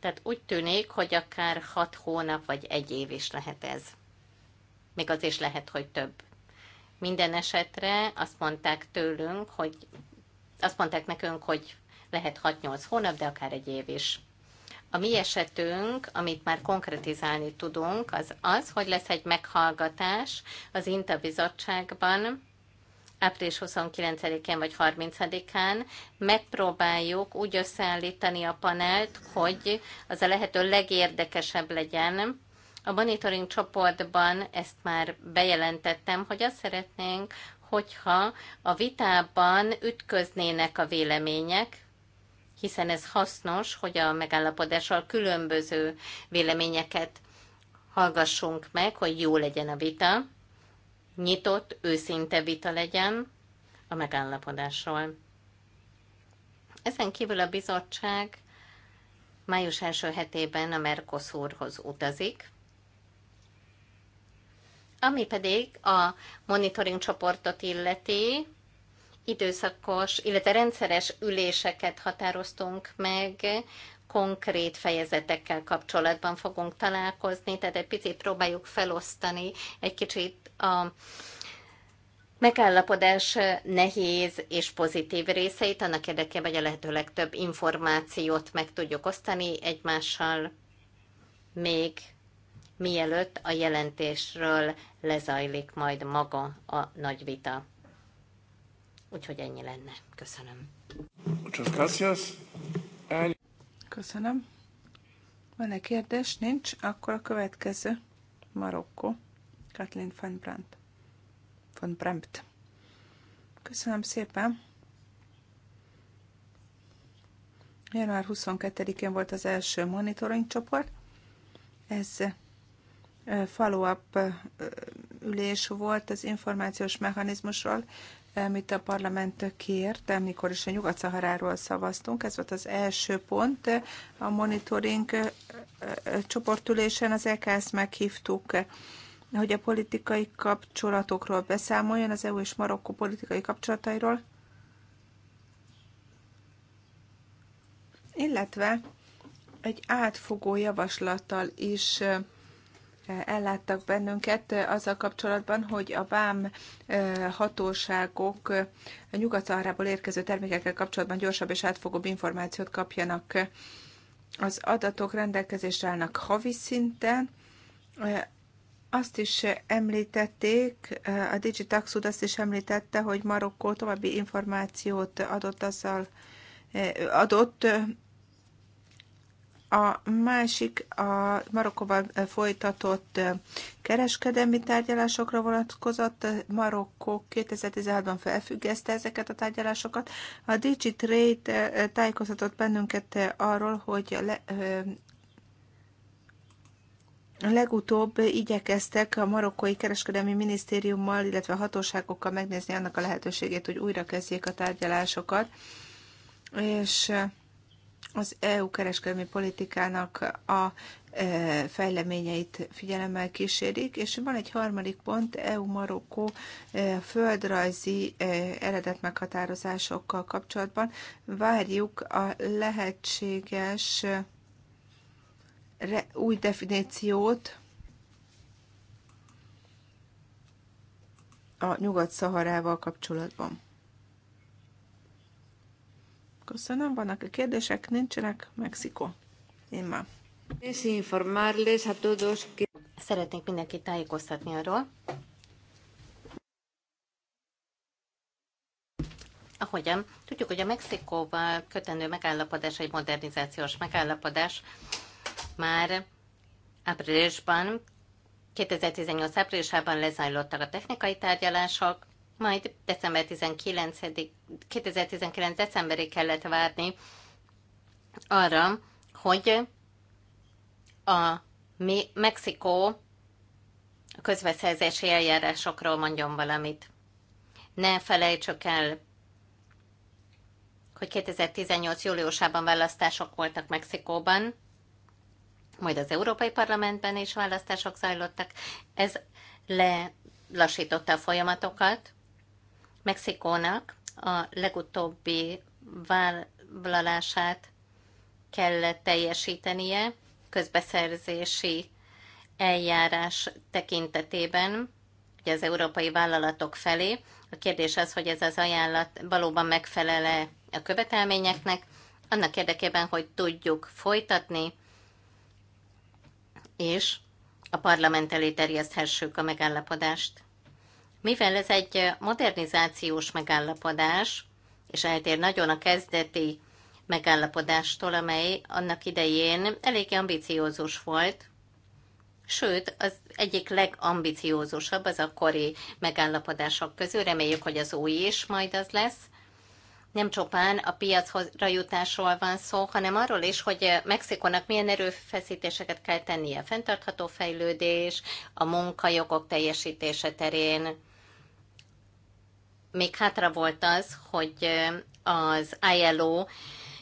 tehát úgy tűnik, hogy akár hat hónap vagy egy év is lehet ez. Még az is lehet, hogy több. Minden esetre azt mondták tőlünk, hogy azt mondták nekünk, hogy lehet 6-8 hónap, de akár egy év is. A mi esetünk, amit már konkretizálni tudunk, az az, hogy lesz egy meghallgatás az INTA bizottságban, április 29-én vagy 30-án megpróbáljuk úgy összeállítani a panelt, hogy az a lehető legérdekesebb legyen. A monitoring csoportban ezt már bejelentettem, hogy azt szeretnénk, hogyha a vitában ütköznének a vélemények, hiszen ez hasznos, hogy a megállapodással különböző véleményeket hallgassunk meg, hogy jó legyen a vita, nyitott, őszinte vita legyen a megállapodásról. Ezen kívül a bizottság május első hetében a Mercosurhoz utazik, ami pedig a monitoring csoportot illeti, időszakos, illetve rendszeres üléseket határoztunk meg, konkrét fejezetekkel kapcsolatban fogunk találkozni, tehát egy picit próbáljuk felosztani egy kicsit a megállapodás nehéz és pozitív részeit, annak érdekében, hogy a lehető legtöbb információt meg tudjuk osztani egymással, még mielőtt a jelentésről lezajlik majd maga a nagy vita. Úgyhogy ennyi lenne. Köszönöm. Muchas gracias. Köszönöm. Van-e kérdés? Nincs. Akkor a következő. Marokko. Kathleen van Brandt. Van Brandt. Köszönöm szépen. Január 22-én volt az első monitoring csoport. Ez follow-up ülés volt az információs mechanizmusról, amit a parlament kért, amikor is a Nyugat-Szaharáról szavaztunk. Ez volt az első pont a monitoring csoportülésen. Az eks meghívtuk hogy a politikai kapcsolatokról beszámoljon, az EU és Marokkó politikai kapcsolatairól, illetve egy átfogó javaslattal is elláttak bennünket azzal kapcsolatban, hogy a vám hatóságok a nyugat érkező termékekkel kapcsolatban gyorsabb és átfogóbb információt kapjanak. Az adatok rendelkezésre állnak havi szinten, azt is említették, a Digitaxud azt is említette, hogy Marokkó további információt adott azzal, adott a másik a Marokkóban eh, folytatott eh, kereskedelmi tárgyalásokra vonatkozott. Marokkó 2016-ban felfüggeszte ezeket a tárgyalásokat. A DigiTrade eh, tájékoztatott bennünket arról, hogy le, Legutóbb igyekeztek a marokkói kereskedelmi minisztériummal, illetve a hatóságokkal megnézni annak a lehetőségét, hogy újra kezdjék a tárgyalásokat. És az EU kereskedelmi politikának a e, fejleményeit figyelemmel kísérik, és van egy harmadik pont, EU-Marokkó e, földrajzi e, eredet meghatározásokkal kapcsolatban. Várjuk a lehetséges új definíciót a Nyugat-Szaharával kapcsolatban. Köszönöm, vannak a kérdések, nincsenek, Mexikó. Én már. Szeretnék mindenkit tájékoztatni arról, Ahogyan tudjuk, hogy a Mexikóval kötendő megállapodás, egy modernizációs megállapodás már áprilisban, 2018 áprilisában lezajlottak a technikai tárgyalások, majd december 19 2019. decemberi kellett várni arra, hogy a Mexikó közbeszerzési eljárásokról mondjon valamit. Ne felejtsük el, hogy 2018. júliusában választások voltak Mexikóban, majd az Európai Parlamentben is választások zajlottak. Ez lelassította a folyamatokat, Mexikónak a legutóbbi vállalását kellett teljesítenie közbeszerzési eljárás tekintetében, ugye az európai vállalatok felé. A kérdés az, hogy ez az ajánlat valóban megfelele a követelményeknek, annak érdekében, hogy tudjuk folytatni, és a parlament elé terjeszthessük a megállapodást. Mivel ez egy modernizációs megállapodás, és eltér nagyon a kezdeti megállapodástól, amely annak idején elég ambiciózus volt, sőt, az egyik legambiciózusabb az akkori megállapodások közül, reméljük, hogy az új is majd az lesz. Nem csupán a piachozra jutásról van szó, hanem arról is, hogy Mexikónak milyen erőfeszítéseket kell tennie. a fenntartható fejlődés, a munkajogok teljesítése terén, még hátra volt az, hogy az ILO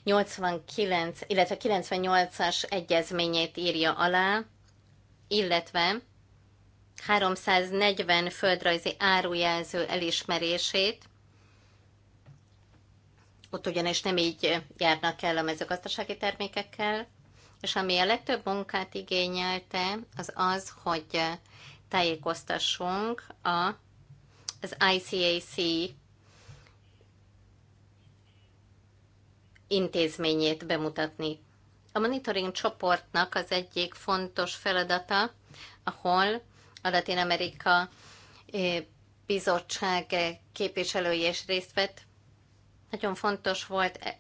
89, illetve 98-as egyezményét írja alá, illetve 340 földrajzi árujelző elismerését, ott ugyanis nem így járnak el a mezőgazdasági termékekkel, és ami a legtöbb munkát igényelte, az az, hogy tájékoztassunk a az ICAC intézményét bemutatni. A monitoring csoportnak az egyik fontos feladata, ahol a Latin Amerika eh, bizottság eh, képviselői is részt vett. Nagyon fontos volt eh,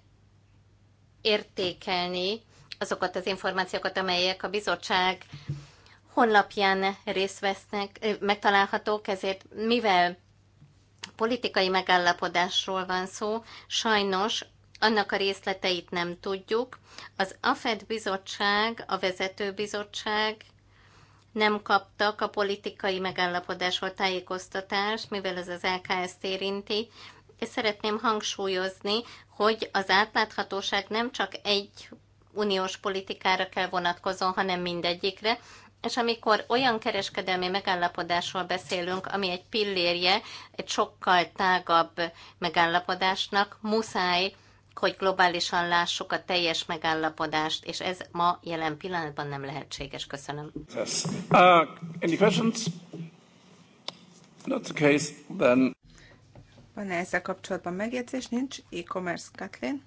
értékelni azokat az információkat, amelyek a bizottság honlapján részt vesznek, megtalálhatók, ezért mivel politikai megállapodásról van szó, sajnos annak a részleteit nem tudjuk. Az AFED bizottság, a vezető bizottság nem kaptak a politikai megállapodásról tájékoztatást, mivel ez az LKS-t érinti, és szeretném hangsúlyozni, hogy az átláthatóság nem csak egy uniós politikára kell vonatkozó, hanem mindegyikre, és amikor olyan kereskedelmi megállapodásról beszélünk, ami egy pillérje egy sokkal tágabb megállapodásnak, muszáj, hogy globálisan lássuk a teljes megállapodást, és ez ma jelen pillanatban nem lehetséges. Köszönöm. Uh, any questions? Not the case, then... Van-e ezzel kapcsolatban megjegyzés? Nincs. E-commerce Kathleen?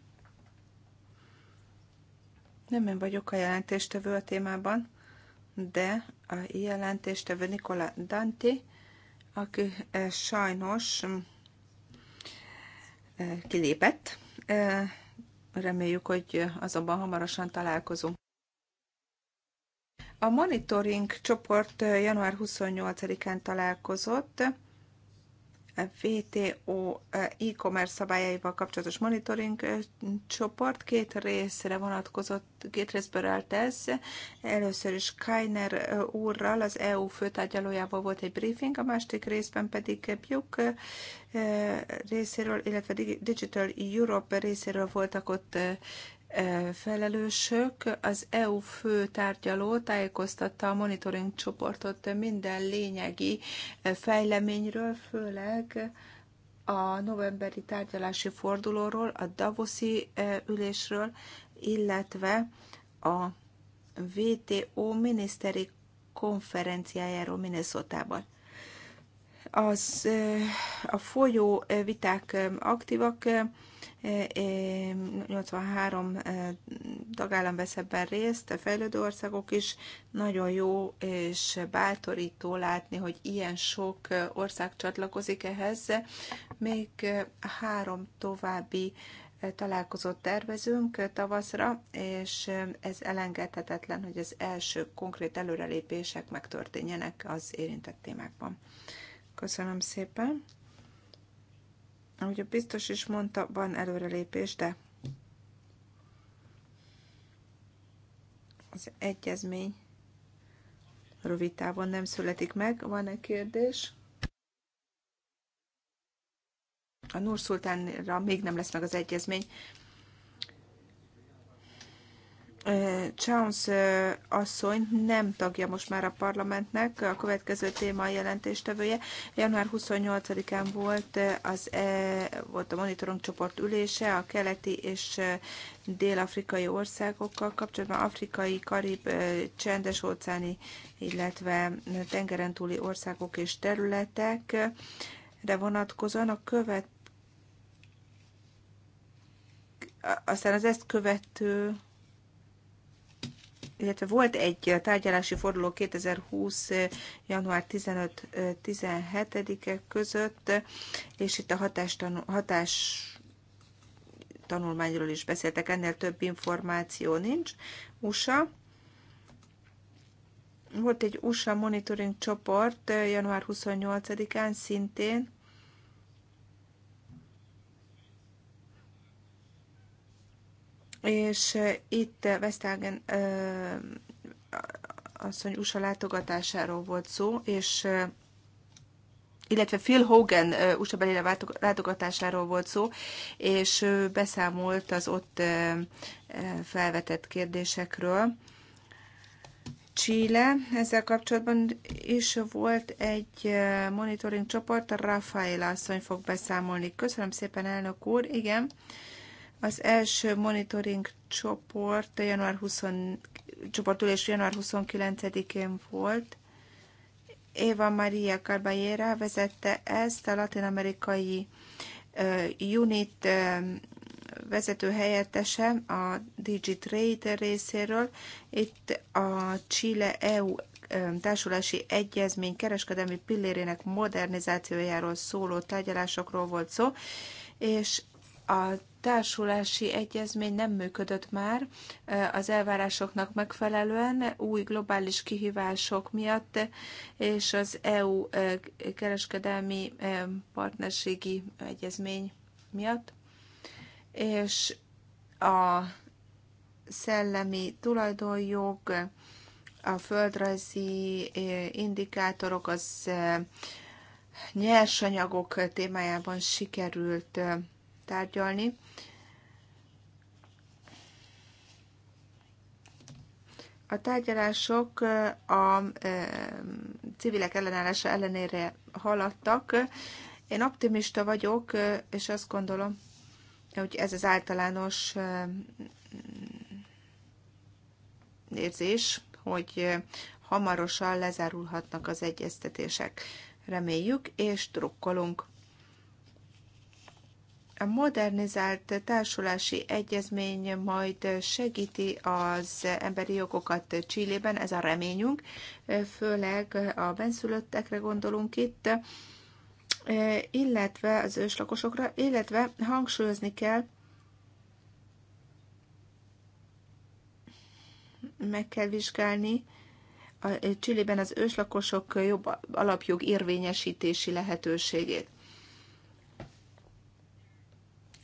Nem én vagyok a jelentéstevő a témában de a jelentéstevő Nikola Danti, aki eh, sajnos mm, eh, kilépett. Eh, reméljük, hogy azonban hamarosan találkozunk. A monitoring csoport január 28-án találkozott, VTO eh, e-commerce szabályaival kapcsolatos monitoring eh, csoport két részre vonatkozott, két részből állt ez. Először is Kainer eh, úrral, az EU főtárgyalójával volt egy briefing, a másik részben pedig Bjuk részéről, illetve Digital Europe részéről voltak ott felelősök. Az EU fő tárgyaló tájékoztatta a monitoring csoportot minden lényegi fejleményről, főleg a novemberi tárgyalási fordulóról, a Davoszi ülésről, illetve a VTO miniszteri konferenciájáról Minnesotában. Az, a folyó viták aktívak, 83 eh, tagállam vesz ebben részt, a fejlődő országok is. Nagyon jó és bátorító látni, hogy ilyen sok eh, ország csatlakozik ehhez. Még eh, három további találkozót tervezünk tavaszra, és ez elengedhetetlen, hogy az első konkrét előrelépések megtörténjenek az érintett témákban. Köszönöm szépen! Ahogy a biztos is mondta, van előrelépés, de az egyezmény rövid távon nem születik meg. Van-e kérdés? A Nurszultánra még nem lesz meg az egyezmény. Chance asszony nem tagja most már a parlamentnek, a következő téma a jelentéstevője. Január 28-án volt, az, volt a monitorunk csoport ülése a keleti és dél-afrikai országokkal kapcsolatban, afrikai, karib, csendes óceáni, illetve tengeren túli országok és területek, de vonatkozóan a követ aztán az ezt követő illetve volt egy tárgyalási forduló 2020. január 15-17-e között, és itt a hatástanul, hatás tanulmányról is beszéltek, ennél több információ nincs. USA. Volt egy USA monitoring csoport január 28-án szintén, és eh, itt az eh, eh, asszony USA látogatásáról volt szó, és illetve Phil Hogan USA belére látogatásáról volt szó, és beszámolt az ott felvetett kérdésekről. Chile, ezzel kapcsolatban is volt egy monitoring csoport, a Rafael asszony fog beszámolni. Köszönöm szépen, elnök úr, igen. Az első monitoring csoport január 20, csoportülés január 29-én volt. Eva Maria Carballera vezette ezt a latin-amerikai unit vezető helyettese a DigiTrade részéről. Itt a Chile-EU társulási egyezmény kereskedelmi pillérének modernizációjáról szóló tárgyalásokról volt szó, és a társulási egyezmény nem működött már az elvárásoknak megfelelően, új globális kihívások miatt, és az EU kereskedelmi partnerségi egyezmény miatt, és a szellemi tulajdonjog, a földrajzi indikátorok, az nyersanyagok témájában sikerült tárgyalni. A tárgyalások eh, a eh, civilek ellenállása ellenére haladtak. Én optimista vagyok, eh, és azt gondolom, hogy ez az általános érzés, hogy hamarosan lezárulhatnak az egyeztetések. Reméljük és drukkolunk. A modernizált társulási egyezmény majd segíti az emberi jogokat Csillében, ez a reményünk, főleg a benszülöttekre gondolunk itt, illetve az őslakosokra, illetve hangsúlyozni kell, meg kell vizsgálni, a Csillében az őslakosok jobb alapjog érvényesítési lehetőségét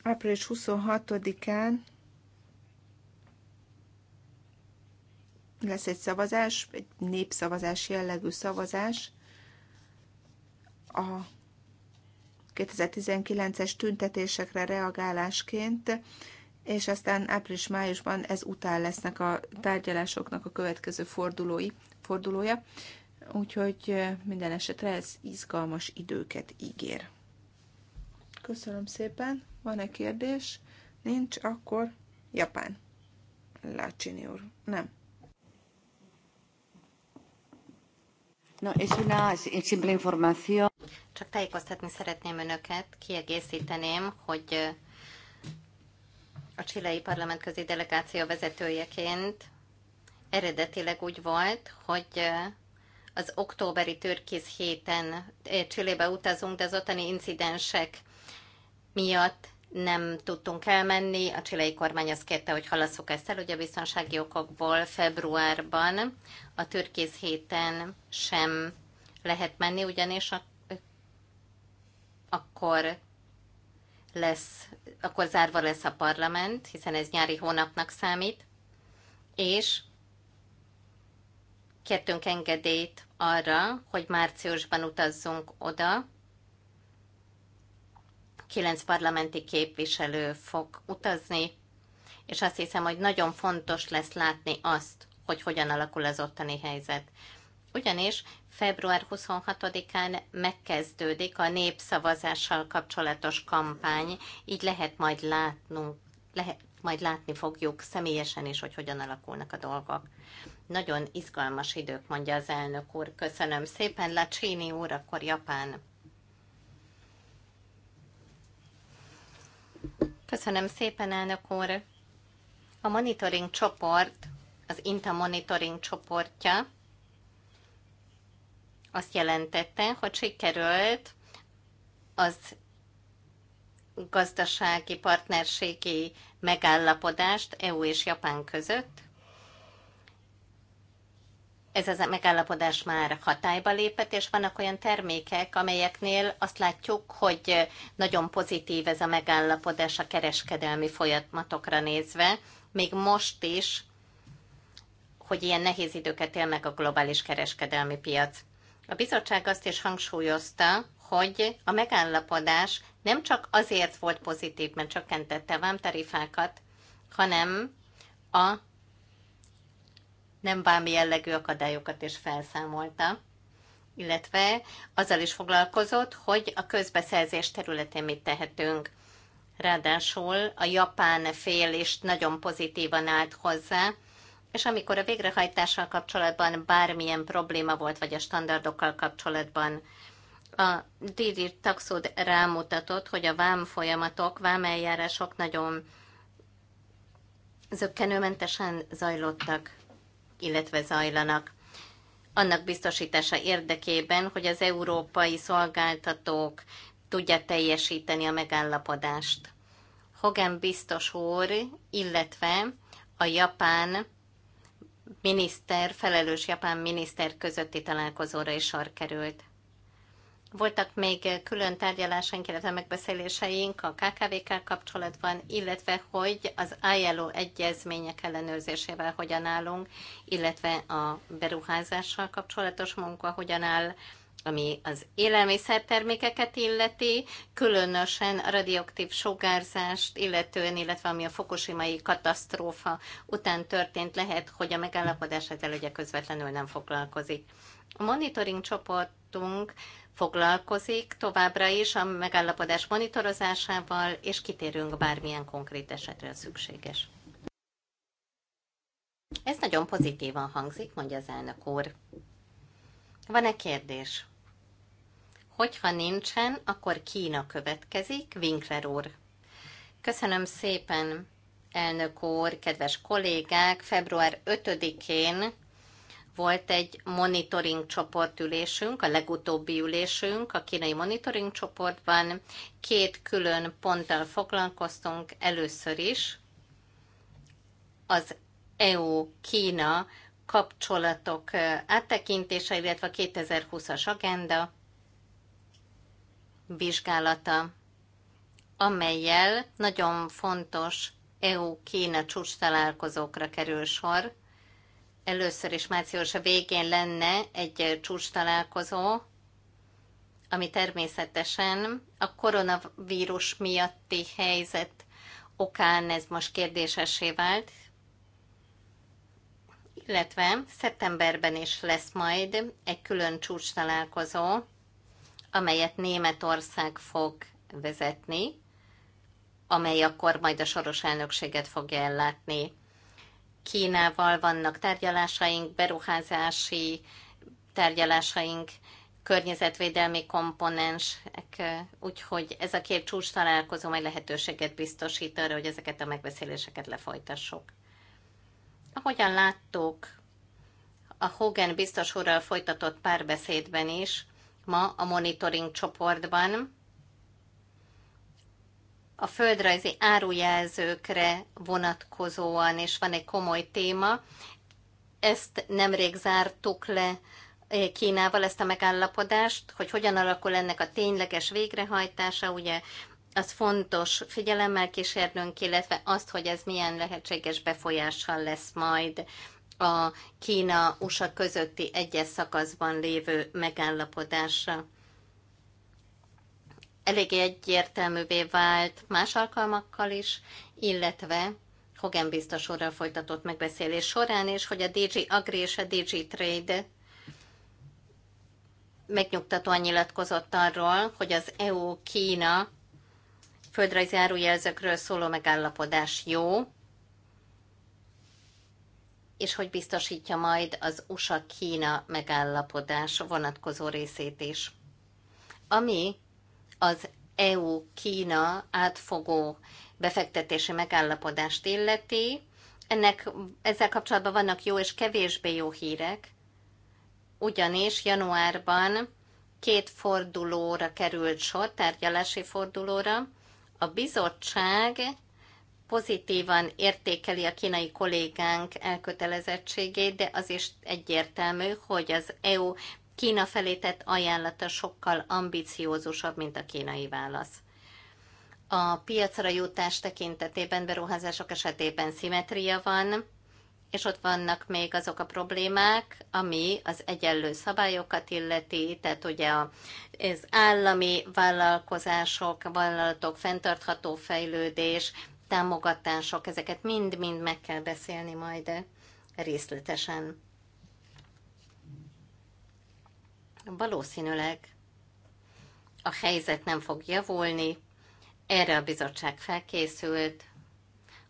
április 26-án lesz egy szavazás, egy népszavazás jellegű szavazás a 2019-es tüntetésekre reagálásként, és aztán április-májusban ez után lesznek a tárgyalásoknak a következő fordulói, fordulója, úgyhogy minden esetre ez izgalmas időket ígér. Köszönöm szépen. Van-e kérdés? Nincs, akkor Japán. Lácsini úr. Nem. No, es una simple información. Csak tájékoztatni szeretném önöket, kiegészíteném, hogy a csilei parlamentközi delegáció vezetőjeként eredetileg úgy volt, hogy az októberi törkész héten Csillébe utazunk, de az ottani incidensek miatt nem tudtunk elmenni. A csilei kormány azt kérte, hogy halasszuk ezt el, ugye biztonsági okokból februárban a türkész héten sem lehet menni, ugyanis a, akkor lesz, akkor zárva lesz a parlament, hiszen ez nyári hónapnak számít, és kértünk engedélyt arra, hogy márciusban utazzunk oda, kilenc parlamenti képviselő fog utazni, és azt hiszem, hogy nagyon fontos lesz látni azt, hogy hogyan alakul az ottani helyzet. Ugyanis február 26-án megkezdődik a népszavazással kapcsolatos kampány, így lehet majd látnunk, lehet, majd látni fogjuk személyesen is, hogy hogyan alakulnak a dolgok. Nagyon izgalmas idők, mondja az elnök úr. Köszönöm szépen, Lacsini úr, akkor Japán. Köszönöm szépen, elnök úr. A monitoring csoport, az INTA monitoring csoportja azt jelentette, hogy sikerült az gazdasági partnerségi megállapodást EU és Japán között ez az megállapodás már hatályba lépett, és vannak olyan termékek, amelyeknél azt látjuk, hogy nagyon pozitív ez a megállapodás a kereskedelmi folyamatokra nézve, még most is, hogy ilyen nehéz időket él meg a globális kereskedelmi piac. A bizottság azt is hangsúlyozta, hogy a megállapodás nem csak azért volt pozitív, mert csökkentette a vámtarifákat, hanem a nem bármi jellegű akadályokat is felszámolta, illetve azzal is foglalkozott, hogy a közbeszerzés területén mit tehetünk. Ráadásul a japán fél is nagyon pozitívan állt hozzá, és amikor a végrehajtással kapcsolatban bármilyen probléma volt, vagy a standardokkal kapcsolatban, a Didi Taxud rámutatott, hogy a vám folyamatok, vám eljárások nagyon zöggenőmentesen zajlottak illetve zajlanak annak biztosítása érdekében, hogy az európai szolgáltatók tudják teljesíteni a megállapodást. Hogan biztos úr, illetve a japán miniszter, felelős japán miniszter közötti találkozóra is sor került. Voltak még eh, külön tárgyalásaink, illetve megbeszéléseink a kkv kkel kapcsolatban, illetve hogy az ILO egyezmények ellenőrzésével hogyan állunk, illetve a beruházással kapcsolatos munka hogyan áll, ami az élelmiszertermékeket illeti, különösen a radioaktív sugárzást illetően, illetve ami a fokosimai katasztrófa után történt, lehet, hogy a megállapodás ezzel ugye közvetlenül nem foglalkozik. A monitoring csoportunk foglalkozik továbbra is a megállapodás monitorozásával, és kitérünk bármilyen konkrét esetre szükséges. Ez nagyon pozitívan hangzik, mondja az elnök úr. Van-e kérdés? Hogyha nincsen, akkor Kína következik, Winkler úr. Köszönöm szépen, elnök úr, kedves kollégák! Február 5-én volt egy monitoring csoportülésünk, a legutóbbi ülésünk a kínai monitoring csoportban. Két külön ponttal foglalkoztunk először is. Az EU-Kína kapcsolatok áttekintése, illetve a 2020-as agenda vizsgálata, amelyel nagyon fontos EU-Kína csúcs találkozókra kerül sor Először is március végén lenne egy csúcs találkozó, ami természetesen a koronavírus miatti helyzet okán ez most kérdésessé vált, illetve szeptemberben is lesz majd egy külön csúcs találkozó, amelyet Németország fog vezetni, amely akkor majd a soros elnökséget fogja ellátni. Kínával vannak tárgyalásaink, beruházási tárgyalásaink, környezetvédelmi komponensek, úgyhogy ez a két csúcs találkozó majd lehetőséget biztosít arra, hogy ezeket a megbeszéléseket lefolytassuk. Ahogyan láttuk, a Hogan biztos úrral folytatott párbeszédben is, ma a monitoring csoportban, a földrajzi árujelzőkre vonatkozóan és van egy komoly téma. Ezt nemrég zártuk le eh, Kínával ezt a megállapodást, hogy hogyan alakul ennek a tényleges végrehajtása, ugye az fontos figyelemmel kísérnünk, illetve azt, hogy ez milyen lehetséges befolyással lesz majd a Kína-USA közötti egyes szakaszban lévő megállapodásra eléggé egyértelművé vált más alkalmakkal is, illetve Hogan biztos úrral folytatott megbeszélés során, és hogy a DG Agri és a DG Trade megnyugtatóan nyilatkozott arról, hogy az EU-Kína földrajzi árujelzőkről szóló megállapodás jó, és hogy biztosítja majd az USA-Kína megállapodás vonatkozó részét is. Ami az EU-Kína átfogó befektetési megállapodást illeti. Ennek, ezzel kapcsolatban vannak jó és kevésbé jó hírek, ugyanis januárban két fordulóra került sor, tárgyalási fordulóra. A bizottság pozitívan értékeli a kínai kollégánk elkötelezettségét, de az is egyértelmű, hogy az EU Kína felé tett ajánlata sokkal ambiciózusabb, mint a kínai válasz. A piacra jutás tekintetében beruházások esetében szimetria van, és ott vannak még azok a problémák, ami az egyenlő szabályokat illeti, tehát ugye az állami vállalkozások, vállalatok, fenntartható fejlődés, támogatások, ezeket mind-mind meg kell beszélni majd részletesen. valószínűleg a helyzet nem fog javulni. Erre a bizottság felkészült.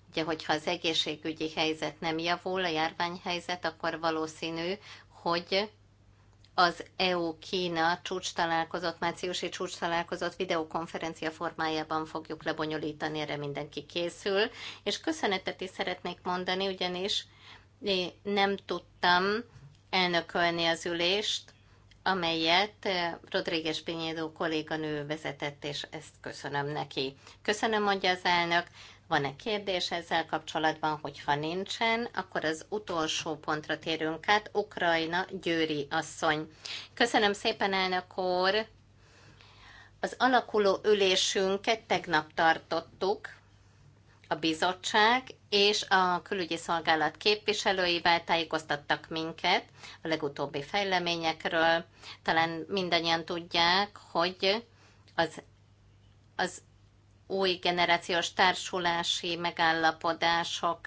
Ugye, hogyha az egészségügyi helyzet nem javul, a járványhelyzet, akkor valószínű, hogy az EU-Kína csúcs találkozott, márciusi csúcs találkozott videokonferencia formájában fogjuk lebonyolítani, erre mindenki készül. És köszönetet is szeretnék mondani, ugyanis nem tudtam elnökölni az ülést, amelyet eh, Rodríguez Pinhedo kolléganő vezetett, és ezt köszönöm neki. Köszönöm, mondja az elnök. Van-e kérdés ezzel kapcsolatban, hogyha nincsen, akkor az utolsó pontra térünk át, Ukrajna Győri asszony. Köszönöm szépen, elnök úr! Az alakuló ülésünket tegnap tartottuk, a bizottság és a külügyi szolgálat képviselőivel tájékoztattak minket a legutóbbi fejleményekről. Talán mindannyian tudják, hogy az, az új generációs társulási megállapodások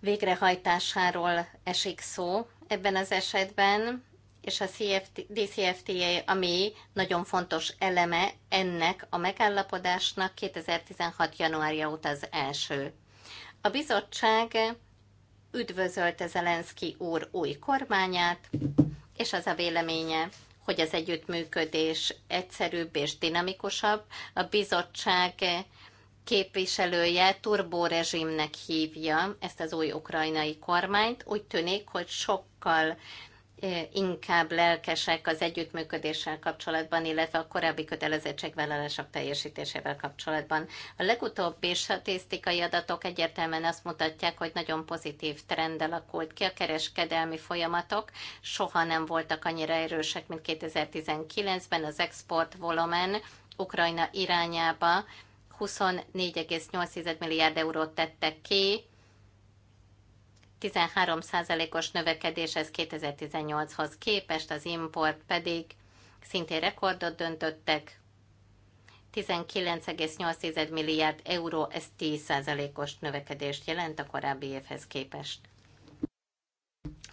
végrehajtásáról esik szó ebben az esetben, és a CFT, DCFTA, ami nagyon fontos eleme ennek a megállapodásnak 2016. januárja óta az első. A bizottság üdvözölte Zelenszky úr új kormányát, és az a véleménye, hogy az együttműködés egyszerűbb és dinamikusabb. A bizottság képviselője rezsimnek hívja ezt az új ukrajnai kormányt. Úgy tűnik, hogy sokkal inkább lelkesek az együttműködéssel kapcsolatban, illetve a korábbi kötelezettségvállalások teljesítésével kapcsolatban. A legutóbbi statisztikai adatok egyértelműen azt mutatják, hogy nagyon pozitív trend alakult ki. A kereskedelmi folyamatok soha nem voltak annyira erősek, mint 2019-ben. Az export volumen Ukrajna irányába 24,8 milliárd eurót tettek ki, 13%-os növekedéshez 2018-hoz képest, az import pedig szintén rekordot döntöttek, 19,8 milliárd euró, ez 10%-os növekedést jelent a korábbi évhez képest.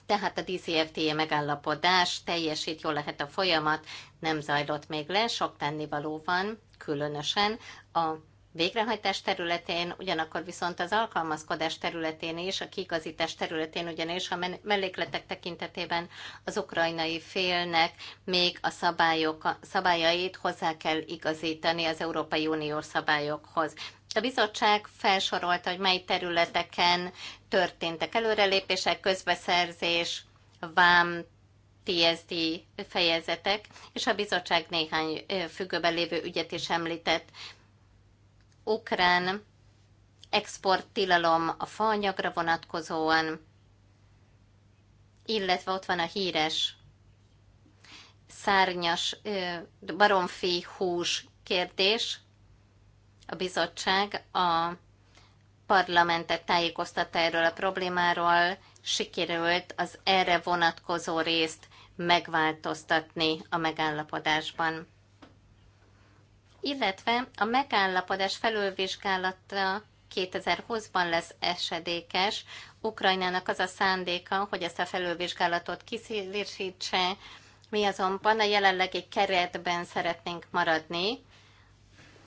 Tehát a DCFTA megállapodás teljesít, jól lehet a folyamat, nem zajlott még le, sok tennivaló van, különösen a végrehajtás területén, ugyanakkor viszont az alkalmazkodás területén és a kiigazítás területén, ugyanis a mellékletek tekintetében az ukrajnai félnek még a szabályok, szabályait hozzá kell igazítani az Európai Unió szabályokhoz. A bizottság felsorolta, hogy mely területeken történtek előrelépések, közbeszerzés, vám, TSD fejezetek, és a bizottság néhány függőben lévő ügyet is említett ukrán exporttilalom a faanyagra vonatkozóan, illetve ott van a híres szárnyas baromfi hús kérdés. A bizottság a parlamentet tájékoztatta erről a problémáról, sikerült az erre vonatkozó részt megváltoztatni a megállapodásban illetve a megállapodás felülvizsgálata 2020-ban lesz esedékes. Ukrajnának az a szándéka, hogy ezt a felülvizsgálatot kiszélésítse, mi azonban a jelenlegi keretben szeretnénk maradni,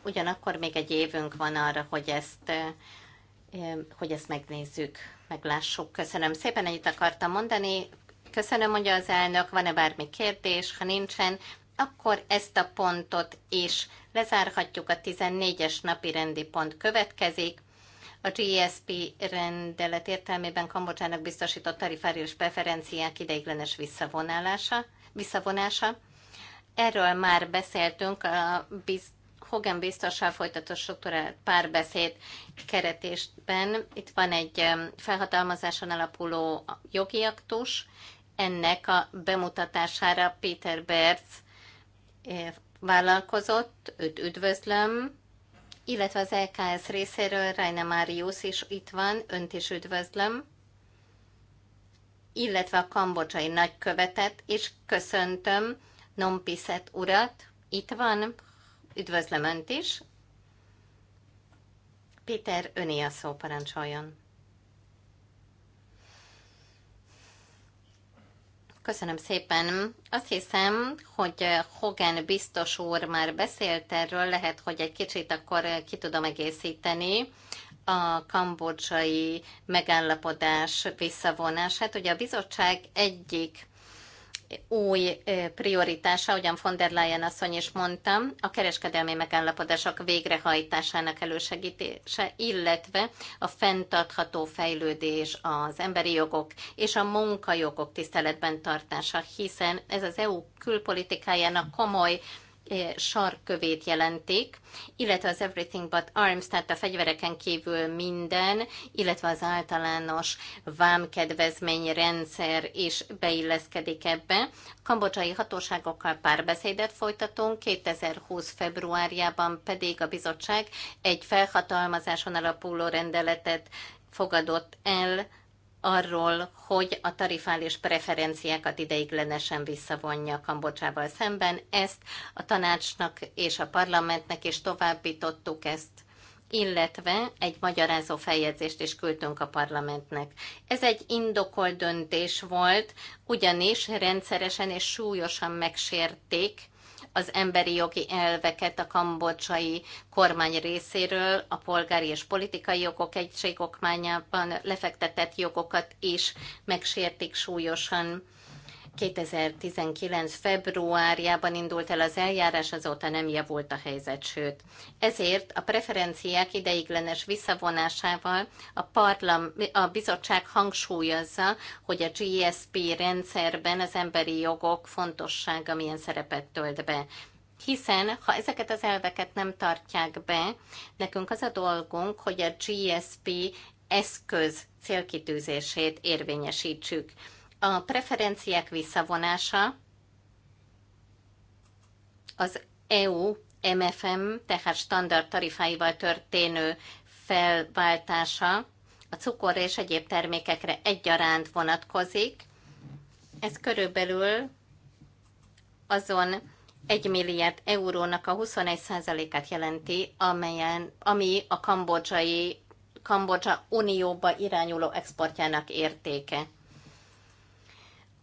ugyanakkor még egy évünk van arra, hogy ezt, hogy ezt megnézzük, meglássuk. Köszönöm szépen, ennyit akartam mondani. Köszönöm, mondja az elnök, van-e bármi kérdés? Ha nincsen, akkor ezt a pontot is lezárhatjuk, a 14-es napi rendi pont következik. A GSP rendelet értelmében Kambodzsának biztosított tarifárius preferenciák ideiglenes visszavonása. visszavonása. Erről már beszéltünk a biz- Hogan biztossal folytatott struktúrált párbeszéd keretésben. Itt van egy felhatalmazáson alapuló jogi aktus, ennek a bemutatására Peter Berz vállalkozott, őt üdvözlöm, illetve az LKS részéről Rajna Máriusz is itt van, önt is üdvözlöm, illetve a kambodzsai nagykövetet, és köszöntöm Nompiszet urat, itt van, üdvözlöm önt is. Péter, öné a szó, parancsoljon. Köszönöm szépen. Azt hiszem, hogy eh, Hogan biztos úr már beszélt erről, lehet, hogy egy kicsit akkor eh, ki tudom egészíteni a kambodzsai megállapodás visszavonását. Ugye a bizottság egyik új prioritása, ahogyan von der Leyen asszony is mondtam, a kereskedelmi megállapodások végrehajtásának elősegítése, illetve a fenntartható fejlődés, az emberi jogok és a munkajogok tiszteletben tartása, hiszen ez az EU külpolitikájának komoly E, sarkövét jelentik, illetve az Everything But Arms, tehát a fegyvereken kívül minden, illetve az általános vámkedvezményrendszer is beilleszkedik ebbe. Kambodzsai hatóságokkal párbeszédet folytatunk, 2020 februárjában pedig a bizottság egy felhatalmazáson alapuló rendeletet fogadott el arról, hogy a tarifális preferenciákat ideiglenesen visszavonja Kambocsával szemben. Ezt a tanácsnak és a parlamentnek is továbbítottuk ezt illetve egy magyarázó feljegyzést is küldtünk a parlamentnek. Ez egy indokolt döntés volt, ugyanis rendszeresen és súlyosan megsérték az emberi jogi elveket a kambodzsai kormány részéről, a polgári és politikai jogok egységokmányában lefektetett jogokat is megsértik súlyosan. 2019. februárjában indult el az eljárás, azóta nem javult a helyzet, sőt. Ezért a preferenciák ideiglenes visszavonásával a, parlam, a bizottság hangsúlyozza, hogy a GSP rendszerben az emberi jogok fontossága milyen szerepet tölt be hiszen ha ezeket az elveket nem tartják be, nekünk az a dolgunk, hogy a GSP eszköz célkitűzését érvényesítsük. A preferenciák visszavonása az EU MFM, tehát standard tarifáival történő felváltása a cukor és egyéb termékekre egyaránt vonatkozik. Ez körülbelül azon 1 milliárd eurónak a 21%-át jelenti, amelyen, ami a kambodzsai Kambodzsa Unióba irányuló exportjának értéke.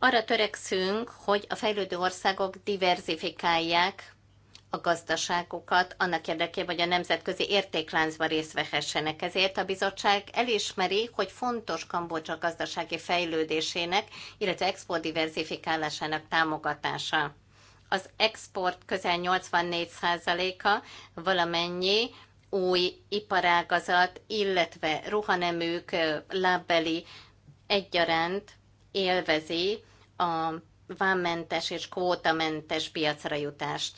Arra törekszünk, hogy a fejlődő országok diverzifikálják a gazdaságukat annak érdekében, hogy a nemzetközi értékláncban részt vehessenek. Ezért a bizottság elismeri, hogy fontos Kambodzsa gazdasági fejlődésének, illetve export diverzifikálásának támogatása. Az export közel 84%-a valamennyi új iparágazat, illetve ruhaneműk lábbeli egyaránt élvezi a vámmentes és kvótamentes piacra jutást.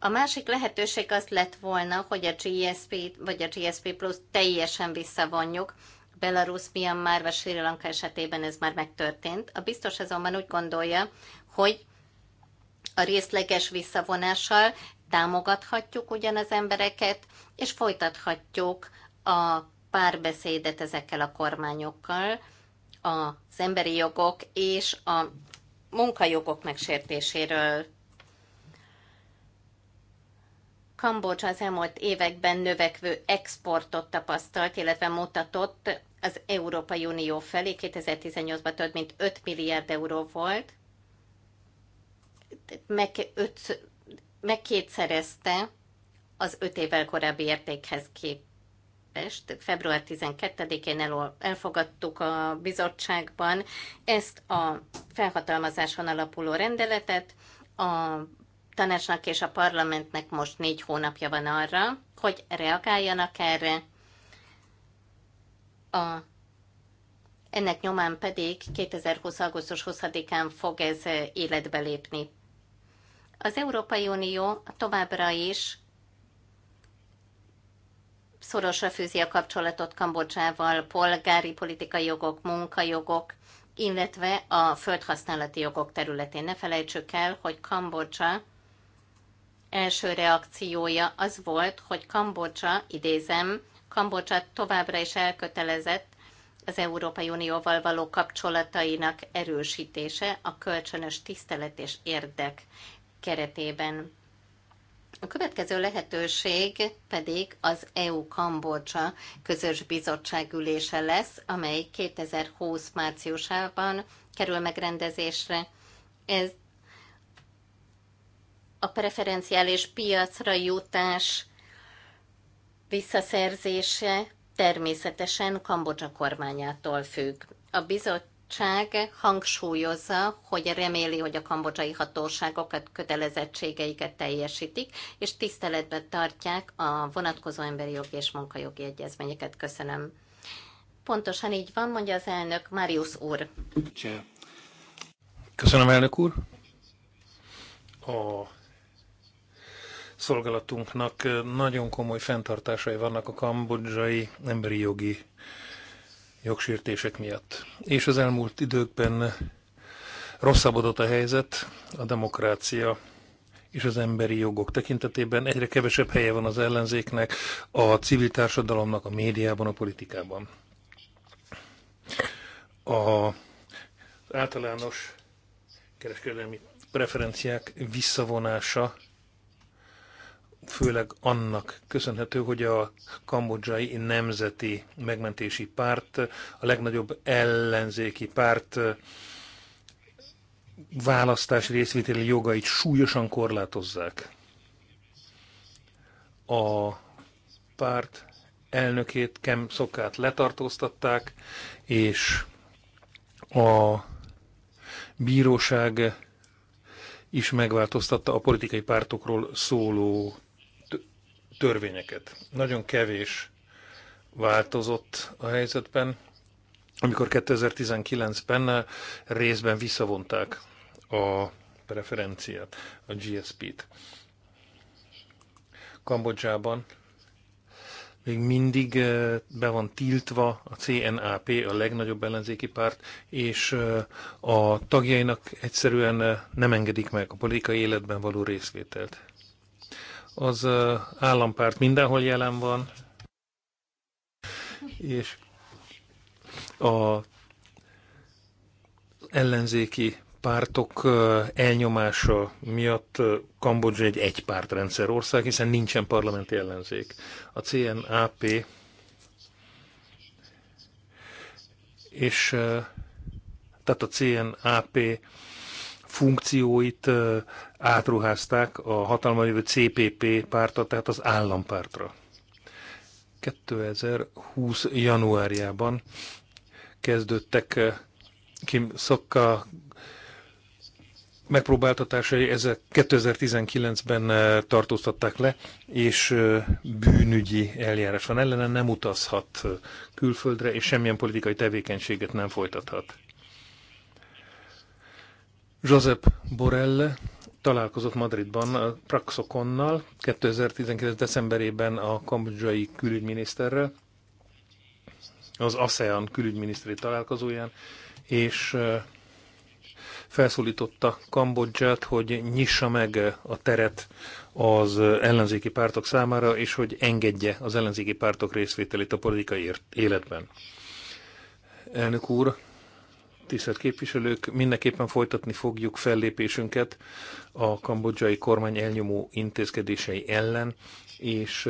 A másik lehetőség az lett volna, hogy a GSP vagy a GSP Plus teljesen visszavonjuk. Belarus, Myanmar vagy Sri Lanka esetében ez már megtörtént. A biztos azonban úgy gondolja, hogy a részleges visszavonással támogathatjuk ugyan az embereket, és folytathatjuk a párbeszédet ezekkel a kormányokkal, az emberi jogok és a munkajogok megsértéséről. Kambodzsa az elmúlt években növekvő exportot tapasztalt, illetve mutatott az Európai Unió felé. 2018-ban több mint 5 milliárd euró volt. Meg, öt, meg kétszerezte az 5 évvel korábbi értékhez képest Budapest február 12-én elfogadtuk a bizottságban ezt a felhatalmazáson alapuló rendeletet. A tanácsnak és a parlamentnek most négy hónapja van arra, hogy reagáljanak erre. A ennek nyomán pedig 2020. augusztus 20-án fog ez életbe lépni. Az Európai Unió továbbra is szorosra fűzi a kapcsolatot Kambodzsával, polgári politikai jogok, munkajogok, illetve a földhasználati jogok területén. Ne felejtsük el, hogy Kambodzsa első reakciója az volt, hogy Kambodzsa, idézem, Kambodzsa továbbra is elkötelezett az Európai Unióval való kapcsolatainak erősítése a kölcsönös tisztelet és érdek keretében. A következő lehetőség pedig az EU-Kambodzsa közös bizottság ülése lesz, amely 2020 márciusában kerül megrendezésre. Ez a preferenciális piacra jutás visszaszerzése természetesen Kambodzsa kormányától függ. A bizot bizottság hangsúlyozza, hogy reméli, hogy a kambodzsai hatóságokat kötelezettségeiket teljesítik, és tiszteletben tartják a vonatkozó emberi jogi és munkajogi egyezményeket. Köszönöm. Pontosan így van, mondja az elnök Marius úr. Köszönöm, elnök úr. A szolgálatunknak nagyon komoly fenntartásai vannak a kambodzsai emberi jogi jogsértések miatt. És az elmúlt időkben rosszabbodott a helyzet a demokrácia és az emberi jogok tekintetében. Egyre kevesebb helye van az ellenzéknek, a civil társadalomnak, a médiában, a politikában. A általános kereskedelmi preferenciák visszavonása főleg annak köszönhető, hogy a kambodzsai nemzeti megmentési párt, a legnagyobb ellenzéki párt eh, választás részvételi jogait súlyosan korlátozzák. A párt elnökét, Kem Szokát letartóztatták, és a bíróság is megváltoztatta a politikai pártokról szóló törvényeket. Nagyon kevés változott a helyzetben, amikor 2019-ben részben visszavonták a preferenciát, a GSP-t. Kambodzsában még mindig eh, be van tiltva a CNAP, a legnagyobb ellenzéki párt, és eh, a tagjainak egyszerűen eh, nem engedik meg a politikai életben való részvételt az állampárt mindenhol jelen van, és a ellenzéki pártok elnyomása miatt Kambodzsa egy egypártrendszer ország, hiszen nincsen parlamenti ellenzék. A CNAP és tehát a CNAP funkcióit átruházták a hatalma jövő CPP pártot, tehát az állampártra. 2020. januárjában kezdődtek eh, Kim Szokka megpróbáltatásai, ezek 2019-ben eh, tartóztatták le, és eh, bűnügyi eljárás van ellene, nem utazhat külföldre, és semmilyen politikai tevékenységet nem folytathat. Josep Borelle találkozott Madridban a Praxokonnal 2019. decemberében a kambodzsai külügyminiszterrel, az ASEAN külügyminiszteri találkozóján, és felszólította Kambodzsát, hogy nyissa meg a teret az ellenzéki pártok számára, és hogy engedje az ellenzéki pártok részvételét a politikai életben. Elnök úr, tisztelt képviselők, mindenképpen folytatni fogjuk fellépésünket a kambodzsai kormány elnyomó intézkedései ellen, és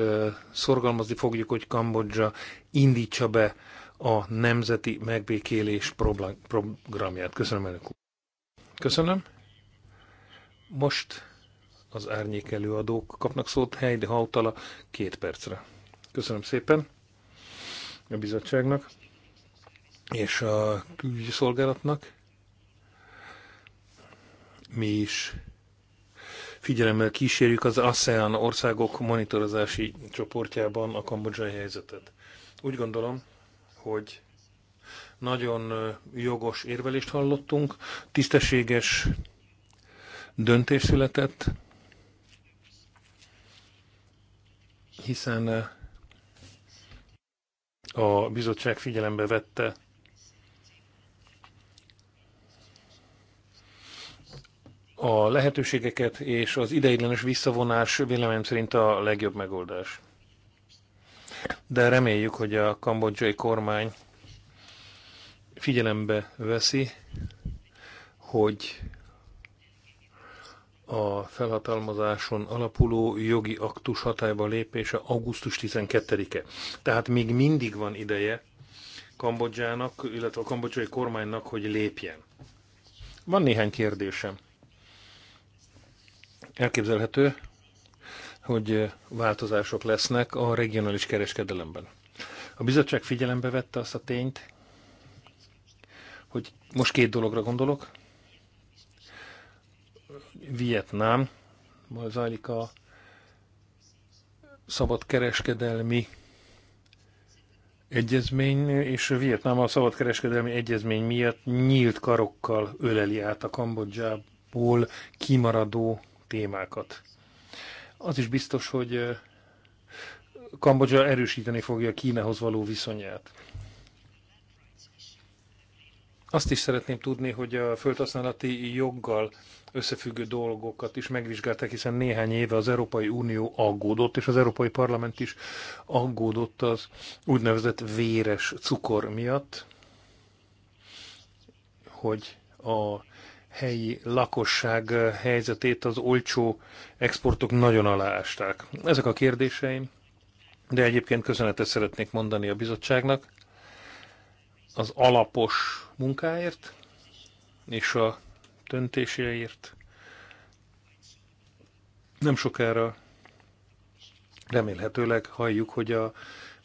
szorgalmazni fogjuk, hogy Kambodzsa indítsa be a nemzeti megbékélés programját. Köszönöm, elnök úr. Köszönöm. Most az árnyék előadók kapnak szót, Heidi Hautala két percre. Köszönöm szépen a bizottságnak és a külügyi szolgálatnak. Mi is figyelemmel kísérjük az ASEAN országok monitorozási csoportjában a kambodzsai helyzetet. Úgy gondolom, hogy nagyon jogos érvelést hallottunk, tisztességes döntés született, hiszen a bizottság figyelembe vette a lehetőségeket, és az ideiglenes visszavonás véleményem szerint a legjobb megoldás. De reméljük, hogy a kambodzsai kormány figyelembe veszi, hogy a felhatalmazáson alapuló jogi aktus hatályba lépése augusztus 12-e. Tehát még mindig van ideje Kambodzsának, illetve a kambodzsai kormánynak, hogy lépjen. Van néhány kérdésem. Elképzelhető, hogy változások lesznek a regionális kereskedelemben. A bizottság figyelembe vette azt a tényt, hogy most két dologra gondolok. Vietnám, majd zajlik a szabadkereskedelmi egyezmény, és Vietnám a szabadkereskedelmi egyezmény miatt nyílt karokkal öleli át a Kambodzsából kimaradó témákat. Az is biztos, hogy Kambodzsa erősíteni fogja Kínahoz való viszonyát. Azt is szeretném tudni, hogy a földhasználati joggal összefüggő dolgokat is megvizsgálták, hiszen néhány éve az Európai Unió aggódott, és az Európai Parlament is aggódott az úgynevezett véres cukor miatt, hogy a helyi lakosság helyzetét az olcsó exportok nagyon aláásták. Ezek a kérdéseim, de egyébként köszönetet szeretnék mondani a bizottságnak az alapos munkáért és a döntéséért. Nem sokára remélhetőleg halljuk, hogy a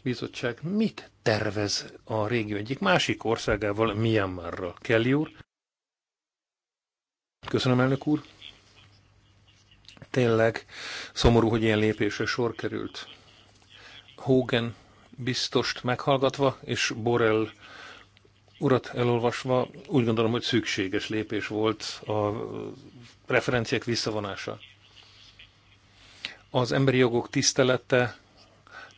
bizottság mit tervez a régió egyik másik országával, Myanmarral. Kelly úr. Köszönöm, elnök úr. Tényleg szomorú, hogy ilyen lépésre sor került. Hogan biztost meghallgatva, és Borrell urat elolvasva úgy gondolom, hogy szükséges lépés volt a referenciák visszavonása. Az emberi jogok tisztelete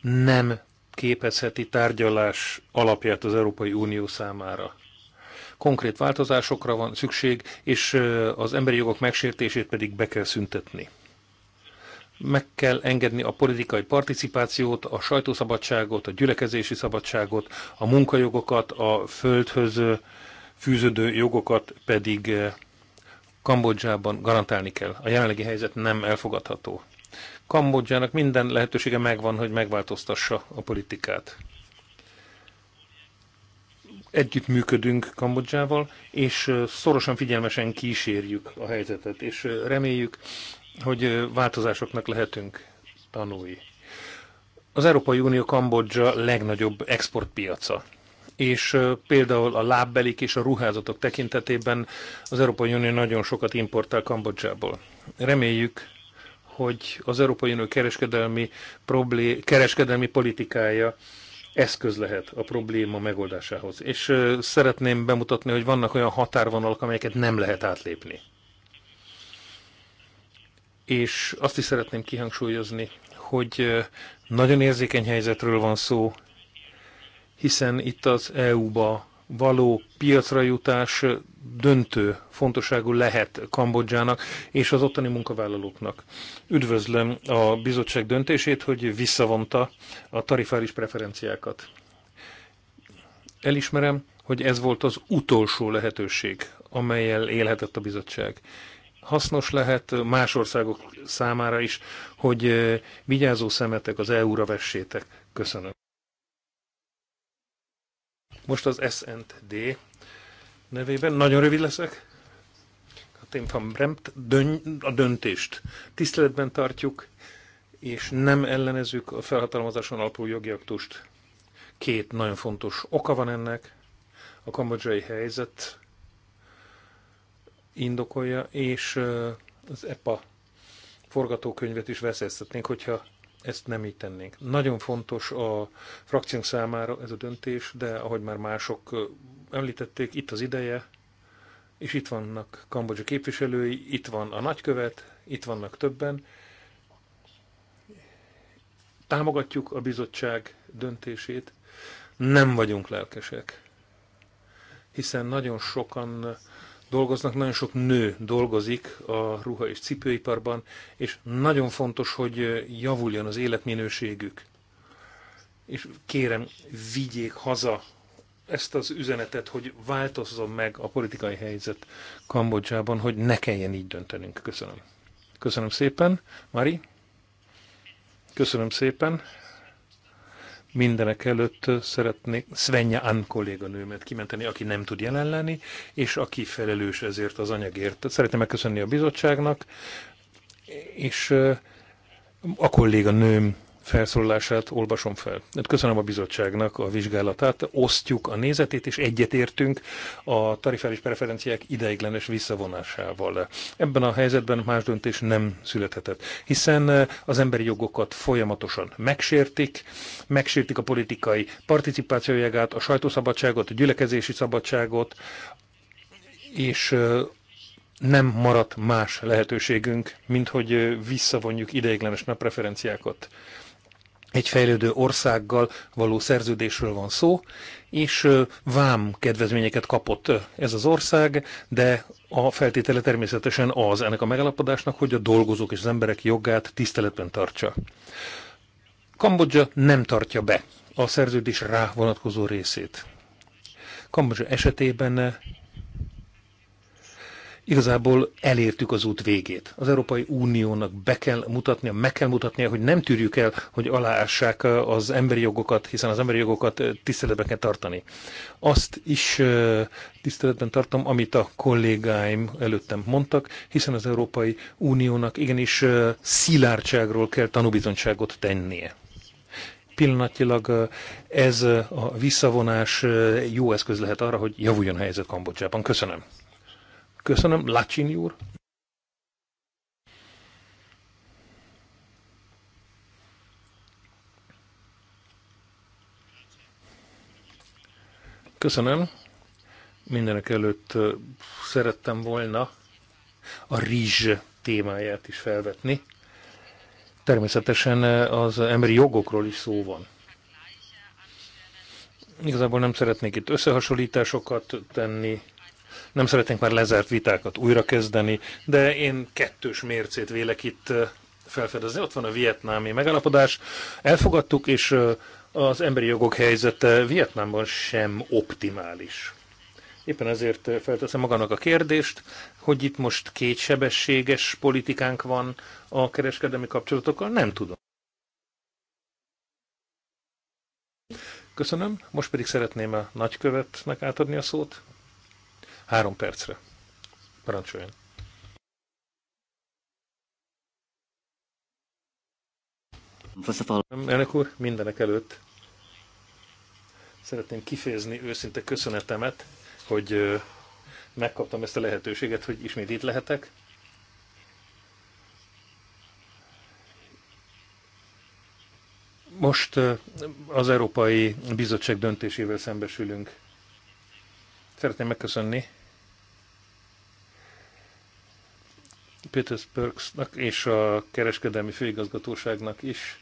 nem képezheti tárgyalás alapját az Európai Unió számára konkrét változásokra van szükség, és az emberi jogok megsértését pedig be kell szüntetni. Meg kell engedni a politikai participációt, a sajtószabadságot, a gyülekezési szabadságot, a munkajogokat, a földhöz fűződő jogokat pedig Kambodzsában garantálni kell. A jelenlegi helyzet nem elfogadható. Kambodzsának minden lehetősége megvan, hogy megváltoztassa a politikát együttműködünk Kambodzsával, és szorosan figyelmesen kísérjük a helyzetet, és reméljük, hogy változásoknak lehetünk tanulni. Az Európai Unió Kambodzsa legnagyobb exportpiaca és például a lábbelik és a ruházatok tekintetében az Európai Unió nagyon sokat importál Kambodzsából. Reméljük, hogy az Európai Unió kereskedelmi, problé- kereskedelmi politikája eszköz lehet a probléma megoldásához. És szeretném bemutatni, hogy vannak olyan határvonalak, amelyeket nem lehet átlépni. És azt is szeretném kihangsúlyozni, hogy nagyon érzékeny helyzetről van szó, hiszen itt az EU-ba való piacra jutás döntő fontosságú lehet Kambodzsának és az ottani munkavállalóknak. Üdvözlöm a bizottság döntését, hogy visszavonta a tarifális preferenciákat. Elismerem, hogy ez volt az utolsó lehetőség, amelyel élhetett a bizottság. Hasznos lehet más országok számára is, hogy vigyázó szemetek az EU-ra vessétek. Köszönöm. Most az SND nevében, nagyon rövid leszek, Katén van Bremt dön, a döntést tiszteletben tartjuk, és nem ellenezzük a felhatalmazáson alapuló jogi aktust. Két nagyon fontos oka van ennek. A kambodzsai helyzet indokolja, és az EPA forgatókönyvet is veszélyeztetnénk, hogyha ezt nem így tennénk. Nagyon fontos a frakciónk számára ez a döntés, de ahogy már mások említették, itt az ideje, és itt vannak Kambodzsa képviselői, itt van a nagykövet, itt vannak többen. Támogatjuk a bizottság döntését, nem vagyunk lelkesek, hiszen nagyon sokan dolgoznak, nagyon sok nő dolgozik a ruha és cipőiparban, és nagyon fontos, hogy javuljon az életminőségük. És kérem, vigyék haza ezt az üzenetet, hogy változzon meg a politikai helyzet Kambodzsában, hogy ne kelljen így döntenünk. Köszönöm. Köszönöm szépen. Mari? Köszönöm szépen. Mindenek előtt szeretnék Svenja Ann kolléganőmet kimenteni, aki nem tud jelen lenni, és aki felelős ezért az anyagért. Szeretném megköszönni a bizottságnak, és a kolléganőm felszólalását olvasom fel. Hát köszönöm a bizottságnak a vizsgálatát, osztjuk a nézetét, és egyetértünk a tarifális preferenciák ideiglenes visszavonásával. Ebben a helyzetben más döntés nem születhetett, hiszen az emberi jogokat folyamatosan megsértik, megsértik a politikai participációjegát, a sajtószabadságot, a gyülekezési szabadságot, és nem maradt más lehetőségünk, mint hogy visszavonjuk ideiglenes preferenciákat egy fejlődő országgal való szerződésről van szó, és vám kedvezményeket kapott ez az ország, de a feltétele természetesen az ennek a megállapodásnak, hogy a dolgozók és az emberek jogát tiszteletben tartsa. Kambodzsa nem tartja be a szerződés rá vonatkozó részét. Kambodzsa esetében igazából elértük az út végét. Az Európai Uniónak be kell mutatnia, meg kell mutatnia, hogy nem tűrjük el, hogy aláássák eh, az emberi jogokat, hiszen az emberi jogokat eh, tiszteletben kell tartani. Azt is eh, tiszteletben tartom, amit a kollégáim előttem mondtak, hiszen az Európai Uniónak igenis szilárdságról kell tanúbizonyságot tennie pillanatilag ez a visszavonás jó eszköz lehet arra, hogy javuljon a helyzet Kambodzsában. Köszönöm. Köszönöm, Lacsini úr. Köszönöm. Mindenek előtt szerettem volna a rizs témáját is felvetni. Természetesen az emberi jogokról is szó van. Igazából nem szeretnék itt összehasonlításokat tenni, nem szeretnénk már lezárt vitákat újrakezdeni, de én kettős mércét vélek itt felfedezni. Ott van a vietnámi megalapodás. Elfogadtuk, és az emberi jogok helyzete Vietnámban sem optimális. Éppen ezért felteszem magának a kérdést, hogy itt most kétsebességes politikánk van a kereskedelmi kapcsolatokkal, nem tudom. Köszönöm, most pedig szeretném a nagykövetnek átadni a szót. Három percre. Parancsoljon. Elnök úr, mindenek előtt szeretném kifejezni őszinte köszönetemet, hogy megkaptam ezt a lehetőséget, hogy ismét itt lehetek. Most az Európai Bizottság döntésével szembesülünk. Szeretném megköszönni Petersburgsnak és a kereskedelmi főigazgatóságnak is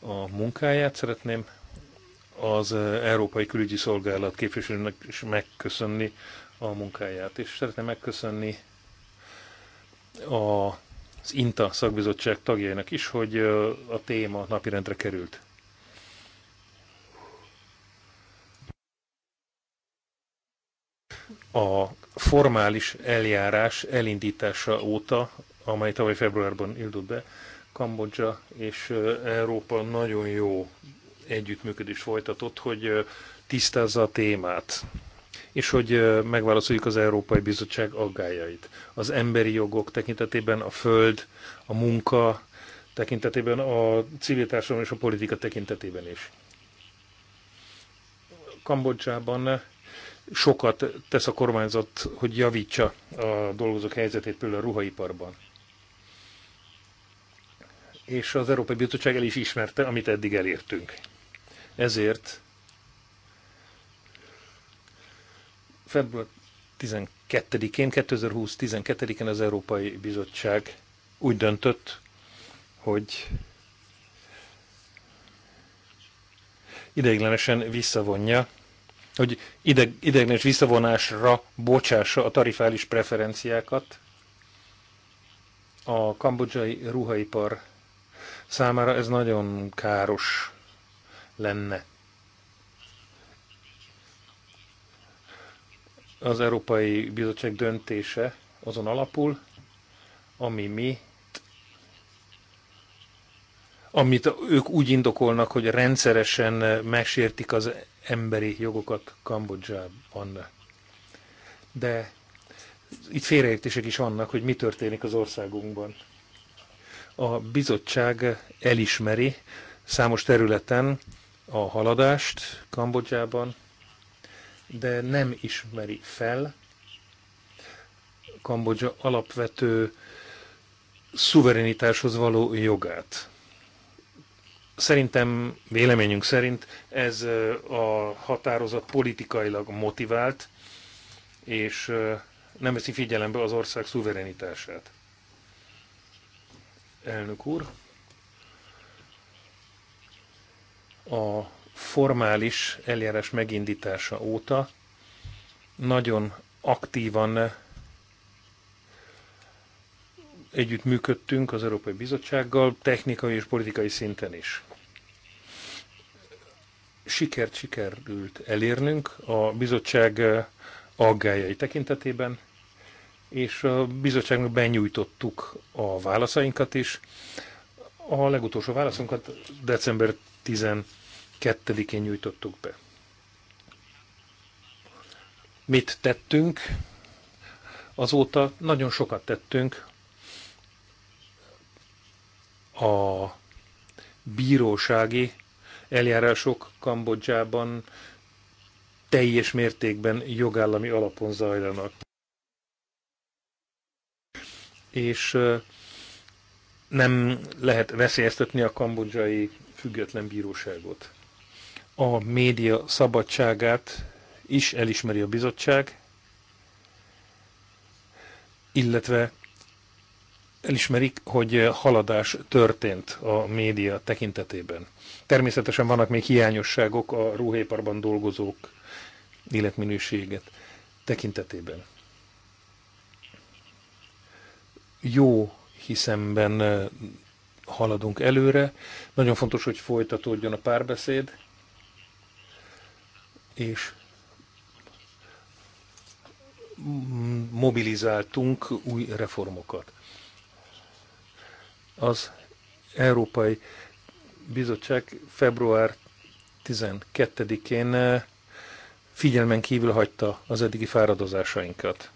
a munkáját. Szeretném az Európai Külügyi Szolgálat képviselőnek is megköszönni a munkáját, és szeretném megköszönni az INTA szakbizottság tagjainak is, hogy a téma napirendre került. a formális eljárás elindítása óta, amely tavaly februárban indult be, Kambodzsa és Európa nagyon jó együttműködés folytatott, hogy tisztázza a témát, és hogy megválaszoljuk az Európai Bizottság aggájait. Az emberi jogok tekintetében, a föld, a munka tekintetében, a civil társadalom és a politika tekintetében is. Kambodzsában sokat tesz a kormányzat, hogy javítsa a dolgozók helyzetét például a ruhaiparban. És az Európai Bizottság el is ismerte, amit eddig elértünk. Ezért február 12-én, 2020 12-én az Európai Bizottság úgy döntött, hogy ideiglenesen visszavonja hogy ideg, ideglenes visszavonásra bocsássa a tarifális preferenciákat a kambodzsai ruhaipar számára ez nagyon káros lenne. Az Európai Bizottság döntése azon alapul, ami mi amit ők úgy indokolnak, hogy rendszeresen megsértik az emberi jogokat Kambodzsában. De itt félreértések is vannak, hogy mi történik az országunkban. A bizottság elismeri számos területen a haladást Kambodzsában, de nem ismeri fel Kambodzsa alapvető szuverenitáshoz való jogát. Szerintem, véleményünk szerint ez a határozat politikailag motivált, és nem veszi figyelembe az ország szuverenitását. Elnök úr, a formális eljárás megindítása óta nagyon aktívan együttműködtünk az Európai Bizottsággal, technikai és politikai szinten is sikert sikerült elérnünk a bizottság aggájai tekintetében, és a bizottságnak benyújtottuk a válaszainkat is. A legutolsó válaszunkat december 12-én nyújtottuk be. Mit tettünk? Azóta nagyon sokat tettünk. A bírósági eljárások Kambodzsában teljes mértékben jogállami alapon zajlanak. És nem lehet veszélyeztetni a kambodzsai független bíróságot. A média szabadságát is elismeri a bizottság, illetve elismerik, hogy eh, haladás történt a média tekintetében. Természetesen vannak még hiányosságok a ruhéparban dolgozók életminőséget tekintetében. Jó hiszemben eh, haladunk előre. Nagyon fontos, hogy folytatódjon a párbeszéd, és mobilizáltunk új reformokat. Az Európai Bizottság február 12-én eh, figyelmen kívül hagyta az eddigi fáradozásainkat.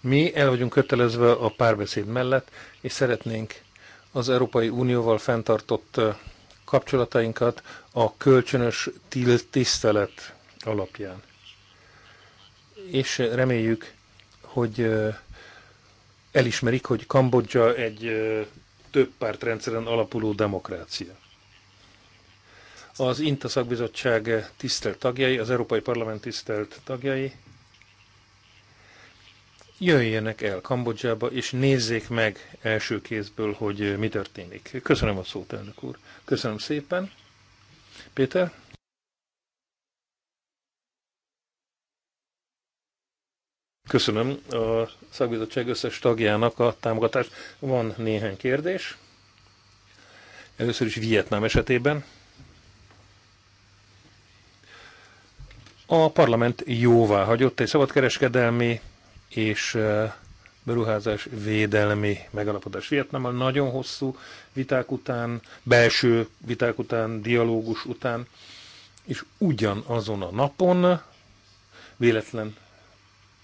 Mi el vagyunk kötelezve a párbeszéd mellett, és szeretnénk az Európai Unióval fenntartott eh, kapcsolatainkat a kölcsönös tisztelet alapján. És reméljük, hogy eh, elismerik, hogy Kambodzsa egy több pártrendszeren alapuló demokrácia. Az INTA szakbizottság tisztelt tagjai, az Európai Parlament tisztelt tagjai jöjjenek el Kambodzsába, és nézzék meg első kézből, hogy mi történik. Köszönöm a szót, elnök úr. Köszönöm szépen. Péter? Köszönöm a szakbizottság összes tagjának a támogatást. Van néhány kérdés. Először is Vietnám esetében. A parlament jóvá hagyott egy szabadkereskedelmi és eh, beruházás védelmi megalapodás Vietnámmal. Nagyon hosszú viták után, belső viták után, dialógus után, és ugyanazon a napon véletlen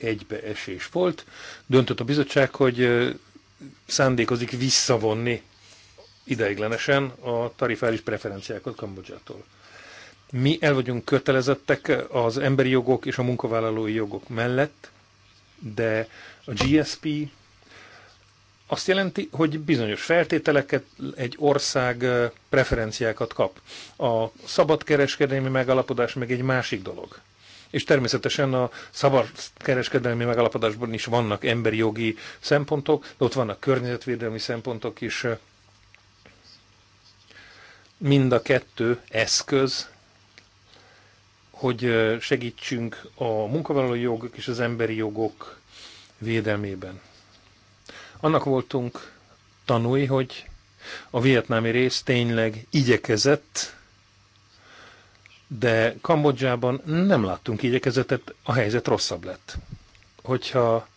egybeesés volt. Döntött a bizottság, hogy szándékozik visszavonni ideiglenesen a tarifális preferenciákat Kambodzsától. Mi el vagyunk kötelezettek az emberi jogok és a munkavállalói jogok mellett, de a GSP azt jelenti, hogy bizonyos feltételeket egy ország preferenciákat kap. A szabadkereskedelmi megalapodás meg egy másik dolog. És természetesen a kereskedelmi megállapodásban is vannak emberi jogi szempontok, de ott vannak környezetvédelmi szempontok is. Mind a kettő eszköz, hogy segítsünk a munkavállalói jogok és az emberi jogok védelmében. Annak voltunk tanúi, hogy a vietnámi rész tényleg igyekezett de Kambodzsában nem láttunk igyekezetet, a helyzet rosszabb lett. Hogyha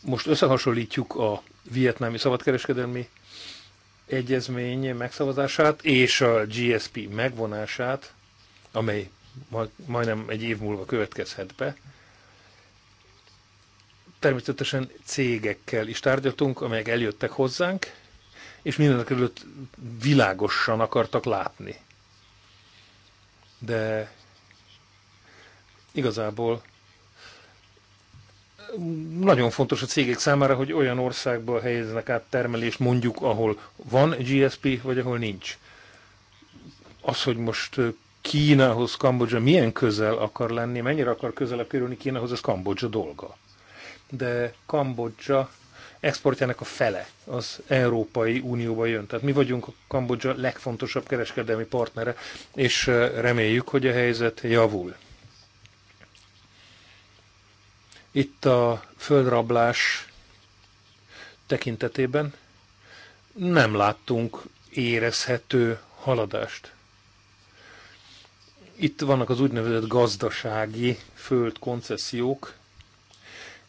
most összehasonlítjuk a vietnámi szabadkereskedelmi egyezmény megszavazását és a GSP megvonását, amely majdnem egy év múlva következhet be, természetesen cégekkel is tárgyaltunk, amelyek eljöttek hozzánk, és mindenek előtt világosan akartak látni de igazából nagyon fontos a cégek számára, hogy olyan országból helyeznek át termelést, mondjuk, ahol van GSP, vagy ahol nincs. Az, hogy most Kínához Kambodzsa milyen közel akar lenni, mennyire akar közelebb kerülni Kínához, ez Kambodzsa dolga. De Kambodzsa exportjának a fele az Európai Unióba jön. Tehát mi vagyunk a Kambodzsa legfontosabb kereskedelmi partnere, és reméljük, hogy a helyzet javul. Itt a földrablás tekintetében nem láttunk érezhető haladást. Itt vannak az úgynevezett gazdasági földkoncesziók,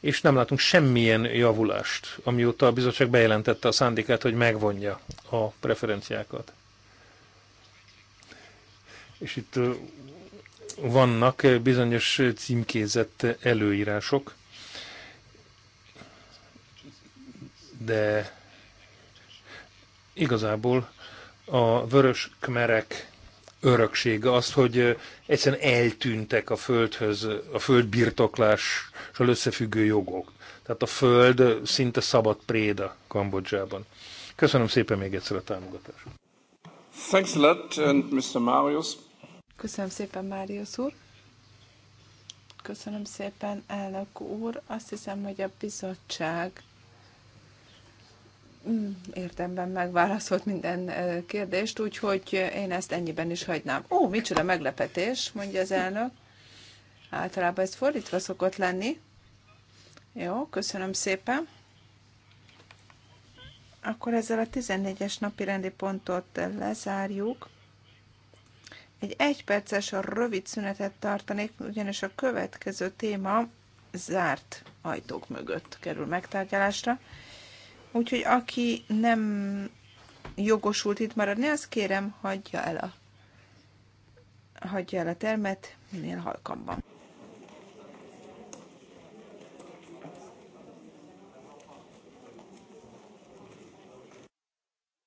és nem látunk semmilyen javulást, amióta a bizottság bejelentette a szándékát, hogy megvonja a preferenciákat. És itt vannak bizonyos címkézett előírások, de igazából a vörös kmerek öröksége, azt, hogy egyszerűen eltűntek a földhöz, a földbirtoklással összefüggő jogok. Tehát a föld szinte szabad préda Kambodzsában. Köszönöm szépen még egyszer a támogatást. Thanks a lot, and Mr. Marius. Köszönöm szépen, Marius úr. Köszönöm szépen, elnök úr. Azt hiszem, hogy a bizottság Mm, értemben megválaszolt minden kérdést, úgyhogy én ezt ennyiben is hagynám. Ó, micsoda meglepetés, mondja az elnök. Általában ez fordítva szokott lenni. Jó, köszönöm szépen. Akkor ezzel a 14-es napi rendi pontot lezárjuk. Egy egyperces, a rövid szünetet tartanék, ugyanis a következő téma zárt ajtók mögött kerül megtárgyalásra. Úgyhogy aki nem jogosult itt maradni, azt kérem, hagyja el a, hagyja el a termet minél halkabban.